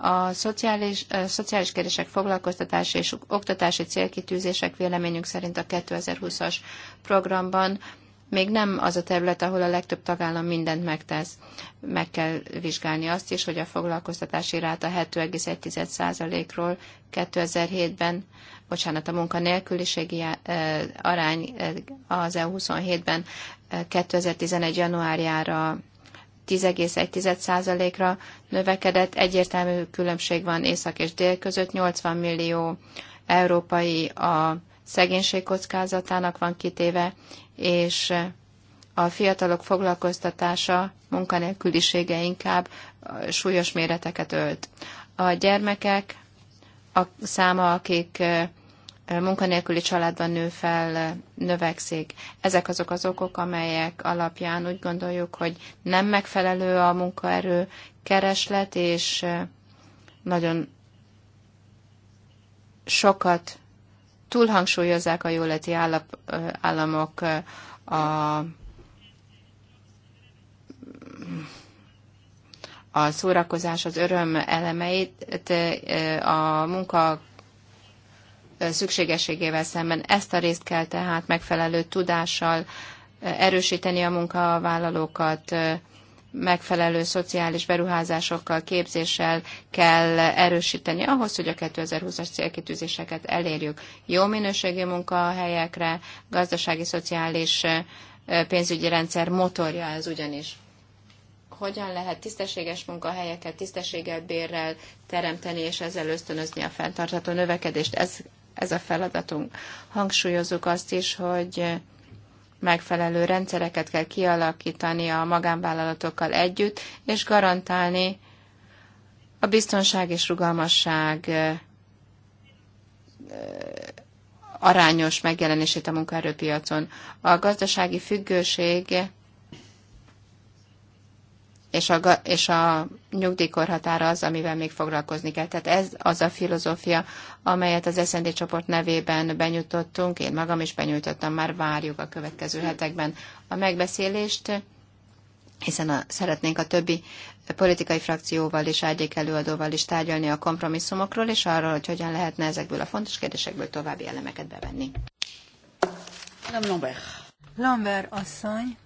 A szociális, a szociális kérdések foglalkoztatási és oktatási célkitűzések véleményünk szerint a 2020-as programban még nem az a terület, ahol a legtöbb tagállam mindent megtesz. Meg kell vizsgálni azt is, hogy a foglalkoztatási ráta 7,1%-ról 2007-ben, bocsánat, a munkanélküliségi arány az EU27-ben 2011. januárjára 10,1%-ra növekedett. Egyértelmű különbség van észak és dél között. 80 millió európai a szegénység kockázatának van kitéve, és a fiatalok foglalkoztatása, munkanélkülisége inkább súlyos méreteket ölt. A gyermekek a száma, akik munkanélküli családban nő fel, növekszik. Ezek azok az okok, amelyek alapján úgy gondoljuk, hogy nem megfelelő a munkaerő kereslet, és nagyon sokat túlhangsúlyozzák a jóléti állap, államok a, a szórakozás, az öröm elemeit, a munka szükségességével szemben. Ezt a részt kell tehát megfelelő tudással eh, erősíteni a munkavállalókat, eh, megfelelő szociális beruházásokkal, képzéssel kell erősíteni ahhoz, hogy a 2020-as célkitűzéseket elérjük. Jó minőségű munkahelyekre, gazdasági, szociális eh, pénzügyi rendszer motorja ez ugyanis. Hogyan lehet tisztességes munkahelyeket, tisztességet bérrel teremteni és ezzel ösztönözni a fenntartható növekedést? Ez ez a feladatunk. Hangsúlyozunk azt is, hogy megfelelő rendszereket kell kialakítani a magánvállalatokkal együtt, és garantálni a biztonság és rugalmasság arányos megjelenését a munkaerőpiacon. A gazdasági függőség és a, és a nyugdíjkorhatára az, amivel még foglalkozni kell. Tehát ez az a filozófia, amelyet az SZND csoport nevében benyújtottunk, én magam is benyújtottam, már várjuk a következő hetekben a megbeszélést, hiszen a, szeretnénk a többi politikai frakcióval és árnyék előadóval is tárgyalni a kompromisszumokról, és arról, hogy hogyan lehetne ezekből a fontos kérdésekből további elemeket bevenni. Madame Lambert. Lambert asszony.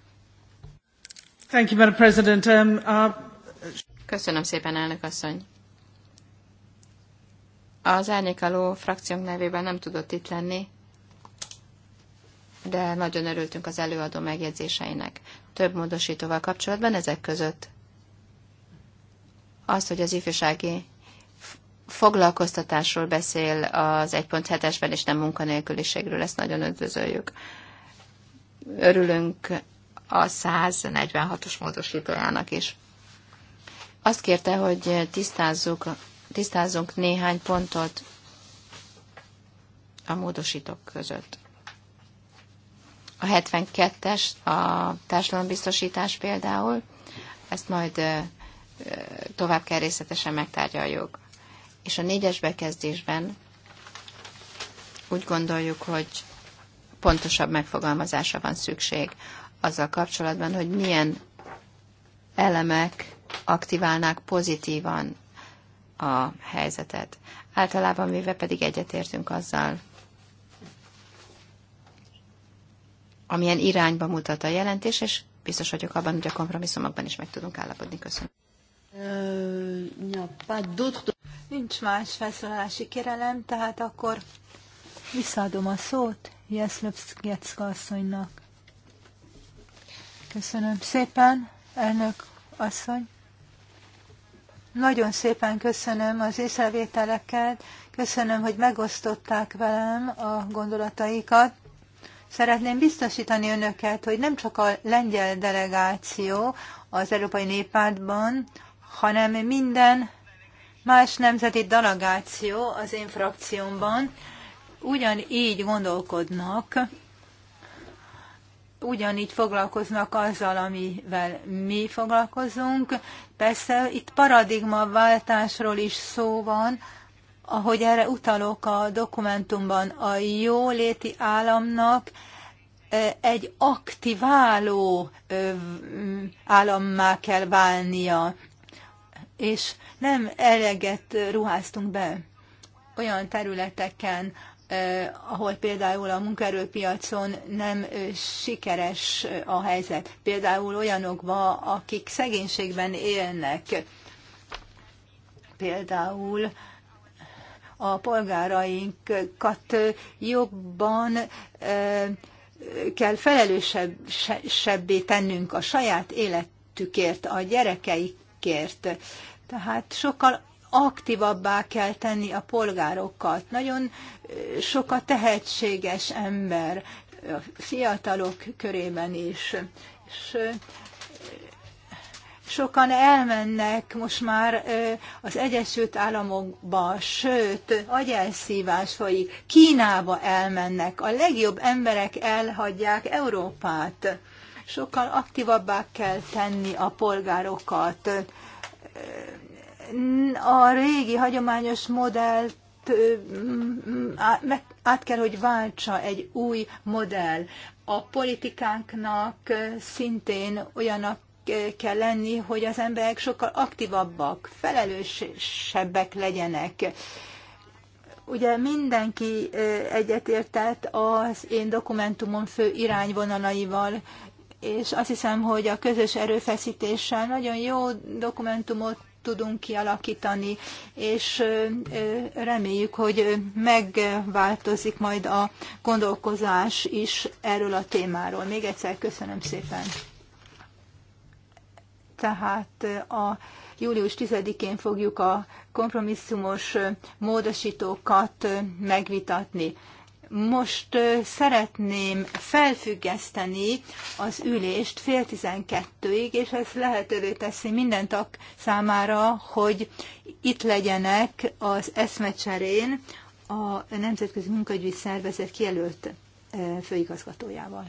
Thank you, Madam President. Um, uh... Köszönöm szépen, elnök asszony. Az árnyékaló frakciónk nevében nem tudott itt lenni, de nagyon örültünk az előadó megjegyzéseinek. Több módosítóval kapcsolatban ezek között az, hogy az ifjúsági foglalkoztatásról beszél az 1.7-esben, és nem munkanélküliségről, ezt nagyon üdvözöljük. Örülünk a 146-os módosítójának is. Azt kérte, hogy tisztázzuk, tisztázzunk néhány pontot a módosítók között. A 72-es, a társadalombiztosítás például, ezt majd tovább kell részletesen megtárgyaljuk. És a négyes bekezdésben úgy gondoljuk, hogy pontosabb megfogalmazásra van szükség azzal kapcsolatban, hogy milyen elemek aktiválnák pozitívan a helyzetet. Általában véve pedig egyetértünk azzal, amilyen irányba mutat a jelentés, és biztos vagyok abban, hogy a kompromisszumokban is meg tudunk állapodni. Köszönöm. Nincs más felszólalási kérelem, tehát akkor visszaadom a szót Jeszlöpszkiecka asszonynak. Köszönöm szépen, elnök asszony. Nagyon szépen köszönöm az észrevételeket, köszönöm, hogy megosztották velem a gondolataikat. Szeretném biztosítani önöket, hogy nem csak a lengyel delegáció az Európai Néppártban, hanem minden más nemzeti delegáció az én frakciómban ugyanígy gondolkodnak ugyanígy foglalkoznak azzal, amivel mi foglalkozunk. Persze itt paradigmaváltásról is szó van, ahogy erre utalok a dokumentumban, a jóléti államnak egy aktiváló mm, állammá kell válnia, és nem eleget ruháztunk be olyan területeken, ahol például a munkaerőpiacon nem sikeres a helyzet. Például olyanokban, akik szegénységben élnek. Például a polgárainkat jobban kell felelősebbé tennünk a saját életükért, a gyerekeikért. Tehát sokkal aktívabbá kell tenni a polgárokat. Nagyon sok a tehetséges ember, a fiatalok körében is. És sokan elmennek most már az Egyesült Államokba, sőt, agyelszívás folyik, Kínába elmennek, a legjobb emberek elhagyják Európát. Sokkal aktívabbá kell tenni a polgárokat a régi hagyományos modellt át kell, hogy váltsa egy új modell. A politikánknak szintén olyanak kell lenni, hogy az emberek sokkal aktívabbak, felelősebbek legyenek. Ugye mindenki egyetértett az én dokumentumom fő irányvonalaival, és azt hiszem, hogy a közös erőfeszítéssel nagyon jó dokumentumot tudunk kialakítani, és reméljük, hogy megváltozik majd a gondolkozás is erről a témáról. Még egyszer köszönöm szépen. Tehát a július 10-én fogjuk a kompromisszumos módosítókat megvitatni. Most szeretném felfüggeszteni az ülést fél tizenkettőig, és ez lehetővé teszi minden tag számára, hogy itt legyenek az eszmecserén a Nemzetközi Munkaügyi Szervezet kijelölt főigazgatójával.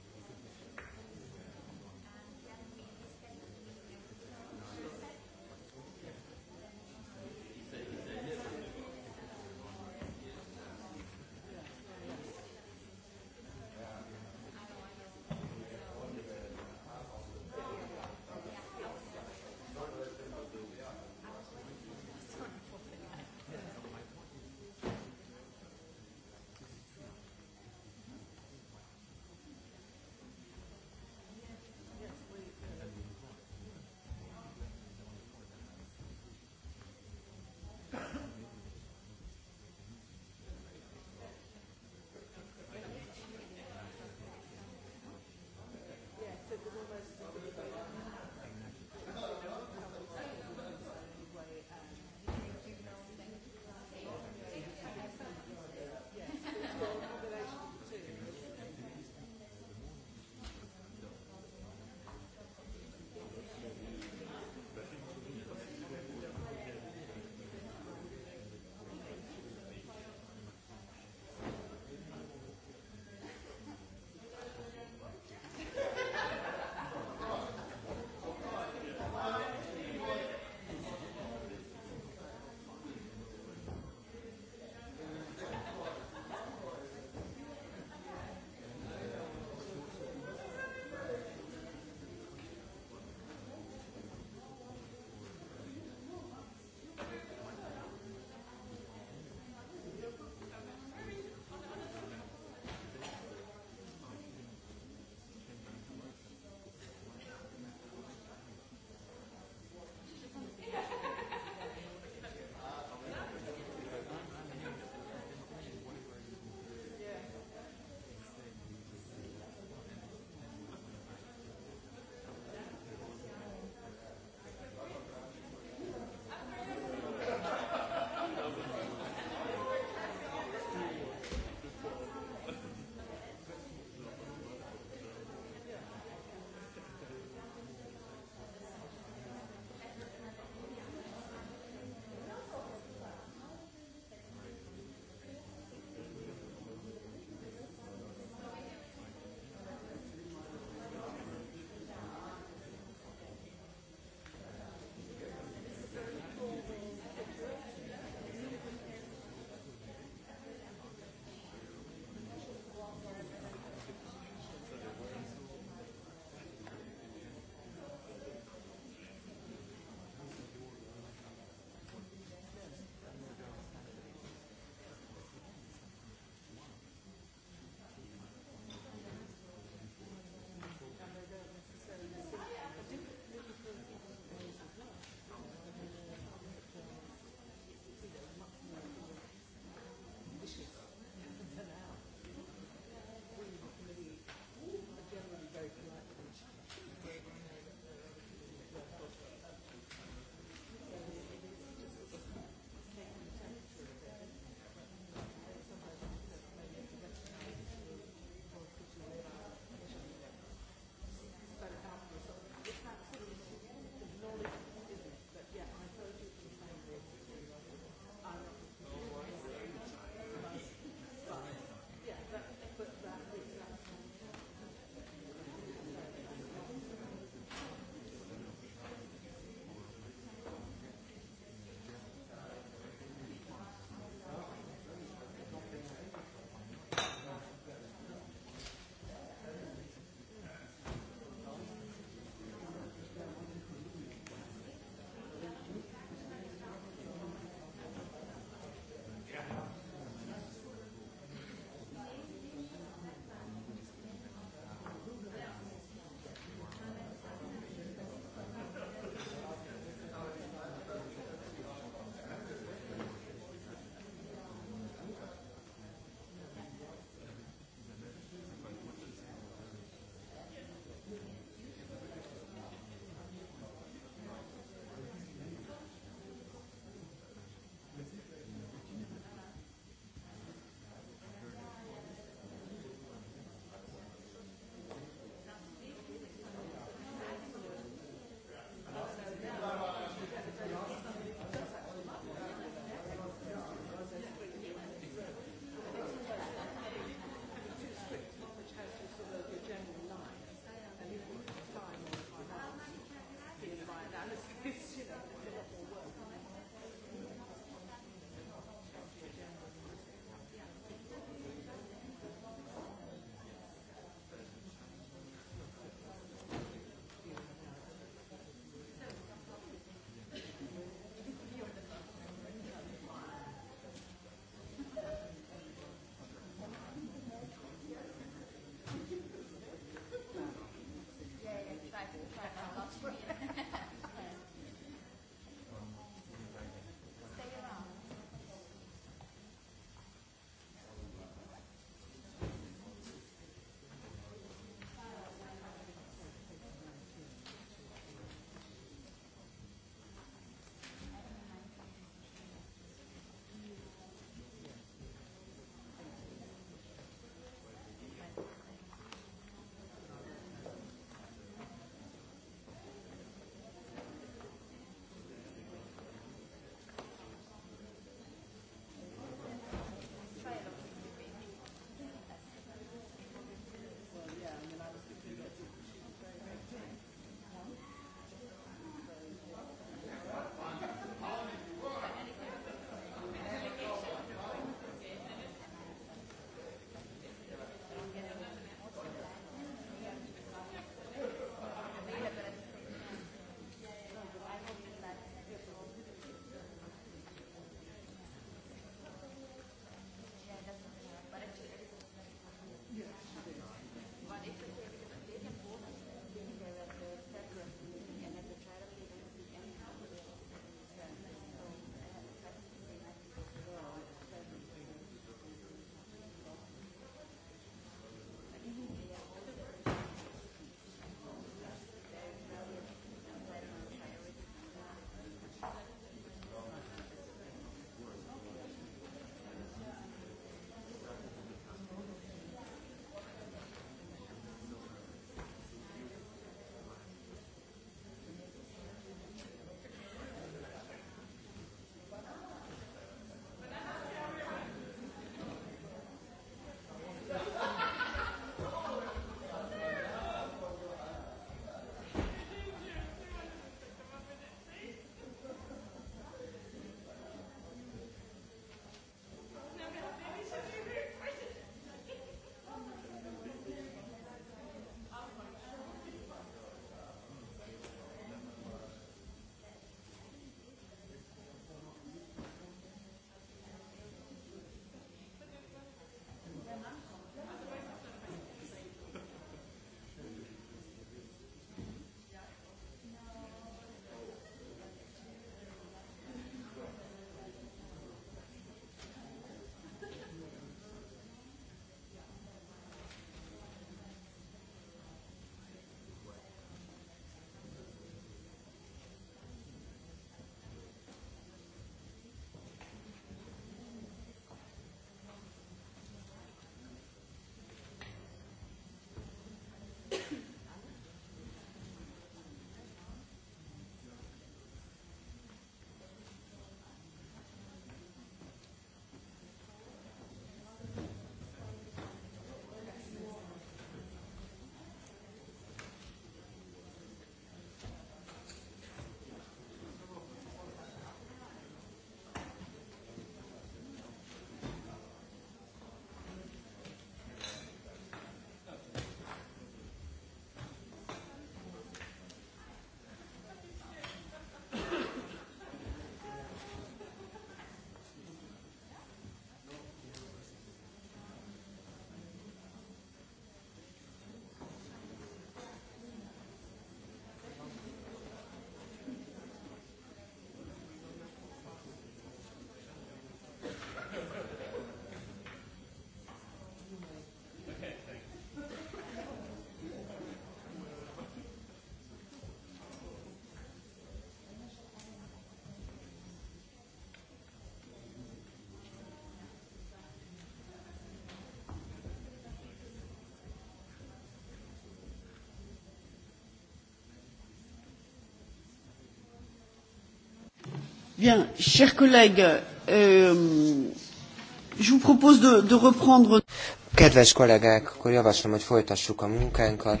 Kedves kollégák, akkor javaslom, hogy folytassuk a munkánkat.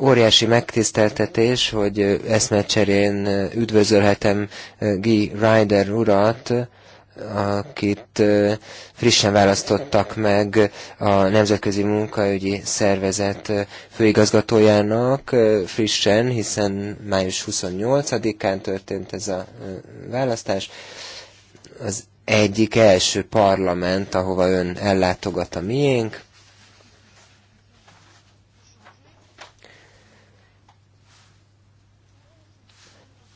Óriási megtiszteltetés, hogy eszmecserén üdvözölhetem Guy Ryder urat, akit frissen választottak meg a Nemzetközi Munkaügyi Szervezet főigazgatójának frissen, hiszen május 28-án történt ez a választás. Az egyik első parlament, ahova ön ellátogat a miénk.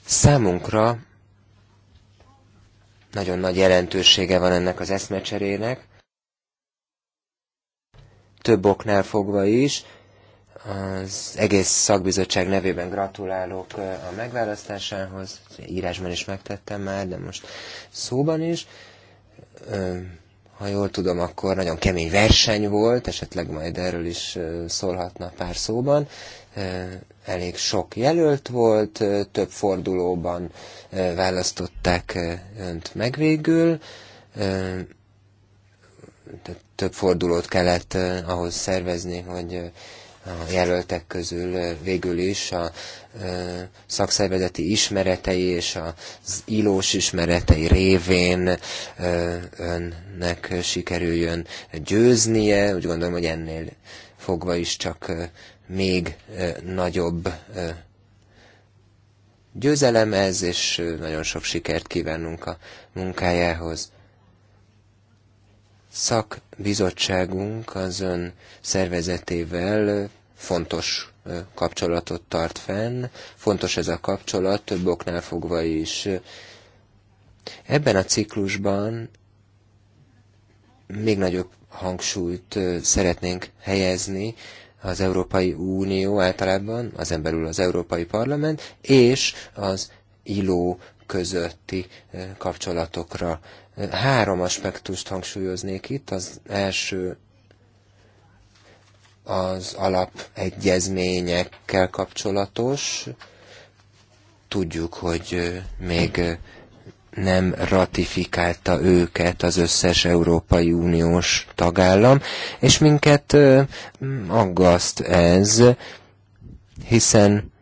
Számunkra nagyon nagy jelentősége van ennek az eszmecserének. Több oknál fogva is, az egész szakbizottság nevében gratulálok a megválasztásához. Írásban is megtettem már, de most szóban is ha jól tudom, akkor nagyon kemény verseny volt, esetleg majd erről is szólhatna pár szóban. Elég sok jelölt volt, több fordulóban választották önt meg végül, több fordulót kellett ahhoz szervezni, hogy a jelöltek közül végül is a szakszervezeti ismeretei és az ilós ismeretei révén önnek sikerüljön győznie. Úgy gondolom, hogy ennél fogva is csak még nagyobb győzelem ez, és nagyon sok sikert kívánunk a munkájához. Szakbizottságunk az ön szervezetével fontos kapcsolatot tart fenn. Fontos ez a kapcsolat, több oknál fogva is. Ebben a ciklusban még nagyobb hangsúlyt szeretnénk helyezni az Európai Unió általában, az emberül az Európai Parlament és az ILO közötti kapcsolatokra. Három aspektust hangsúlyoznék itt. Az első az alapegyezményekkel kapcsolatos. Tudjuk, hogy még nem ratifikálta őket az összes Európai Uniós tagállam, és minket aggaszt ez, hiszen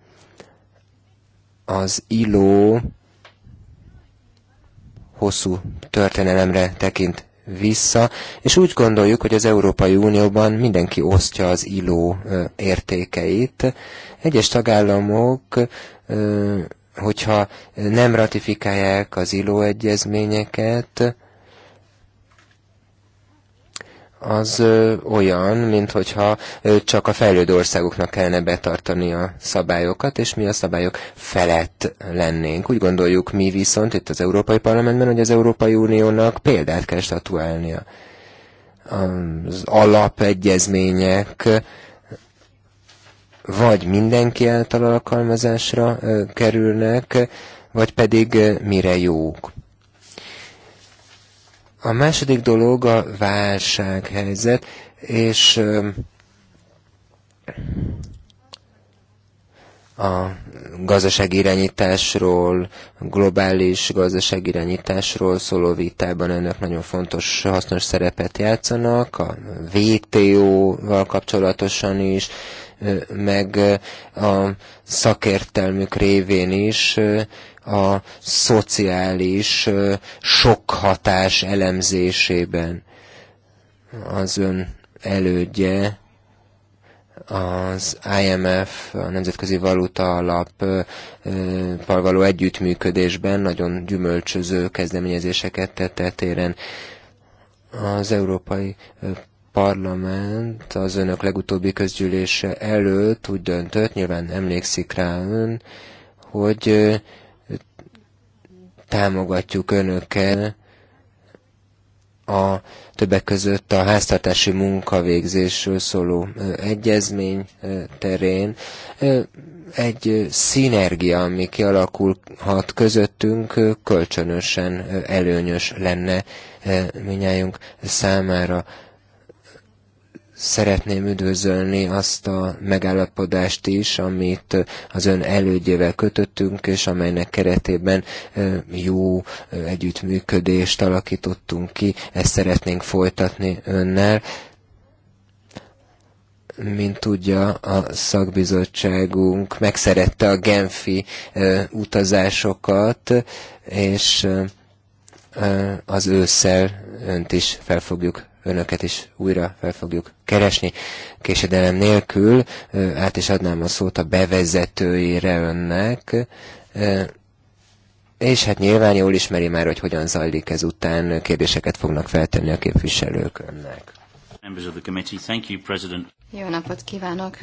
az ILO hosszú történelemre tekint vissza, és úgy gondoljuk, hogy az Európai Unióban mindenki osztja az illó értékeit. Egyes tagállamok, hogyha nem ratifikálják az ILO egyezményeket, az olyan, mintha csak a fejlődő országoknak kellene betartani a szabályokat, és mi a szabályok felett lennénk. Úgy gondoljuk mi viszont itt az Európai Parlamentben, hogy az Európai Uniónak példát kell statuálnia. Az alapegyezmények vagy mindenki által alkalmazásra kerülnek, vagy pedig mire jók. A második dolog a válsághelyzet, és a gazdaságirányításról, globális gazdaságirányításról szóló vitában ennek nagyon fontos, hasznos szerepet játszanak, a VTO-val kapcsolatosan is, meg a szakértelmük révén is a szociális sok hatás elemzésében. Az ön elődje az IMF, a Nemzetközi Valuta Alap való együttműködésben nagyon gyümölcsöző kezdeményezéseket tette téren. Az Európai Parlament az önök legutóbbi közgyűlése előtt úgy döntött, nyilván emlékszik rá ön, hogy támogatjuk önöket a többek között a háztartási munkavégzésről szóló egyezmény terén egy szinergia, ami kialakulhat közöttünk, kölcsönösen előnyös lenne minnyájunk számára szeretném üdvözölni azt a megállapodást is, amit az ön elődjével kötöttünk, és amelynek keretében jó együttműködést alakítottunk ki. Ezt szeretnénk folytatni önnel. Mint tudja, a szakbizottságunk megszerette a Genfi utazásokat, és az ősszel önt is fel fogjuk önöket is újra fel fogjuk keresni késedelem nélkül. Át is adnám a szót a bevezetőjére önnek. És hát nyilván jól ismeri már, hogy hogyan zajlik ez után, kérdéseket fognak feltenni a képviselők önnek. Jó napot kívánok!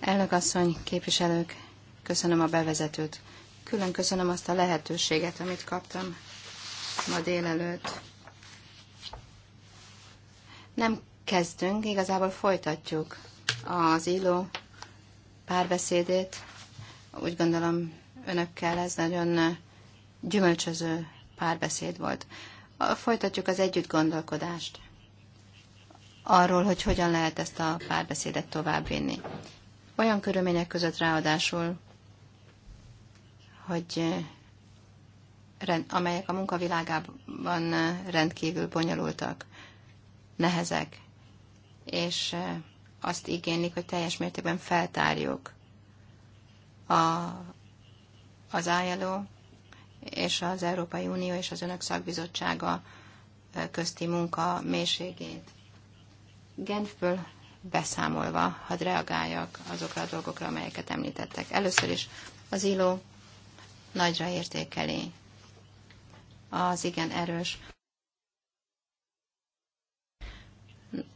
Elnök asszony, képviselők, köszönöm a bevezetőt. Külön köszönöm azt a lehetőséget, amit kaptam ma délelőtt nem kezdtünk, igazából folytatjuk az illó párbeszédét. Úgy gondolom, önökkel ez nagyon gyümölcsöző párbeszéd volt. Folytatjuk az együtt gondolkodást arról, hogy hogyan lehet ezt a párbeszédet továbbvinni. Olyan körülmények között ráadásul, hogy eh, amelyek a munkavilágában eh, rendkívül bonyolultak nehezek, és azt igénylik, hogy teljes mértékben feltárjuk a, az ILO és az Európai Unió és az Önök Szakbizottsága közti munka mélységét. Genfből beszámolva, hadd reagáljak azokra a dolgokra, amelyeket említettek. Először is az ILO nagyra értékeli az igen erős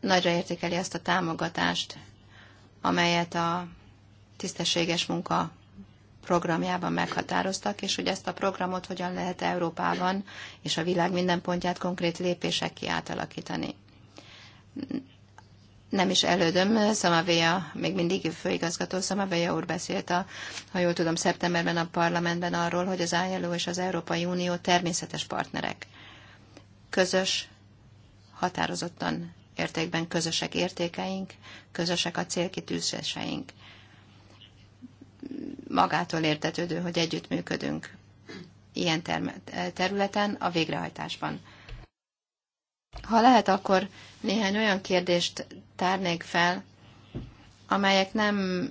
nagyra értékeli azt a támogatást, amelyet a tisztességes munka programjában meghatároztak, és hogy ezt a programot hogyan lehet Európában és a világ minden pontját konkrét lépések ki átalakítani. Nem is elődöm, Szamavéja, még mindig főigazgató Szamavéja úr beszélt, a, ha jól tudom, szeptemberben a parlamentben arról, hogy az ILO és az Európai Unió természetes partnerek. Közös, határozottan értékben közösek értékeink, közösek a célkitűzéseink. Magától értetődő, hogy együttműködünk ilyen területen, a végrehajtásban. Ha lehet, akkor néhány olyan kérdést tárnék fel, amelyek nem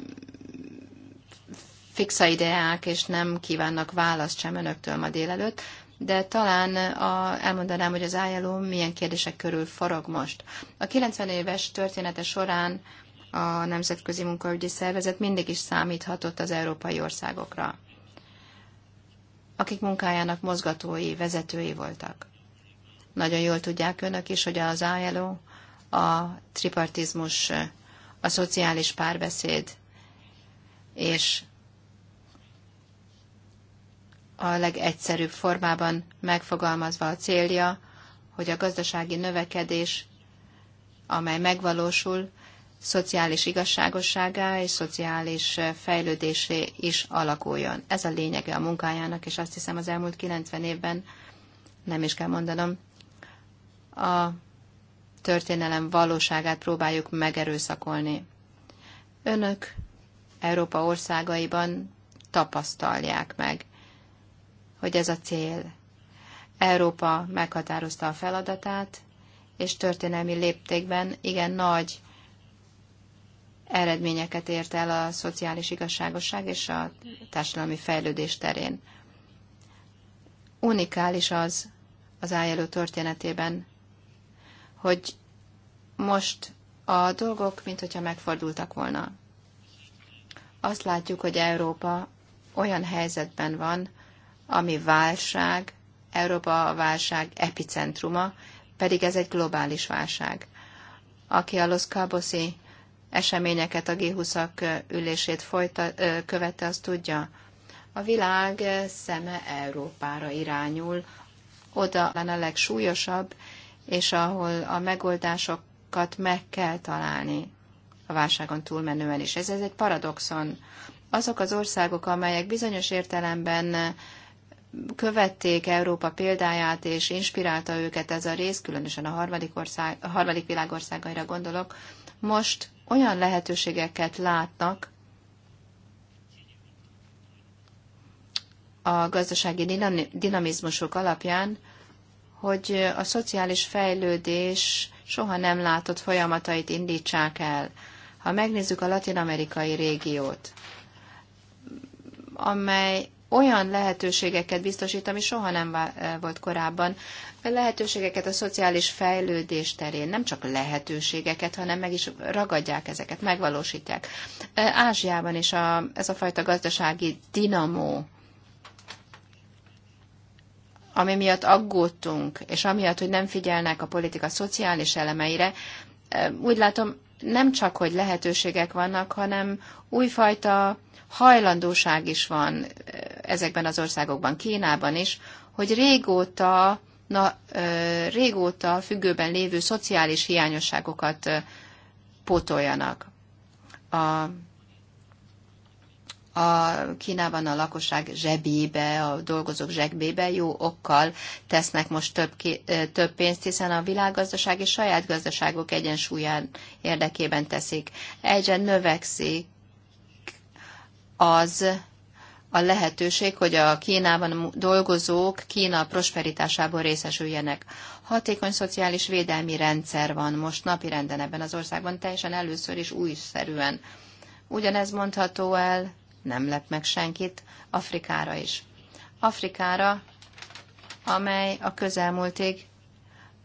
fixa ideák, és nem kívánnak választ sem önöktől ma délelőtt, de talán a, elmondanám, hogy az ILO milyen kérdések körül forog most. A 90 éves története során a Nemzetközi Munkaügyi Szervezet mindig is számíthatott az európai országokra, akik munkájának mozgatói, vezetői voltak. Nagyon jól tudják önök is, hogy az ILO a tripartizmus, a szociális párbeszéd és a legegyszerűbb formában megfogalmazva a célja, hogy a gazdasági növekedés, amely megvalósul, szociális igazságosságá és szociális eh, fejlődésé is alakuljon. Ez a lényege a munkájának, és azt hiszem az elmúlt 90 évben, nem is kell mondanom, a történelem valóságát próbáljuk megerőszakolni. Önök Európa országaiban tapasztalják meg hogy ez a cél. Európa meghatározta a feladatát, és történelmi léptékben igen nagy eredményeket ért el a szociális igazságosság és a társadalmi fejlődés terén. Unikális az az ájelő történetében, hogy most a dolgok, mint hogyha megfordultak volna. Azt látjuk, hogy Európa olyan helyzetben van, ami válság, Európa válság epicentruma, pedig ez egy globális válság. Aki a Los Cabosi eseményeket, a G20-ak ülését folyta, követte, az tudja, a világ szeme Európára irányul, oda lenne a legsúlyosabb, és ahol a megoldásokat meg kell találni a válságon túlmenően is. Ez, ez egy paradoxon. Azok az országok, amelyek bizonyos értelemben követték Európa példáját, és inspirálta őket ez a rész, különösen a harmadik, ország, a harmadik világországaira gondolok, most olyan lehetőségeket látnak a gazdasági dinamizmusok alapján, hogy a szociális fejlődés soha nem látott folyamatait indítsák el. Ha megnézzük a latin-amerikai régiót, amely olyan lehetőségeket biztosít, ami soha nem volt korábban. Lehetőségeket a szociális fejlődés terén, nem csak lehetőségeket, hanem meg is ragadják ezeket, megvalósítják. Ázsiában is a, ez a fajta gazdasági dinamó, ami miatt aggódtunk, és amiatt, hogy nem figyelnek a politika szociális elemeire, úgy látom, nem csak, hogy lehetőségek vannak, hanem újfajta hajlandóság is van ezekben az országokban, Kínában is, hogy régóta, na, régóta függőben lévő szociális hiányosságokat pótoljanak. A, a Kínában a lakosság zsebébe, a dolgozók zsebébe jó okkal tesznek most több, több pénzt, hiszen a világgazdaság és saját gazdaságok egyensúlyán érdekében teszik. Egyre növekszik az a lehetőség, hogy a Kínában dolgozók Kína prosperitásából részesüljenek. Hatékony szociális védelmi rendszer van most napi renden ebben az országban, teljesen először is újszerűen. Ugyanez mondható el, nem lep meg senkit, Afrikára is. Afrikára, amely a közelmúltig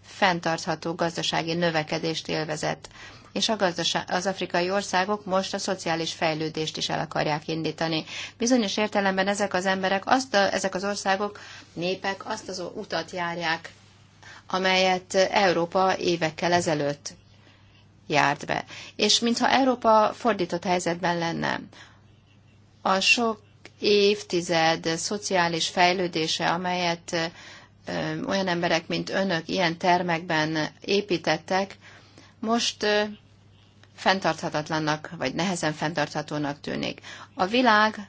fenntartható gazdasági növekedést élvezett és a gazdaság, az afrikai országok most a szociális fejlődést is el akarják indítani. Bizonyos értelemben ezek az emberek, azt a, ezek az országok, népek azt az utat járják, amelyet Európa évekkel ezelőtt járt be. És mintha Európa fordított helyzetben lenne, a sok évtized szociális fejlődése, amelyet olyan emberek, mint önök ilyen termekben építettek, most fenntarthatatlannak, vagy nehezen fenntarthatónak tűnik. A világ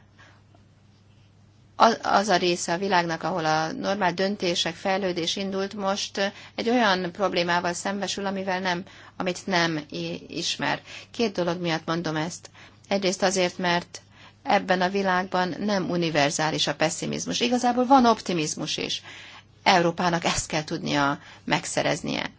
az a része a világnak, ahol a normál döntések, fejlődés indult most, egy olyan problémával szembesül, amivel nem, amit nem ismer. Két dolog miatt mondom ezt. Egyrészt azért, mert ebben a világban nem univerzális a pessimizmus. Igazából van optimizmus is. Európának ezt kell tudnia megszereznie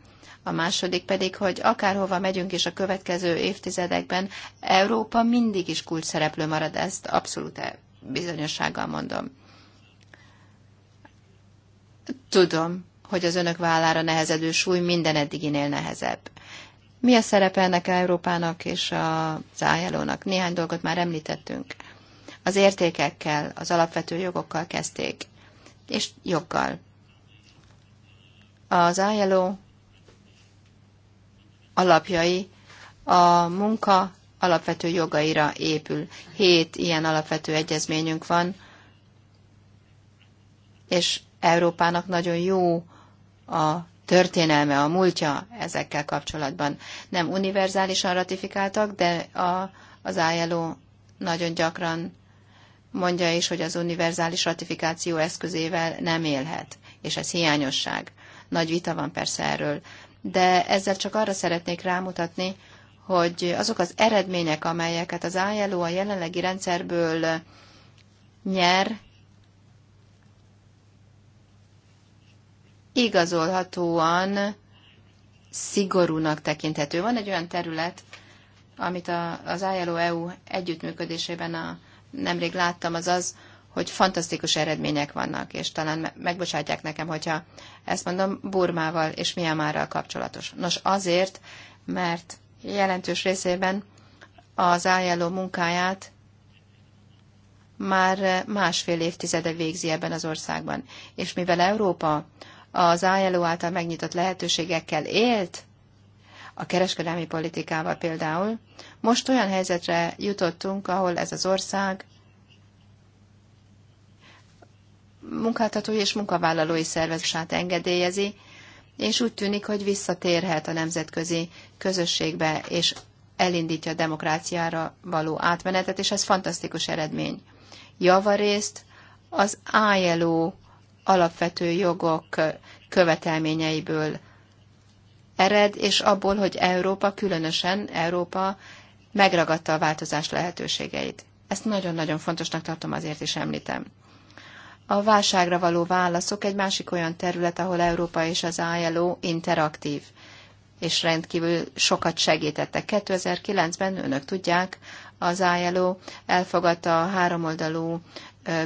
a második pedig, hogy akárhova megyünk is a következő évtizedekben, Európa mindig is kulcs szereplő marad, ezt abszolút e- bizonyossággal mondom. Tudom, hogy az önök vállára nehezedő súly minden eddiginél nehezebb. Mi a szerepe ennek Európának és a zájelónak? Néhány dolgot már említettünk. Az értékekkel, az alapvető jogokkal kezdték, és joggal. Az ILO alapjai a munka alapvető jogaira épül. Hét ilyen alapvető egyezményünk van, és Európának nagyon jó a történelme, a múltja ezekkel kapcsolatban. Nem univerzálisan ratifikáltak, de a, az ILO nagyon gyakran mondja is, hogy az univerzális ratifikáció eszközével nem élhet, és ez hiányosság. Nagy vita van persze erről, de ezzel csak arra szeretnék rámutatni, hogy azok az eredmények, amelyeket az ILO a jelenlegi rendszerből nyer, igazolhatóan szigorúnak tekinthető. Van egy olyan terület, amit a, az ILO-EU együttműködésében a, nemrég láttam, az az, hogy fantasztikus eredmények vannak, és talán megbocsátják nekem, hogyha ezt mondom, Burmával és Miamárral kapcsolatos. Nos, azért, mert jelentős részében az álljáló munkáját már másfél évtizede végzi ebben az országban. És mivel Európa az álljáló által megnyitott lehetőségekkel élt, a kereskedelmi politikával például, most olyan helyzetre jutottunk, ahol ez az ország munkáltatói és munkavállalói szervezésát engedélyezi, és úgy tűnik, hogy visszatérhet a nemzetközi közösségbe, és elindítja a demokráciára való átmenetet, és ez fantasztikus eredmény. Javarészt az ILO alapvető jogok követelményeiből ered, és abból, hogy Európa, különösen Európa megragadta a változás lehetőségeit. Ezt nagyon-nagyon fontosnak tartom, azért is említem. A válságra való válaszok egy másik olyan terület, ahol Európa és az ILO interaktív és rendkívül sokat segítettek. 2009-ben, önök tudják, az ILO elfogadta a háromoldalú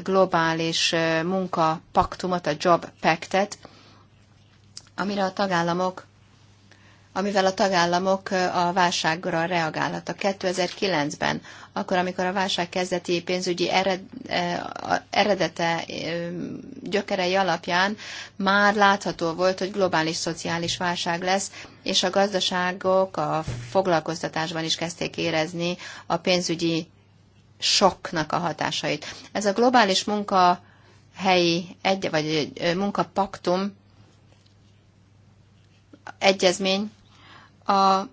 globális munkapaktumot, a Job Pactet, amire a tagállamok amivel a tagállamok a válságra reagálhattak. 2009-ben, akkor, amikor a válság kezdeti pénzügyi eredete gyökerei alapján már látható volt, hogy globális szociális válság lesz, és a gazdaságok a foglalkoztatásban is kezdték érezni a pénzügyi soknak a hatásait. Ez a globális munka helyi egy, vagy munkapaktum egyezmény a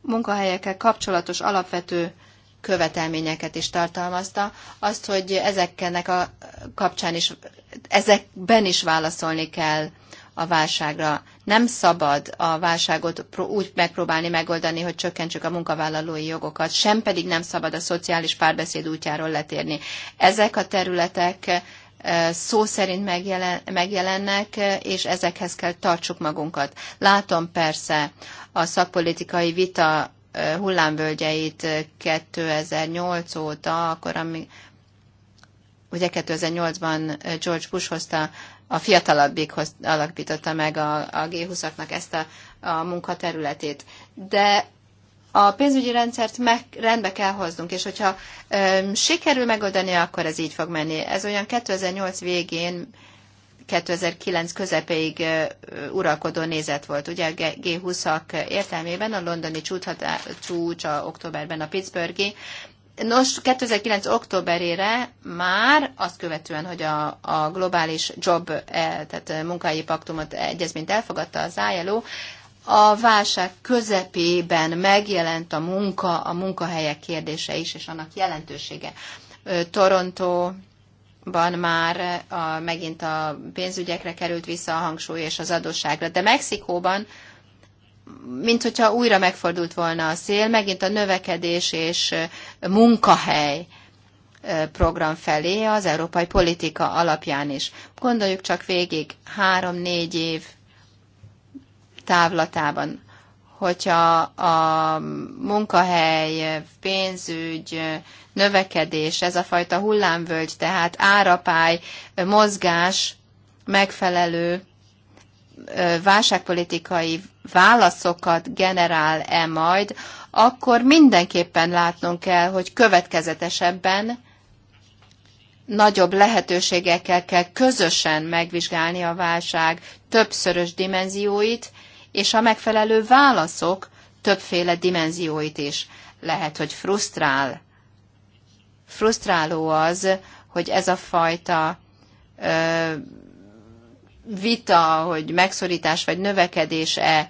munkahelyekkel kapcsolatos alapvető követelményeket is tartalmazta, azt, hogy ezeknek a kapcsán is, ezekben is válaszolni kell a válságra. Nem szabad a válságot úgy megpróbálni megoldani, hogy csökkentsük a munkavállalói jogokat, sem pedig nem szabad a szociális párbeszéd útjáról letérni. Ezek a területek szó szerint megjelen, megjelennek, és ezekhez kell tartsuk magunkat. Látom persze a szakpolitikai vita hullámvölgyeit 2008 óta, akkor ami, ugye 2008-ban George Bush hozta, a fiatalabbik alakította meg a, a G20-aknak ezt a, a munkaterületét. De a pénzügyi rendszert meg, rendbe kell hoznunk, és hogyha öm, sikerül megoldani, akkor ez így fog menni. Ez olyan 2008 végén, 2009 közepéig ö, uralkodó nézet volt. Ugye a G20-ak értelmében a londoni csúcs a októberben a Pittsburghi. Nos, 2009 októberére már azt követően, hogy a, a globális job, e, tehát munkahelyi paktumot, egyezményt elfogadta az ILO, a válság közepében megjelent a munka, a munkahelyek kérdése is, és annak jelentősége. toronto van már a, megint a pénzügyekre került vissza a hangsúly és az adósságra, de Mexikóban mint hogyha újra megfordult volna a szél, megint a növekedés és munkahely program felé az európai politika alapján is. Gondoljuk csak végig, három-négy év távlatában. Hogyha a munkahely, pénzügy, növekedés, ez a fajta hullámvölgy, tehát árapály, mozgás megfelelő válságpolitikai válaszokat generál-e majd, akkor mindenképpen látnunk kell, hogy következetesebben nagyobb lehetőségekkel kell közösen megvizsgálni a válság többszörös dimenzióit, és a megfelelő válaszok többféle dimenzióit is. Lehet, hogy frusztrál. Frusztráló az, hogy ez a fajta ö, vita, hogy megszorítás vagy növekedés-e,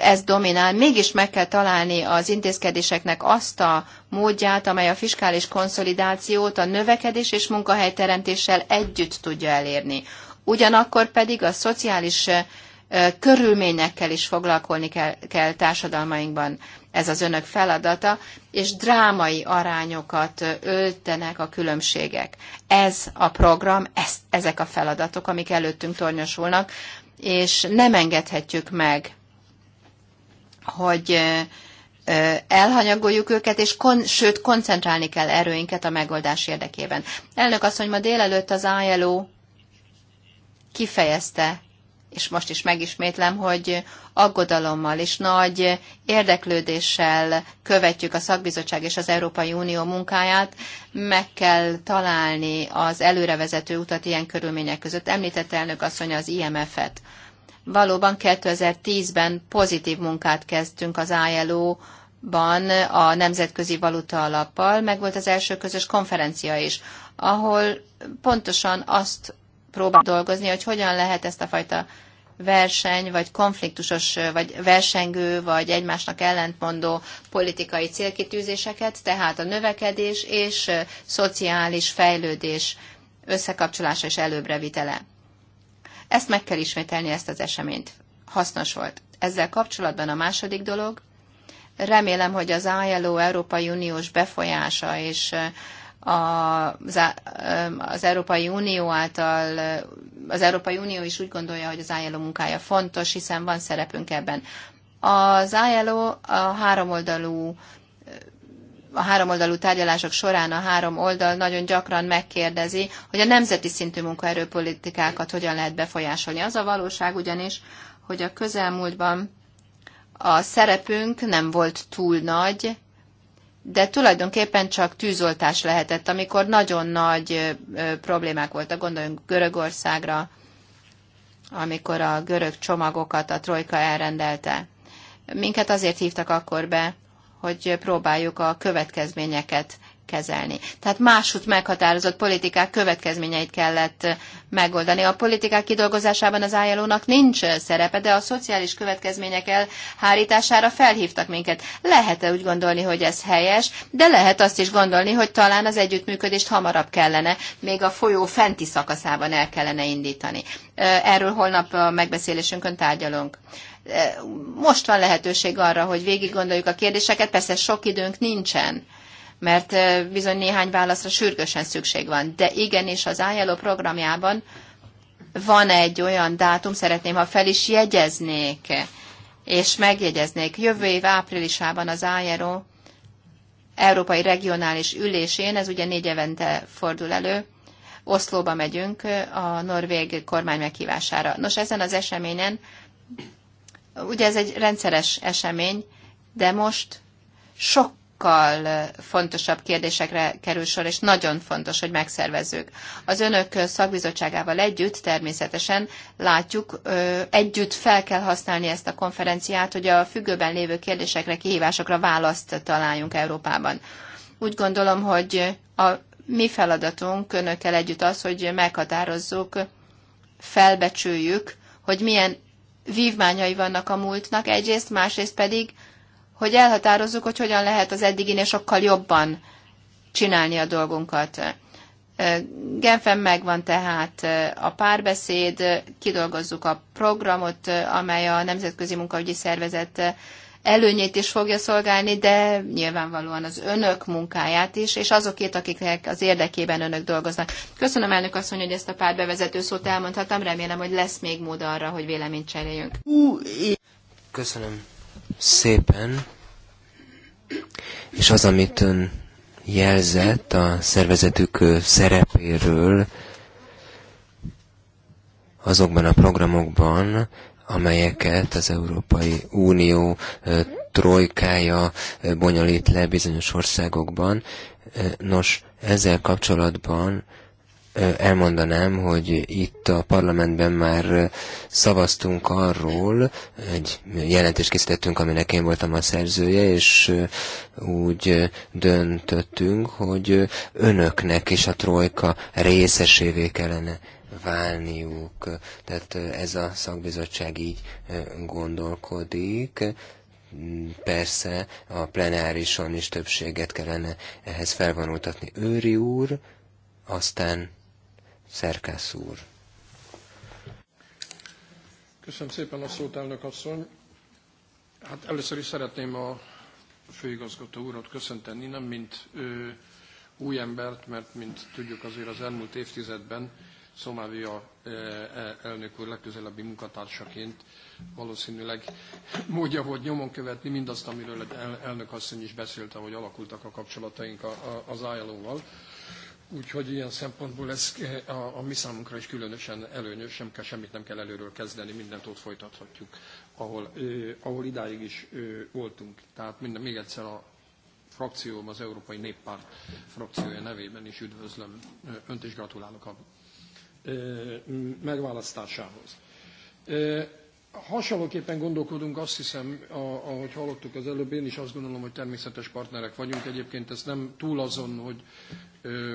ez dominál, mégis meg kell találni az intézkedéseknek azt a módját, amely a fiskális konszolidációt a növekedés és munkahelyteremtéssel együtt tudja elérni. Ugyanakkor pedig a szociális körülményekkel is foglalkozni kell, kell társadalmainkban. Ez az önök feladata, és drámai arányokat öltenek a különbségek. Ez a program, ez, ezek a feladatok, amik előttünk tornyosulnak, és nem engedhetjük meg, hogy elhanyagoljuk őket, és kon, sőt, koncentrálni kell erőinket a megoldás érdekében. Elnök asszony, ma délelőtt az ILO kifejezte és most is megismétlem, hogy aggodalommal és nagy érdeklődéssel követjük a szakbizottság és az Európai Unió munkáját, meg kell találni az előrevezető utat ilyen körülmények között. Említett elnök asszony az IMF-et. Valóban 2010-ben pozitív munkát kezdtünk az ILO ban a Nemzetközi Valuta Alappal, meg volt az első közös konferencia is, ahol pontosan azt próbál dolgozni, hogy hogyan lehet ezt a fajta verseny, vagy konfliktusos, vagy versengő, vagy egymásnak ellentmondó politikai célkitűzéseket, tehát a növekedés és szociális fejlődés összekapcsolása és előbbre vitele. Ezt meg kell ismételni, ezt az eseményt. Hasznos volt. Ezzel kapcsolatban a második dolog, remélem, hogy az ILO Európai Uniós befolyása és az, az Európai Unió által, az Európai Unió is úgy gondolja, hogy az ILO munkája fontos, hiszen van szerepünk ebben. Az ILO a háromoldalú a háromoldalú tárgyalások során a három oldal nagyon gyakran megkérdezi, hogy a nemzeti szintű munkaerőpolitikákat hogyan lehet befolyásolni. Az a valóság ugyanis, hogy a közelmúltban a szerepünk nem volt túl nagy, de tulajdonképpen csak tűzoltás lehetett, amikor nagyon nagy problémák voltak, gondoljunk Görögországra, amikor a görög csomagokat a trojka elrendelte. Minket azért hívtak akkor be, hogy próbáljuk a következményeket kezelni. Tehát máshogy meghatározott politikák következményeit kellett megoldani. A politikák kidolgozásában az ilo nincs szerepe, de a szociális következmények elhárítására felhívtak minket. Lehet-e úgy gondolni, hogy ez helyes, de lehet azt is gondolni, hogy talán az együttműködést hamarabb kellene, még a folyó fenti szakaszában el kellene indítani. Erről holnap a megbeszélésünkön tárgyalunk most van lehetőség arra, hogy végig gondoljuk a kérdéseket, persze sok időnk nincsen mert bizony néhány válaszra sürgősen szükség van. De igenis az ILO programjában van egy olyan dátum, szeretném, ha fel is jegyeznék, és megjegyeznék. Jövő év áprilisában az ILO Európai Regionális Ülésén, ez ugye négy évente fordul elő, Oszlóba megyünk a norvég kormány meghívására. Nos, ezen az eseményen, ugye ez egy rendszeres esemény, de most sok sokkal fontosabb kérdésekre kerül sor, és nagyon fontos, hogy megszervezzük. Az önök szakbizottságával együtt természetesen látjuk, együtt fel kell használni ezt a konferenciát, hogy a függőben lévő kérdésekre, kihívásokra választ találjunk Európában. Úgy gondolom, hogy a mi feladatunk önökkel együtt az, hogy meghatározzuk, felbecsüljük, hogy milyen vívmányai vannak a múltnak egyrészt, másrészt pedig hogy elhatározzuk, hogy hogyan lehet az eddiginél sokkal jobban csinálni a dolgunkat. Genfen megvan tehát a párbeszéd, kidolgozzuk a programot, amely a Nemzetközi Munkaügyi Szervezet előnyét is fogja szolgálni, de nyilvánvalóan az önök munkáját is, és azokét, akiknek az érdekében önök dolgoznak. Köszönöm elnök asszony, hogy ezt a pár bevezető szót elmondhatom, remélem, hogy lesz még mód arra, hogy véleményt cseréljünk. Köszönöm szépen, és az, amit ön jelzett a szervezetük szerepéről azokban a programokban, amelyeket az Európai Unió trojkája bonyolít le bizonyos országokban. Nos, ezzel kapcsolatban elmondanám, hogy itt a parlamentben már szavaztunk arról, egy jelentést készítettünk, aminek én voltam a szerzője, és úgy döntöttünk, hogy önöknek is a trojka részesévé kellene válniuk. Tehát ez a szakbizottság így gondolkodik persze a plenárison is többséget kellene ehhez felvonultatni. Őri úr, aztán Szerkesz úr. Köszönöm szépen a szót, elnök asszony. Hát először is szeretném a főigazgató úrat köszönteni, nem mint ő, új embert, mert mint tudjuk azért az elmúlt évtizedben Szomávia e, elnök úr legközelebbi munkatársaként valószínűleg módja volt nyomon követni mindazt, amiről elnök asszony is beszélte, hogy alakultak a kapcsolataink az ajánlóval. Úgyhogy ilyen szempontból ez eh, a, a mi számunkra is különösen előnyös, sem kell, semmit nem kell előről kezdeni, mindent ott folytathatjuk, ahol, eh, ahol idáig is eh, voltunk. Tehát minden, még egyszer a frakcióm, az Európai Néppárt frakciója nevében is üdvözlöm eh, önt és gratulálok a eh, megválasztásához. Eh, Hasonlóképpen gondolkodunk, azt hiszem, a, ahogy hallottuk az előbb, én is azt gondolom, hogy természetes partnerek vagyunk. Egyébként ez nem túl azon, hogy,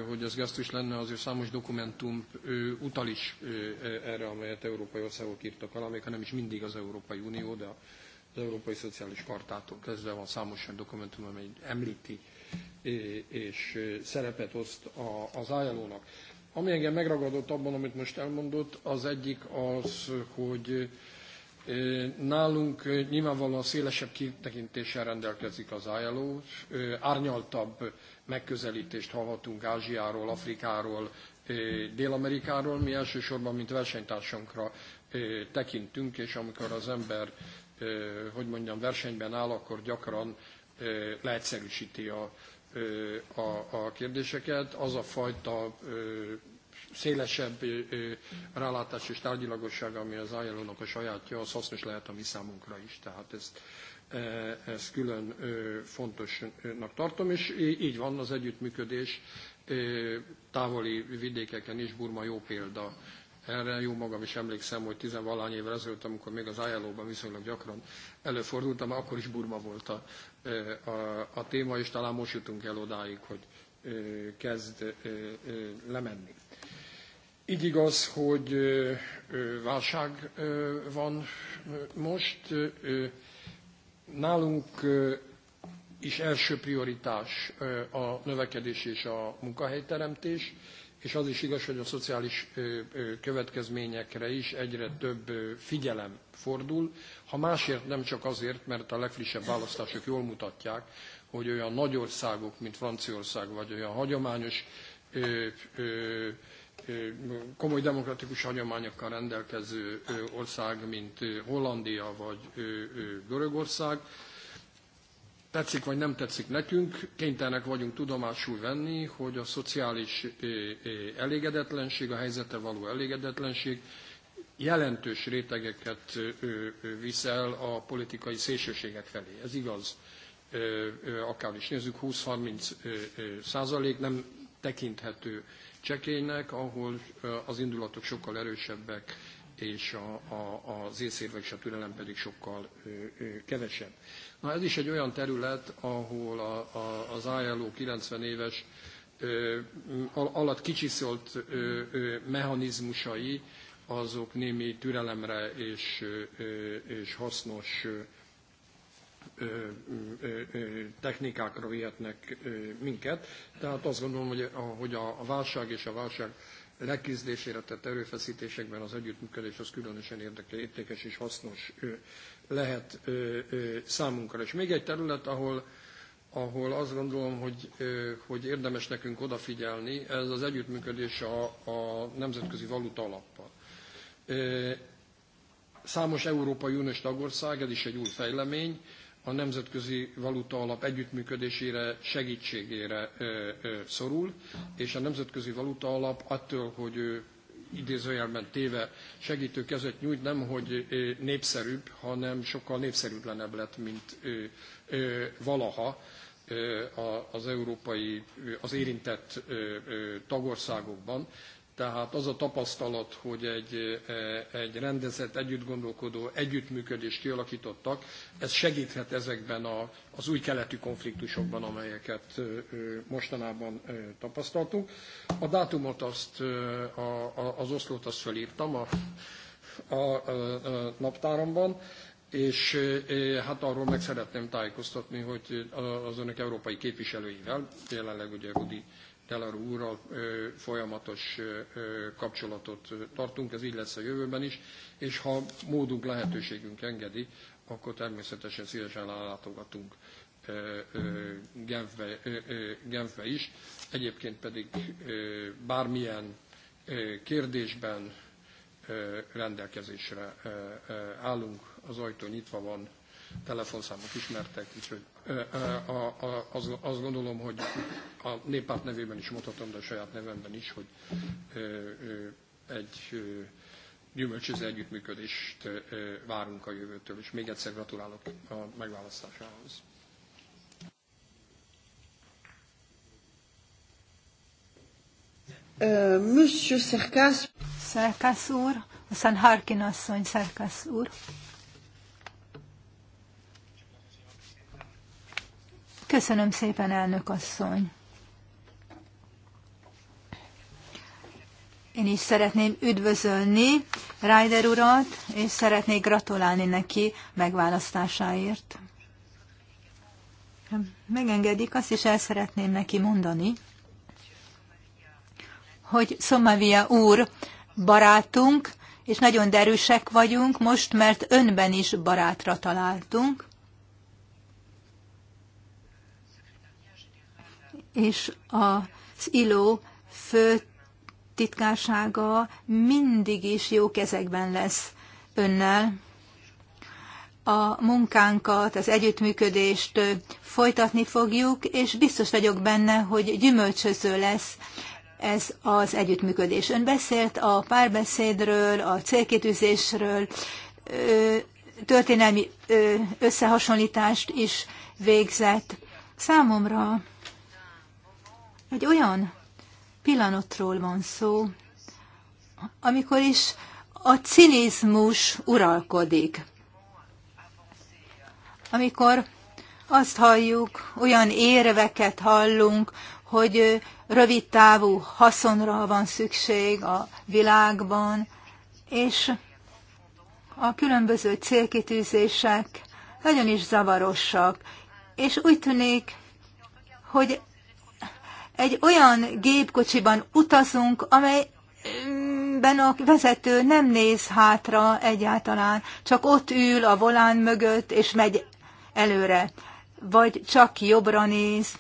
hogy ez gesztus lenne, azért számos dokumentum utal is e, erre, amelyet európai országok írtak alá, még ha nem is mindig az Európai Unió, de az Európai Szociális Kartától kezdve van számos olyan dokumentum, amely említi és szerepet oszt az ilo Ami engem megragadott abban, amit most elmondott, az egyik az, hogy Nálunk nyilvánvalóan szélesebb kitekintéssel rendelkezik az ILO, árnyaltabb megközelítést hallhatunk Ázsiáról, Afrikáról, Dél-Amerikáról. Mi elsősorban, mint versenytársunkra tekintünk, és amikor az ember, hogy mondjam, versenyben áll, akkor gyakran leegyszerűsíti a, a, a kérdéseket. Az a fajta szélesebb rálátás és tárgyilagosság, ami az ajánlónak a sajátja, az hasznos lehet a mi számunkra is. Tehát ezt, e, ezt külön fontosnak tartom, és így van az együttműködés távoli vidékeken is, Burma jó példa erre jó magam is emlékszem, hogy tizenvalány évvel ezelőtt, amikor még az ilo viszonylag gyakran előfordultam, akkor is Burma volt a, a, a téma, és talán most jutunk el odáig, hogy kezd lemenni. Így igaz, hogy válság van most. Nálunk is első prioritás a növekedés és a munkahelyteremtés, és az is igaz, hogy a szociális következményekre is egyre több figyelem fordul, ha másért nem csak azért, mert a legfrissebb választások jól mutatják, hogy olyan nagy országok, mint Franciaország, vagy olyan hagyományos komoly demokratikus hagyományokkal rendelkező ország, mint Hollandia vagy Görögország. Tetszik vagy nem tetszik nekünk, kénytelenek vagyunk tudomásul venni, hogy a szociális elégedetlenség, a helyzete való elégedetlenség jelentős rétegeket visz el a politikai szélsőségek felé. Ez igaz, akár is nézzük, 20-30 százalék nem tekinthető csekélynek, ahol az indulatok sokkal erősebbek, és a, a, az észérvek és a türelem pedig sokkal ö, ö, kevesebb. Na ez is egy olyan terület, ahol a, a, az ILO 90 éves ö, alatt kicsiszolt ö, ö, mechanizmusai, azok némi türelemre és, ö, és hasznos technikákra vihetnek minket. Tehát azt gondolom, hogy a, hogy a válság és a válság leküzdésére tett erőfeszítésekben az együttműködés az különösen érdekes, értékes és hasznos lehet számunkra. És még egy terület, ahol, ahol azt gondolom, hogy, hogy érdemes nekünk odafigyelni, ez az együttműködés a, a nemzetközi valuta alappal. Számos Európai Uniós tagország, ez is egy új fejlemény, a Nemzetközi Valuta Alap együttműködésére, segítségére szorul, és a Nemzetközi Valuta Alap attól, hogy ő idézőjelben téve segítő kezet nyújt, nem hogy népszerűbb, hanem sokkal népszerűtlenebb lett, mint valaha az európai, az érintett tagországokban, tehát az a tapasztalat, hogy egy, e, egy rendezett, együttgondolkodó együttműködést kialakítottak, ez segíthet ezekben a, az új keletű konfliktusokban, amelyeket e, e, mostanában tapasztaltunk. A dátumot azt, a, a, az oszlót azt felírtam a, a, a, a naptáramban, és hát arról meg szeretném tájékoztatni, hogy az önök európai képviselőivel, jelenleg ugye Rudi Teller úrral folyamatos kapcsolatot tartunk, ez így lesz a jövőben is, és ha módunk, lehetőségünk engedi, akkor természetesen szívesen látogatunk Genfbe, Genfbe is. Egyébként pedig bármilyen kérdésben rendelkezésre állunk, az ajtó nyitva van telefonszámok ismertek, úgyhogy az, azt gondolom, hogy a néppárt nevében is mondhatom, de a saját nevemben is, hogy egy gyümölcsöző együttműködést várunk a jövőtől, és még egyszer gratulálok a megválasztásához. Monsieur Szerkász. Szerkász úr, aztán Harkin asszony, Szerkász úr. Köszönöm szépen, elnök asszony. Én is szeretném üdvözölni Ryder urat, és szeretnék gratulálni neki megválasztásáért. Megengedik, azt is el szeretném neki mondani, hogy Szomavia úr barátunk, és nagyon derűsek vagyunk most, mert önben is barátra találtunk. és az ILO fő titkársága mindig is jó kezekben lesz önnel. A munkánkat, az együttműködést folytatni fogjuk, és biztos vagyok benne, hogy gyümölcsöző lesz ez az együttműködés. Ön beszélt a párbeszédről, a célkétűzésről, történelmi összehasonlítást is végzett. Számomra egy olyan pillanatról van szó, amikor is a cinizmus uralkodik. Amikor azt halljuk, olyan érveket hallunk, hogy rövid távú haszonra van szükség a világban, és a különböző célkitűzések nagyon is zavarosak, és úgy tűnik, hogy egy olyan gépkocsiban utazunk, amelyben mm, a vezető nem néz hátra egyáltalán, csak ott ül a volán mögött, és megy előre, vagy csak jobbra néz.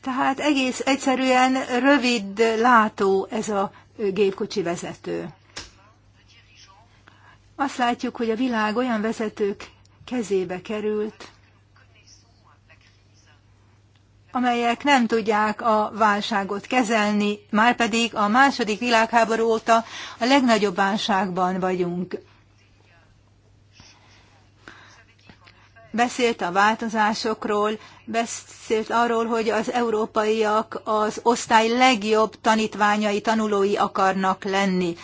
Tehát egész egyszerűen rövid látó ez a gépkocsi vezető. Azt látjuk, hogy a világ olyan vezetők kezébe került, amelyek nem tudják a válságot kezelni, márpedig a második világháború óta a legnagyobb válságban vagyunk. Beszélt a változásokról, beszélt arról, hogy az európaiak az osztály legjobb tanítványai, tanulói akarnak lenni.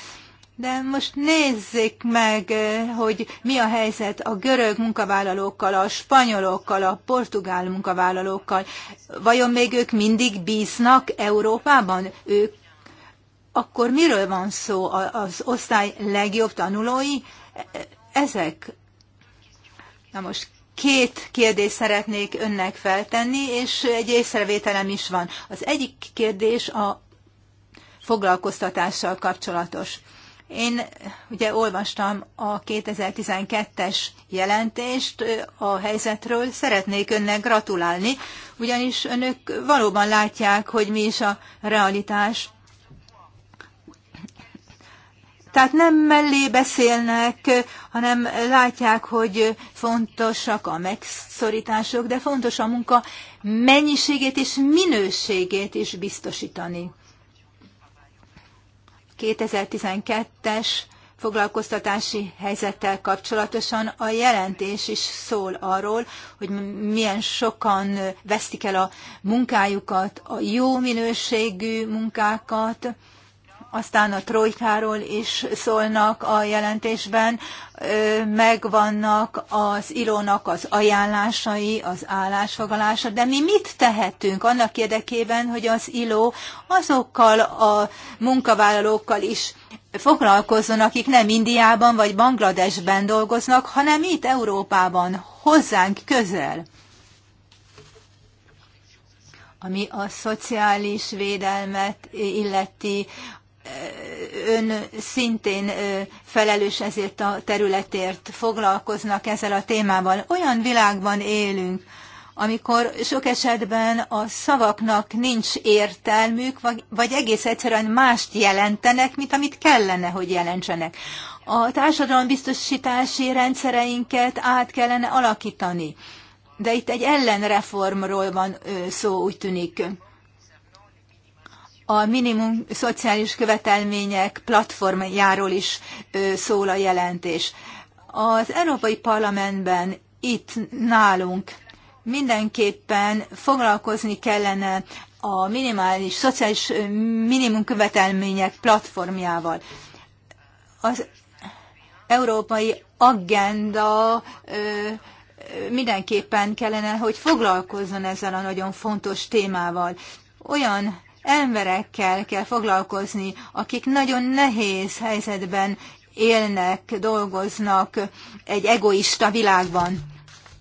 De most nézzék meg, eh, hogy mi a helyzet a görög munkavállalókkal, a spanyolokkal, a portugál munkavállalókkal. Vajon még ők mindig bíznak Európában? Ők akkor miről van szó? Az osztály legjobb tanulói? Ezek. Na most két kérdést szeretnék önnek feltenni, és egy észrevételem is van. Az egyik kérdés a foglalkoztatással kapcsolatos. Én ugye olvastam a 2012-es jelentést a helyzetről, szeretnék önnek gratulálni, ugyanis önök valóban látják, hogy mi is a realitás. Tehát nem mellé beszélnek, hanem látják, hogy fontosak a megszorítások, de fontos a munka mennyiségét és minőségét is biztosítani. 2012-es foglalkoztatási helyzettel kapcsolatosan a jelentés is szól arról, hogy milyen sokan vesztik el a munkájukat, a jó minőségű munkákat, aztán a trojkáról is szólnak a jelentésben, megvannak az írónak az ajánlásai, az állásfoglalása, de mi mit tehetünk annak érdekében, hogy az író azokkal a munkavállalókkal is foglalkozzon, akik nem Indiában vagy Bangladesben dolgoznak, hanem itt Európában, hozzánk közel ami a szociális védelmet illeti, ön szintén felelős ezért a területért, foglalkoznak ezzel a témával. Olyan világban élünk, amikor sok esetben a szavaknak nincs értelmük, vagy, vagy egész egyszerűen mást jelentenek, mint amit kellene, hogy jelentsenek. A társadalombiztosítási rendszereinket át kellene alakítani. De itt egy ellenreformról van szó, úgy tűnik a minimum szociális követelmények platformjáról is szól a jelentés. Az Európai Parlamentben itt nálunk mindenképpen foglalkozni kellene a minimális szociális minimum követelmények platformjával. Az európai agenda mindenképpen kellene, hogy foglalkozzon ezzel a nagyon fontos témával. Olyan emberekkel kell foglalkozni, akik nagyon nehéz helyzetben élnek, dolgoznak egy egoista világban.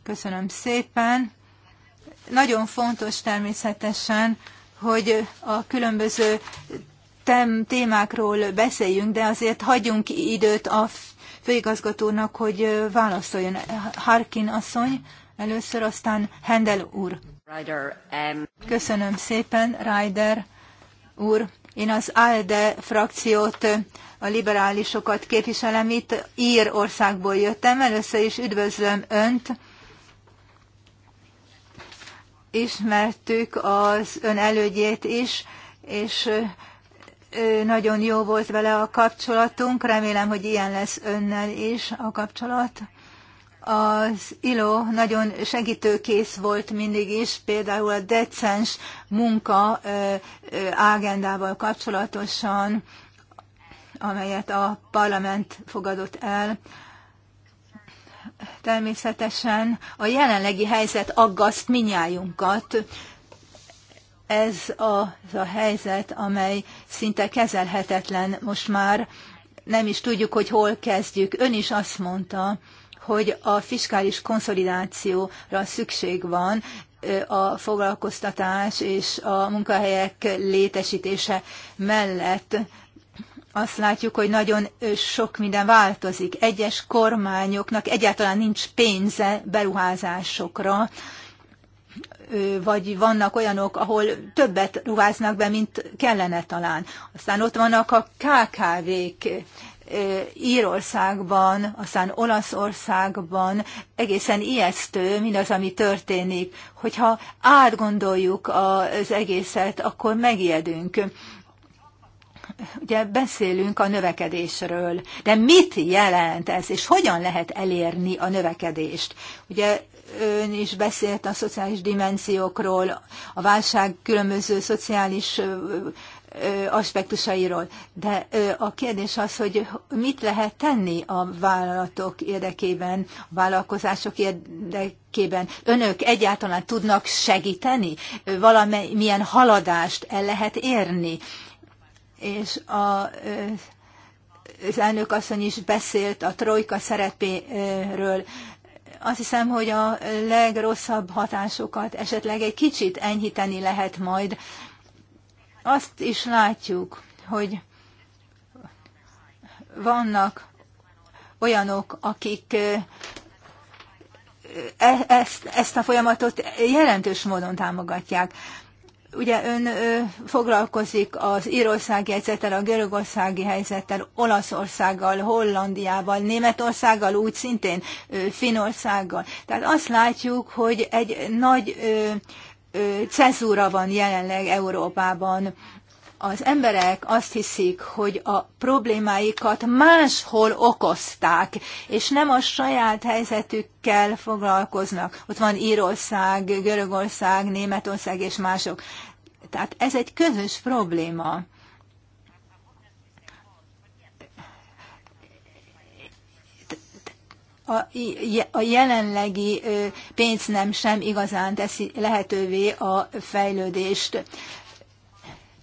Köszönöm szépen. Nagyon fontos természetesen, hogy a különböző témákról beszéljünk, de azért hagyjunk időt a főigazgatónak, hogy válaszoljon. Harkin asszony, először aztán Hendel úr. Köszönöm szépen, Ryder úr. Én az ALDE frakciót, a liberálisokat képviselem itt. Ír országból jöttem, először is üdvözlöm Önt. Ismertük az Ön elődjét is, és nagyon jó volt vele a kapcsolatunk. Remélem, hogy ilyen lesz Önnel is a kapcsolat. Az ILO nagyon segítőkész volt mindig is, például a decens munka ágendával kapcsolatosan, amelyet a parlament fogadott el. Természetesen a jelenlegi helyzet aggaszt minnyájunkat. Ez az a helyzet, amely szinte kezelhetetlen most már. Nem is tudjuk, hogy hol kezdjük. Ön is azt mondta, hogy a fiskális konszolidációra szükség van a foglalkoztatás és a munkahelyek létesítése mellett azt látjuk, hogy nagyon sok minden változik. Egyes kormányoknak egyáltalán nincs pénze beruházásokra, vagy vannak olyanok, ahol többet ruháznak be, mint kellene talán. Aztán ott vannak a KKV-k, Írországban, aztán Olaszországban egészen ijesztő mindaz, ami történik. Hogyha átgondoljuk az egészet, akkor megijedünk. Ugye beszélünk a növekedésről, de mit jelent ez, és hogyan lehet elérni a növekedést? Ugye ön is beszélt a szociális dimenziókról, a válság különböző szociális aspektusairól. De a kérdés az, hogy mit lehet tenni a vállalatok érdekében, a vállalkozások érdekében. Önök egyáltalán tudnak segíteni? Valamilyen haladást el lehet érni? És a az elnök asszony is beszélt a trojka szerepéről. Azt hiszem, hogy a legrosszabb hatásokat esetleg egy kicsit enyhíteni lehet majd, azt is látjuk, hogy vannak olyanok, akik e-, ezt, ezt a folyamatot jelentős módon támogatják. Ugye ön foglalkozik az Írországi helyzettel, a Görögországi helyzettel, Olaszországgal, Hollandiával, Németországgal, úgy szintén Finországgal. Tehát azt látjuk, hogy egy nagy ö, cenzúra van jelenleg Európában. Az emberek azt hiszik, hogy a problémáikat máshol okozták, és nem a saját helyzetükkel foglalkoznak. Ott van Írország, Görögország, Németország és mások. Tehát ez egy közös probléma. a jelenlegi pénz nem sem igazán teszi lehetővé a fejlődést.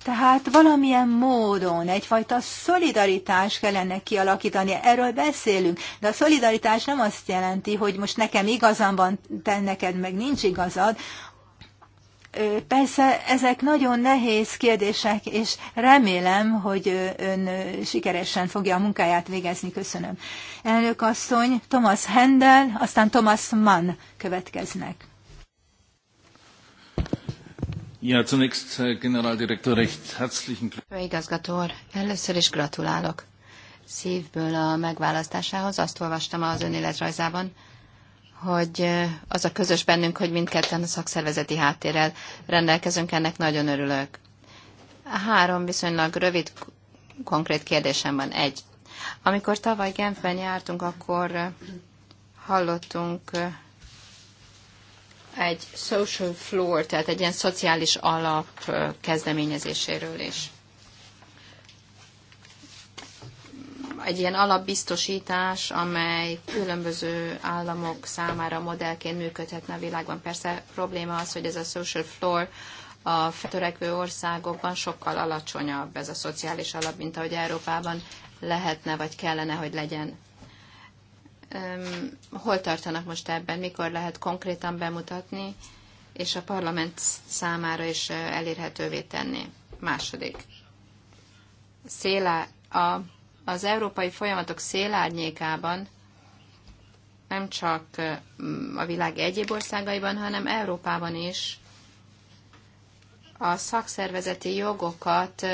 Tehát valamilyen módon egyfajta szolidaritás kellene kialakítani. Erről beszélünk, de a szolidaritás nem azt jelenti, hogy most nekem igazam van, te neked meg nincs igazad, Persze ezek nagyon nehéz kérdések, és remélem, hogy ön sikeresen fogja a munkáját végezni. Köszönöm. Elnök asszony, Thomas Hendel, aztán Thomas Mann következnek. Ja, zunächst, äh, Generaldirektor, recht herzlichen Főigazgató először is gratulálok. Szívből a megválasztásához azt olvastam az önéletrajzában, hogy az a közös bennünk, hogy mindketten a szakszervezeti háttérrel rendelkezünk, ennek nagyon örülök. Három viszonylag rövid, konkrét kérdésem van. Egy. Amikor tavaly Genfben jártunk, akkor hallottunk egy social floor, tehát egy ilyen szociális alap kezdeményezéséről is. egy ilyen alapbiztosítás, amely különböző államok számára modellként működhetne a világban. Persze probléma az, hogy ez a social floor a törekvő országokban sokkal alacsonyabb ez a szociális alap, mint ahogy Európában lehetne vagy kellene, hogy legyen. Hol tartanak most ebben, mikor lehet konkrétan bemutatni, és a parlament számára is elérhetővé tenni? Második. Széle a az európai folyamatok szélárnyékában nem csak a világ egyéb országaiban, hanem Európában is a szakszervezeti jogokat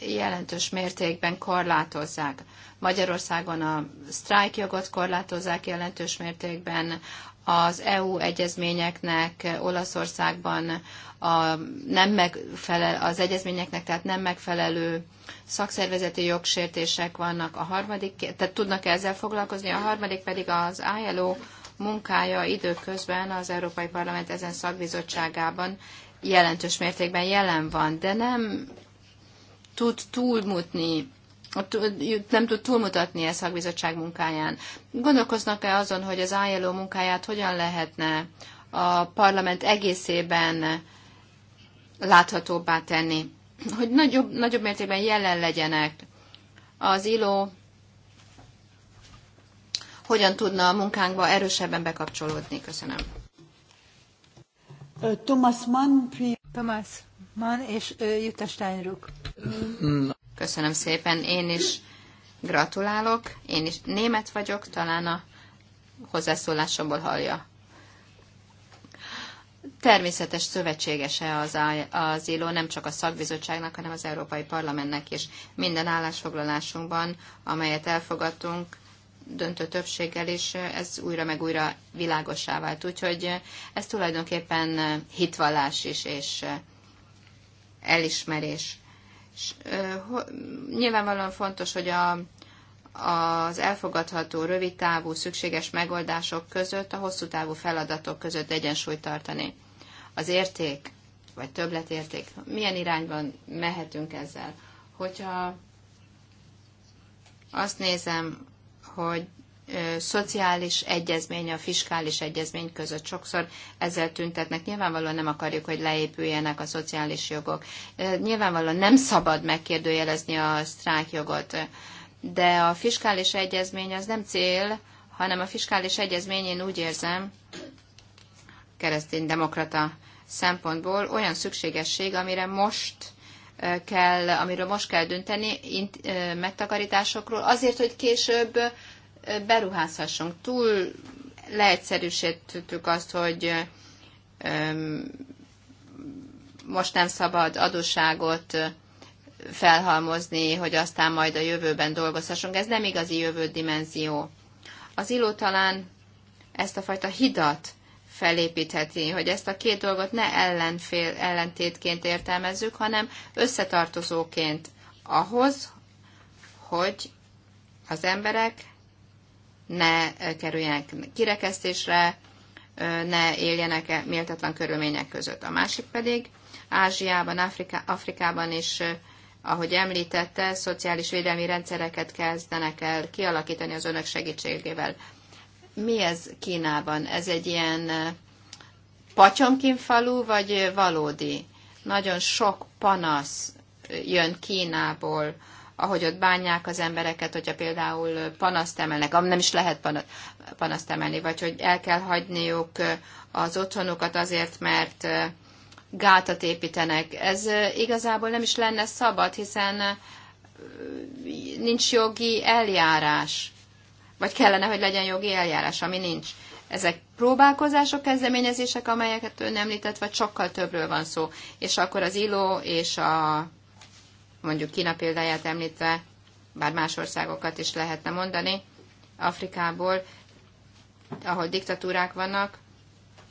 jelentős mértékben korlátozzák. Magyarországon a sztrájkjogot korlátozzák jelentős mértékben, az EU egyezményeknek Olaszországban a nem megfelel, az egyezményeknek, tehát nem megfelelő szakszervezeti jogsértések vannak a harmadik, tehát tudnak ezzel foglalkozni, a harmadik pedig az ILO munkája időközben az Európai Parlament ezen szakbizottságában jelentős mértékben jelen van, de nem tud túlmutni nem tud túlmutatni a szakbizottság munkáján. Gondolkoznak-e azon, hogy az ILO munkáját hogyan lehetne a parlament egészében láthatóbbá tenni? Hogy nagyobb, nagyobb mértékben jelen legyenek az ILO hogyan tudna a munkánkba erősebben bekapcsolódni. Köszönöm. Thomas Mann, Thomas Mann és Jutta Steinruck. Mm. Köszönöm szépen, én is gratulálok. Én is német vagyok, talán a hozzászólásomból hallja. Természetes szövetségese az, az ILO nem csak a szakbizottságnak, hanem az Európai Parlamentnek is. Minden állásfoglalásunkban, amelyet elfogadtunk, döntő többséggel, is ez újra meg újra világossá vált. Úgyhogy ez tulajdonképpen hitvallás is, és elismerés. S, nyilvánvalóan fontos, hogy a, az elfogadható rövid távú szükséges megoldások között a hosszú távú feladatok között egyensúlyt tartani. Az érték, vagy többletérték, milyen irányban mehetünk ezzel? Hogyha azt nézem, hogy szociális egyezmény, a fiskális egyezmény között. Sokszor ezzel tüntetnek. Nyilvánvalóan nem akarjuk, hogy leépüljenek a szociális jogok. Nyilvánvalóan nem szabad megkérdőjelezni a sztrákjogot. De a fiskális egyezmény az nem cél, hanem a fiskális egyezmény, én úgy érzem, keresztény demokrata szempontból olyan szükségesség, amire most kell, amiről most kell dönteni megtakarításokról, azért, hogy később beruházhassunk. Túl leegyszerűsítettük azt, hogy most nem szabad adósságot felhalmozni, hogy aztán majd a jövőben dolgozhassunk. Ez nem igazi jövő dimenzió. Az illó talán ezt a fajta hidat felépítheti, hogy ezt a két dolgot ne ellenfél, ellentétként értelmezzük, hanem összetartozóként ahhoz, hogy az emberek ne kerüljenek kirekesztésre, ne éljenek e méltatlan körülmények között. A másik pedig Ázsiában, Afrika, Afrikában is, ahogy említette, szociális védelmi rendszereket kezdenek el kialakítani az önök segítségével. Mi ez Kínában? Ez egy ilyen patyomkinfalú, vagy valódi? Nagyon sok panasz jön Kínából, ahogy ott bánják az embereket, hogyha például panaszt emelnek, nem is lehet panaszt emelni, vagy hogy el kell hagyniuk az otthonukat azért, mert gátat építenek. Ez igazából nem is lenne szabad, hiszen nincs jogi eljárás, vagy kellene, hogy legyen jogi eljárás, ami nincs. Ezek próbálkozások, kezdeményezések, amelyeket ön említett, vagy sokkal többről van szó. És akkor az ILO és a mondjuk Kína példáját említve, bár más országokat is lehetne mondani, Afrikából, ahol diktatúrák vannak,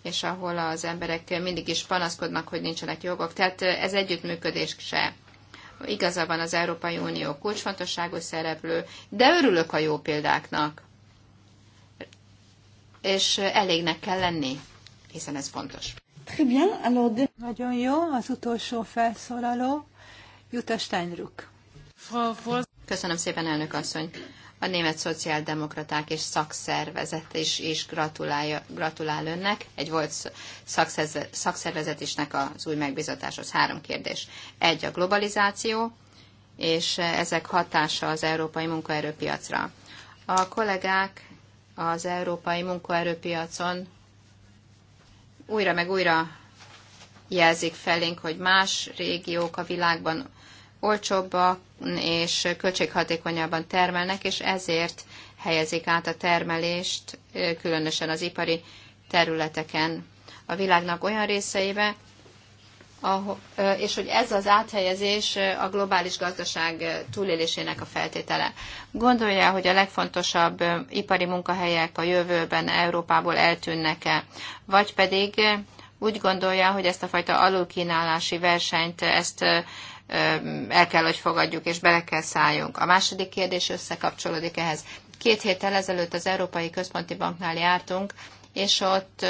és ahol az emberek mindig is panaszkodnak, hogy nincsenek jogok. Tehát ez együttműködés se. Igaza van az Európai Unió kulcsfontosságú szereplő, de örülök a jó példáknak. És elégnek kell lenni, hiszen ez fontos. Nagyon jó, az utolsó felszólaló. Jutta Steinruck. Köszönöm szépen, elnök asszony. A német szociáldemokraták és szakszervezet is, is gratulál, gratulál önnek, egy volt szakszervezet isnek az új megbizatáshoz. Három kérdés. Egy a globalizáció, és ezek hatása az európai munkaerőpiacra. A kollégák az európai munkaerőpiacon újra meg újra jelzik felénk, hogy más régiók a világban olcsóbban és költséghatékonyabban termelnek, és ezért helyezik át a termelést, különösen az ipari területeken a világnak olyan részeibe, és hogy ez az áthelyezés a globális gazdaság túlélésének a feltétele. Gondolja, hogy a legfontosabb ipari munkahelyek a jövőben Európából eltűnnek-e, vagy pedig úgy gondolja, hogy ezt a fajta alulkínálási versenyt, ezt el kell, hogy fogadjuk, és bele kell szálljunk. A második kérdés összekapcsolódik ehhez. Két héttel ezelőtt az Európai Központi Banknál jártunk, és ott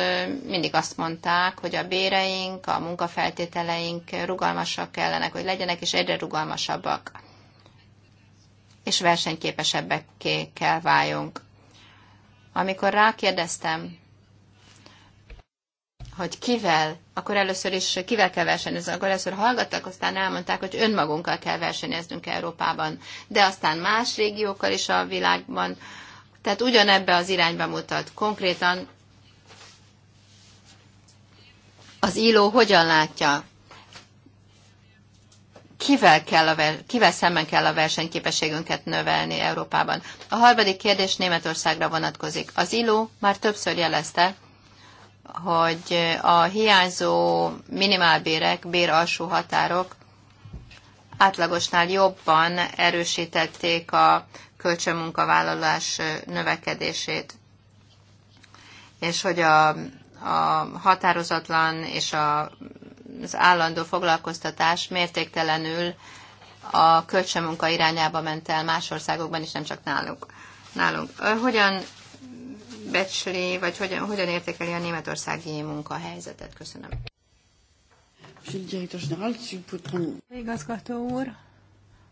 mindig azt mondták, hogy a béreink, a munkafeltételeink rugalmasak kellenek, hogy legyenek, és egyre rugalmasabbak, és versenyképesebbeké kell váljunk. Amikor rákérdeztem, hogy kivel, akkor először is kivel kell versenyezni, szóval akkor először hallgattak, aztán elmondták, hogy önmagunkkal kell versenyeznünk Európában, de aztán más régiókkal is a világban, tehát ugyanebbe az irányba mutat. Konkrétan az író hogyan látja, kivel, kell a, kivel szemben kell a versenyképességünket növelni Európában. A harmadik kérdés Németországra vonatkozik. Az ILO már többször jelezte, hogy a hiányzó minimálbérek, bér alsó határok átlagosnál jobban erősítették a kölcsönmunkavállalás növekedését, és hogy a, a határozatlan és a, az állandó foglalkoztatás mértéktelenül a kölcsönmunka irányába ment el más országokban is, nem csak nálunk. nálunk. Hogyan becsli, vagy hogyan, hogyan értékeli a németországi munkahelyzetet? Köszönöm. Igazgató úr,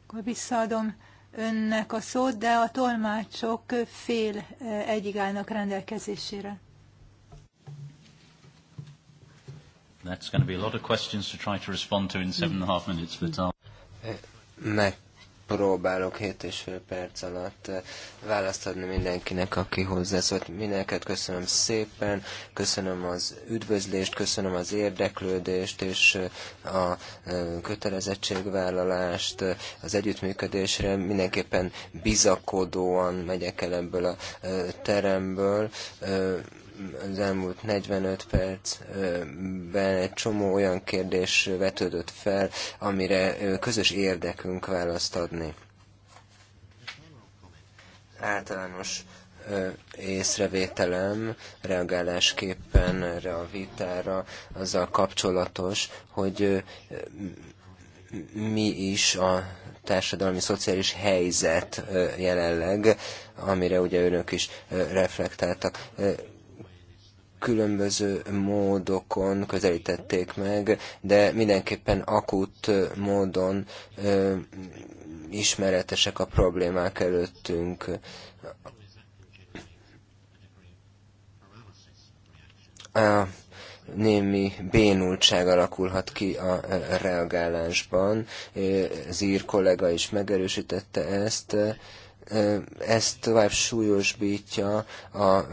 akkor visszaadom önnek a szót, de a tolmácsok fél eh, egyig állnak rendelkezésére. That's going to be a lot of questions to try to respond to in seven and a half minutes, but I'll... Uh, Meg próbálok 7 és fél perc alatt eh, választ adni mindenkinek, aki hozzászólt. Mindenket köszönöm szépen, köszönöm az üdvözlést, köszönöm az érdeklődést és eh, a eh, kötelezettségvállalást, az együttműködésre. Mindenképpen bizakodóan megyek el ebből a teremből az elmúlt 45 percben egy csomó olyan kérdés vetődött fel, amire közös érdekünk választ adni. Általános észrevételem reagálásképpen erre a vitára azzal kapcsolatos, hogy mi is a társadalmi-szociális helyzet jelenleg, amire ugye önök is reflektáltak különböző módokon közelítették meg, de mindenképpen akut módon ö, ismeretesek a problémák előttünk. A némi bénultság alakulhat ki a reagálásban. Zír kollega is megerősítette ezt ez tovább súlyosbítja a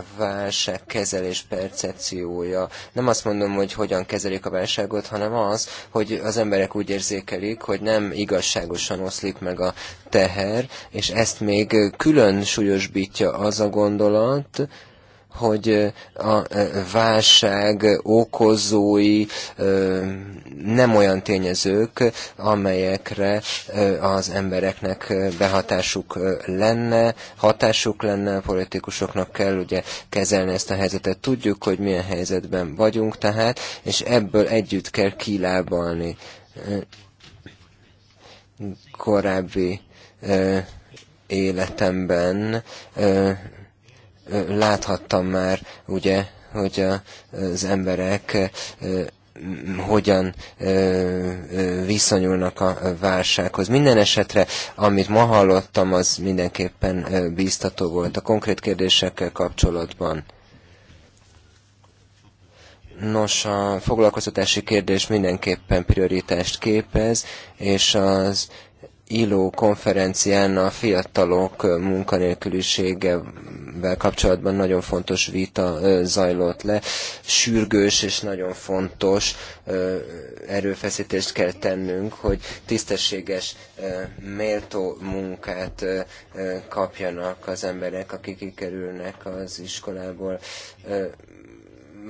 kezelés percepciója. Nem azt mondom, hogy hogyan kezelik a válságot, hanem az, hogy az emberek úgy érzékelik, hogy nem igazságosan oszlik meg a teher, és ezt még külön súlyosbítja az a gondolat, hogy a válság okozói nem olyan tényezők, amelyekre az embereknek behatásuk lenne, hatásuk lenne, a politikusoknak kell ugye kezelni ezt a helyzetet. Tudjuk, hogy milyen helyzetben vagyunk tehát, és ebből együtt kell kilábalni korábbi életemben láthattam már, ugye, hogy az emberek hogyan viszonyulnak a válsághoz. Minden esetre, amit ma hallottam, az mindenképpen bíztató volt a konkrét kérdésekkel kapcsolatban. Nos, a foglalkoztatási kérdés mindenképpen prioritást képez, és az ILO konferencián a fiatalok munkanélküliségevel kapcsolatban nagyon fontos vita zajlott le. Sürgős és nagyon fontos erőfeszítést kell tennünk, hogy tisztességes, méltó munkát kapjanak az emberek, akik kikerülnek az iskolából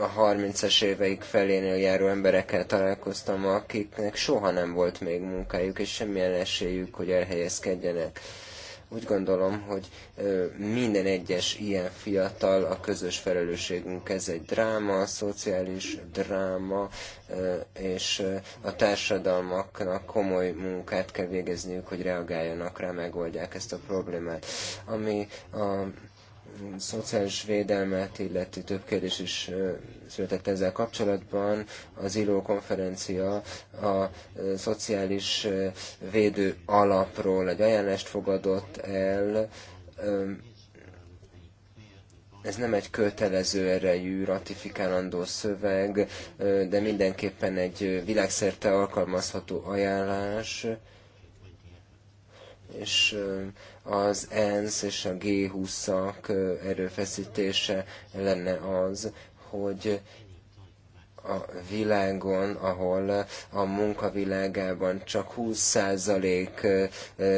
a 30 es éveik felénél járó emberekkel találkoztam, akiknek soha nem volt még munkájuk, és semmilyen esélyük, hogy elhelyezkedjenek. Úgy gondolom, hogy minden egyes ilyen fiatal a közös felelősségünk. Ez egy dráma, a szociális dráma, és a társadalmaknak komoly munkát kell végezniük, hogy reagáljanak rá, megoldják ezt a problémát. Ami a szociális védelmet, illeti több kérdés is született ezzel kapcsolatban. Az ILO konferencia a szociális védő alapról egy ajánlást fogadott el. Ez nem egy kötelező erejű, ratifikálandó szöveg, de mindenképpen egy világszerte alkalmazható ajánlás és az ENSZ és a G20-ak erőfeszítése lenne az, hogy a világon, ahol a munkavilágában csak 20%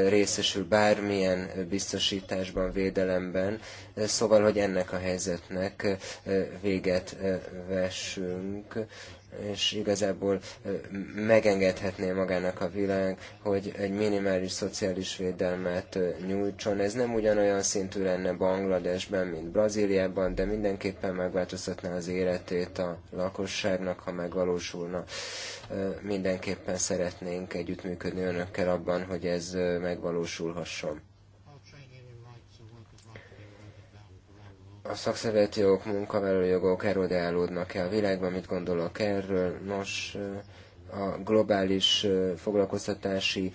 részesül bármilyen biztosításban, védelemben, szóval, hogy ennek a helyzetnek véget vessünk, és igazából megengedhetné magának a világ, hogy egy minimális szociális védelmet nyújtson. Ez nem ugyanolyan szintű lenne Bangladesben, mint Brazíliában, de mindenképpen megváltoztatná az életét a lakosságnak, ha megvalósulna. Mindenképpen szeretnénk együttműködni önökkel abban, hogy ez megvalósulhasson. a szakszervezeti jogok, munkavállalói jogok erodálódnak e a világban, mit gondolok erről. Nos, a globális foglalkoztatási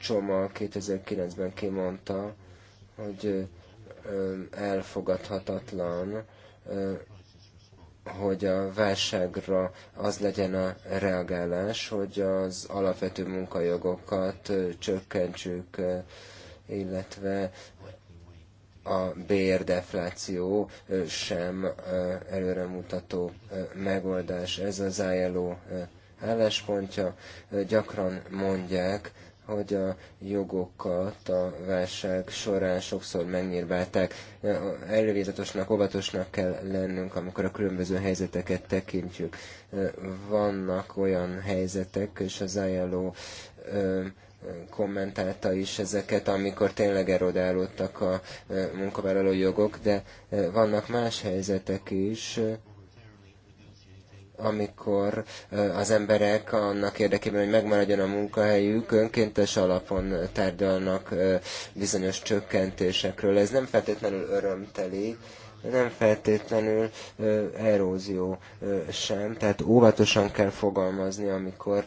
csomag 2009-ben kimondta, hogy elfogadhatatlan, hogy a válságra az legyen a reagálás, hogy az alapvető munkajogokat csökkentsük, illetve a bérdefláció sem előremutató megoldás. Ez az ILO álláspontja. Gyakran mondják, hogy a jogokat a válság során sokszor megnyírválták. Elővézetosnak, óvatosnak kell lennünk, amikor a különböző helyzeteket tekintjük. Vannak olyan helyzetek, és az ILO kommentálta is ezeket, amikor tényleg erodálódtak a e, munkavállaló jogok, de e, vannak más helyzetek is, e, amikor az emberek annak érdekében, hogy megmaradjon a munkahelyük, önkéntes alapon tárgyalnak bizonyos csökkentésekről. Ez nem feltétlenül örömteli, nem feltétlenül erózió sem, tehát óvatosan kell fogalmazni, amikor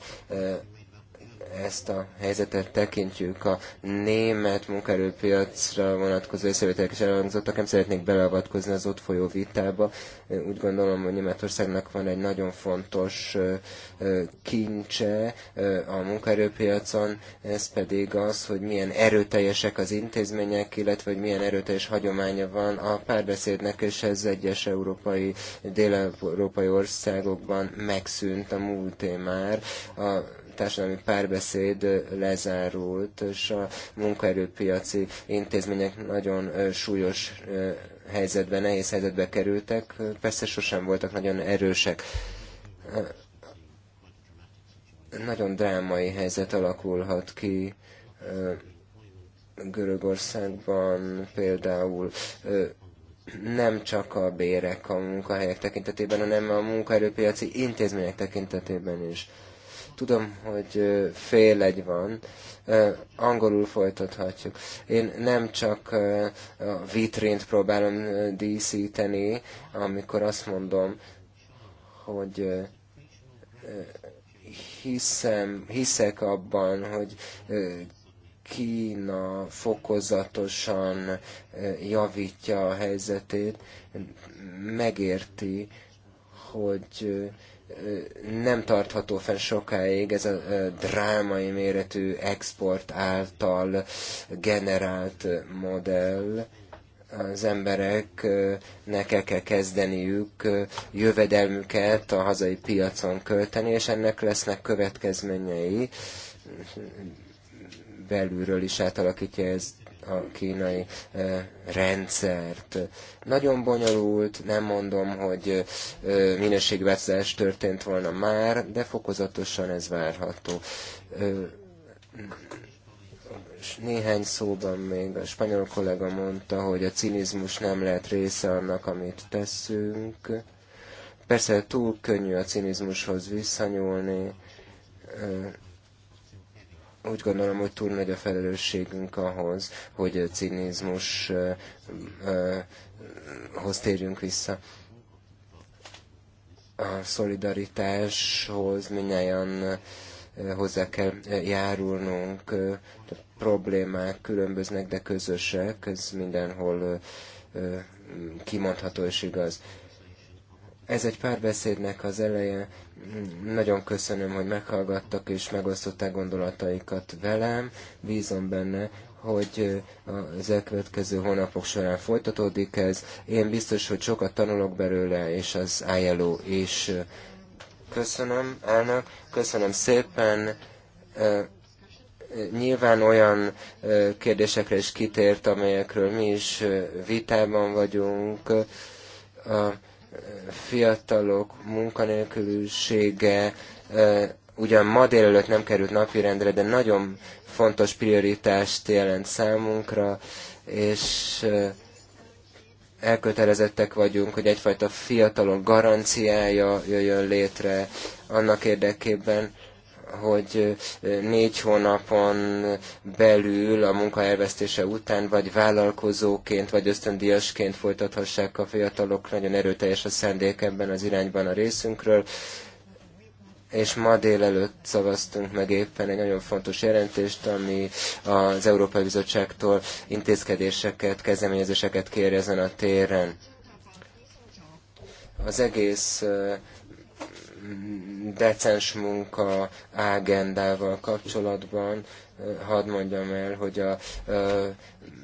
ezt a helyzetet tekintjük a német munkaerőpiacra vonatkozó észrevételek is elhangzottak, nem szeretnék beleavatkozni az ott folyó vitába. Úgy gondolom, hogy Németországnak van egy nagyon fontos kincse a munkaerőpiacon, ez pedig az, hogy milyen erőteljesek az intézmények, illetve hogy milyen erőteljes hagyománya van a párbeszédnek, és ez egyes európai, dél-európai országokban megszűnt a múlté már. A társadalmi párbeszéd lezárult, és a munkaerőpiaci intézmények nagyon súlyos helyzetbe, nehéz helyzetbe kerültek. Persze sosem voltak nagyon erősek nagyon drámai helyzet alakulhat ki Görögországban például nem csak a bérek a munkahelyek tekintetében, hanem a munkaerőpiaci intézmények tekintetében is. Tudom, hogy fél egy van, angolul folytathatjuk. Én nem csak a vitrint próbálom díszíteni, amikor azt mondom, hogy hiszem, hiszek abban, hogy Kína fokozatosan javítja a helyzetét, megérti, hogy nem tartható fenn sokáig ez a drámai méretű export által generált modell. Az embereknek el kell kezdeniük jövedelmüket a hazai piacon költeni, és ennek lesznek következményei belülről is átalakítja ezt a kínai eh, rendszert. Nagyon bonyolult, nem mondom, hogy eh, minőségváltozás történt volna már, de fokozatosan ez várható eh, néhány szóban még a spanyol kollega mondta, hogy a cinizmus nem lehet része annak, amit teszünk. Persze túl könnyű a cinizmushoz visszanyúlni, úgy gondolom, hogy túl nagy a felelősségünk ahhoz, hogy a cinizmushoz térjünk vissza. A szolidaritáshoz minnyáján hozzá kell járulnunk. A problémák különböznek, de közösek, ez mindenhol kimondható és igaz. Ez egy párbeszédnek az eleje. Nagyon köszönöm, hogy meghallgattak és megosztották gondolataikat velem. Bízom benne, hogy az elkövetkező hónapok során folytatódik ez. Én biztos, hogy sokat tanulok belőle, és az ILO is. Köszönöm, elnök, köszönöm szépen. Nyilván olyan kérdésekre is kitért, amelyekről mi is vitában vagyunk fiatalok munkanélkülűsége ugyan ma délelőtt nem került napirendre, de nagyon fontos prioritást jelent számunkra, és elkötelezettek vagyunk, hogy egyfajta fiatalok garanciája jöjjön létre annak érdekében, hogy négy hónapon belül a munka elvesztése után, vagy vállalkozóként, vagy ösztöndíjasként folytathassák a fiatalok. Nagyon erőteljes a szándék ebben az irányban a részünkről és ma délelőtt szavaztunk meg éppen egy nagyon fontos jelentést, ami az Európai Bizottságtól intézkedéseket, kezdeményezéseket kér ezen a téren. Az egész decens munka ágendával kapcsolatban hadd mondjam el, hogy a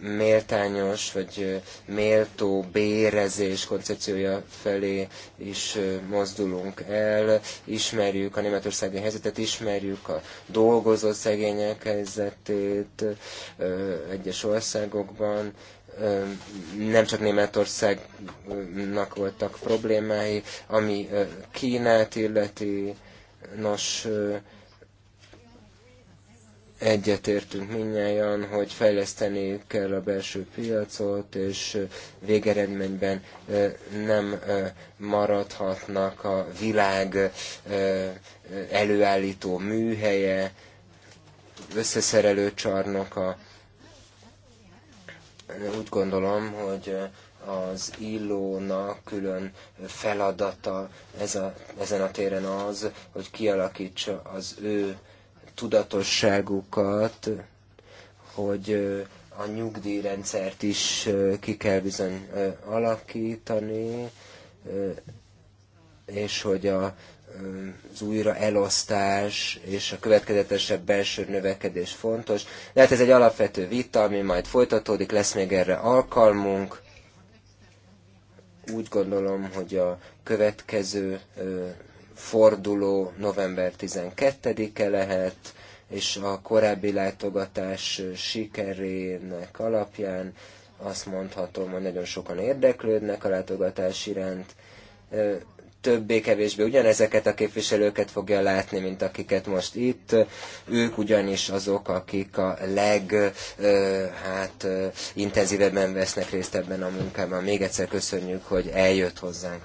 méltányos vagy méltó bérezés koncepciója felé is mozdulunk el, ismerjük a németországi helyzetet, ismerjük a dolgozó szegények helyzetét egyes országokban, nem csak Németországnak voltak problémái, ami Kínát illeti, nos, egyetértünk minnyáján, hogy fejleszteni kell a belső piacot, és végeredményben nem maradhatnak a világ előállító műhelye, összeszerelő csarnoka, úgy gondolom, hogy az illónak külön feladata ez a, ezen a téren az, hogy kialakítsa az ő tudatosságukat, hogy a nyugdíjrendszert is ki kell bizony alakítani, és hogy a az újra elosztás és a következetesebb belső növekedés fontos. De hát ez egy alapvető vita, ami majd folytatódik, lesz még erre alkalmunk. Úgy gondolom, hogy a következő forduló november 12-e lehet, és a korábbi látogatás sikerének alapján azt mondhatom, hogy nagyon sokan érdeklődnek a látogatás iránt többé-kevésbé ugyanezeket a képviselőket fogja látni, mint akiket most itt. Ők ugyanis azok, akik a leg hát, intenzívebben vesznek részt ebben a munkában. Még egyszer köszönjük, hogy eljött hozzánk.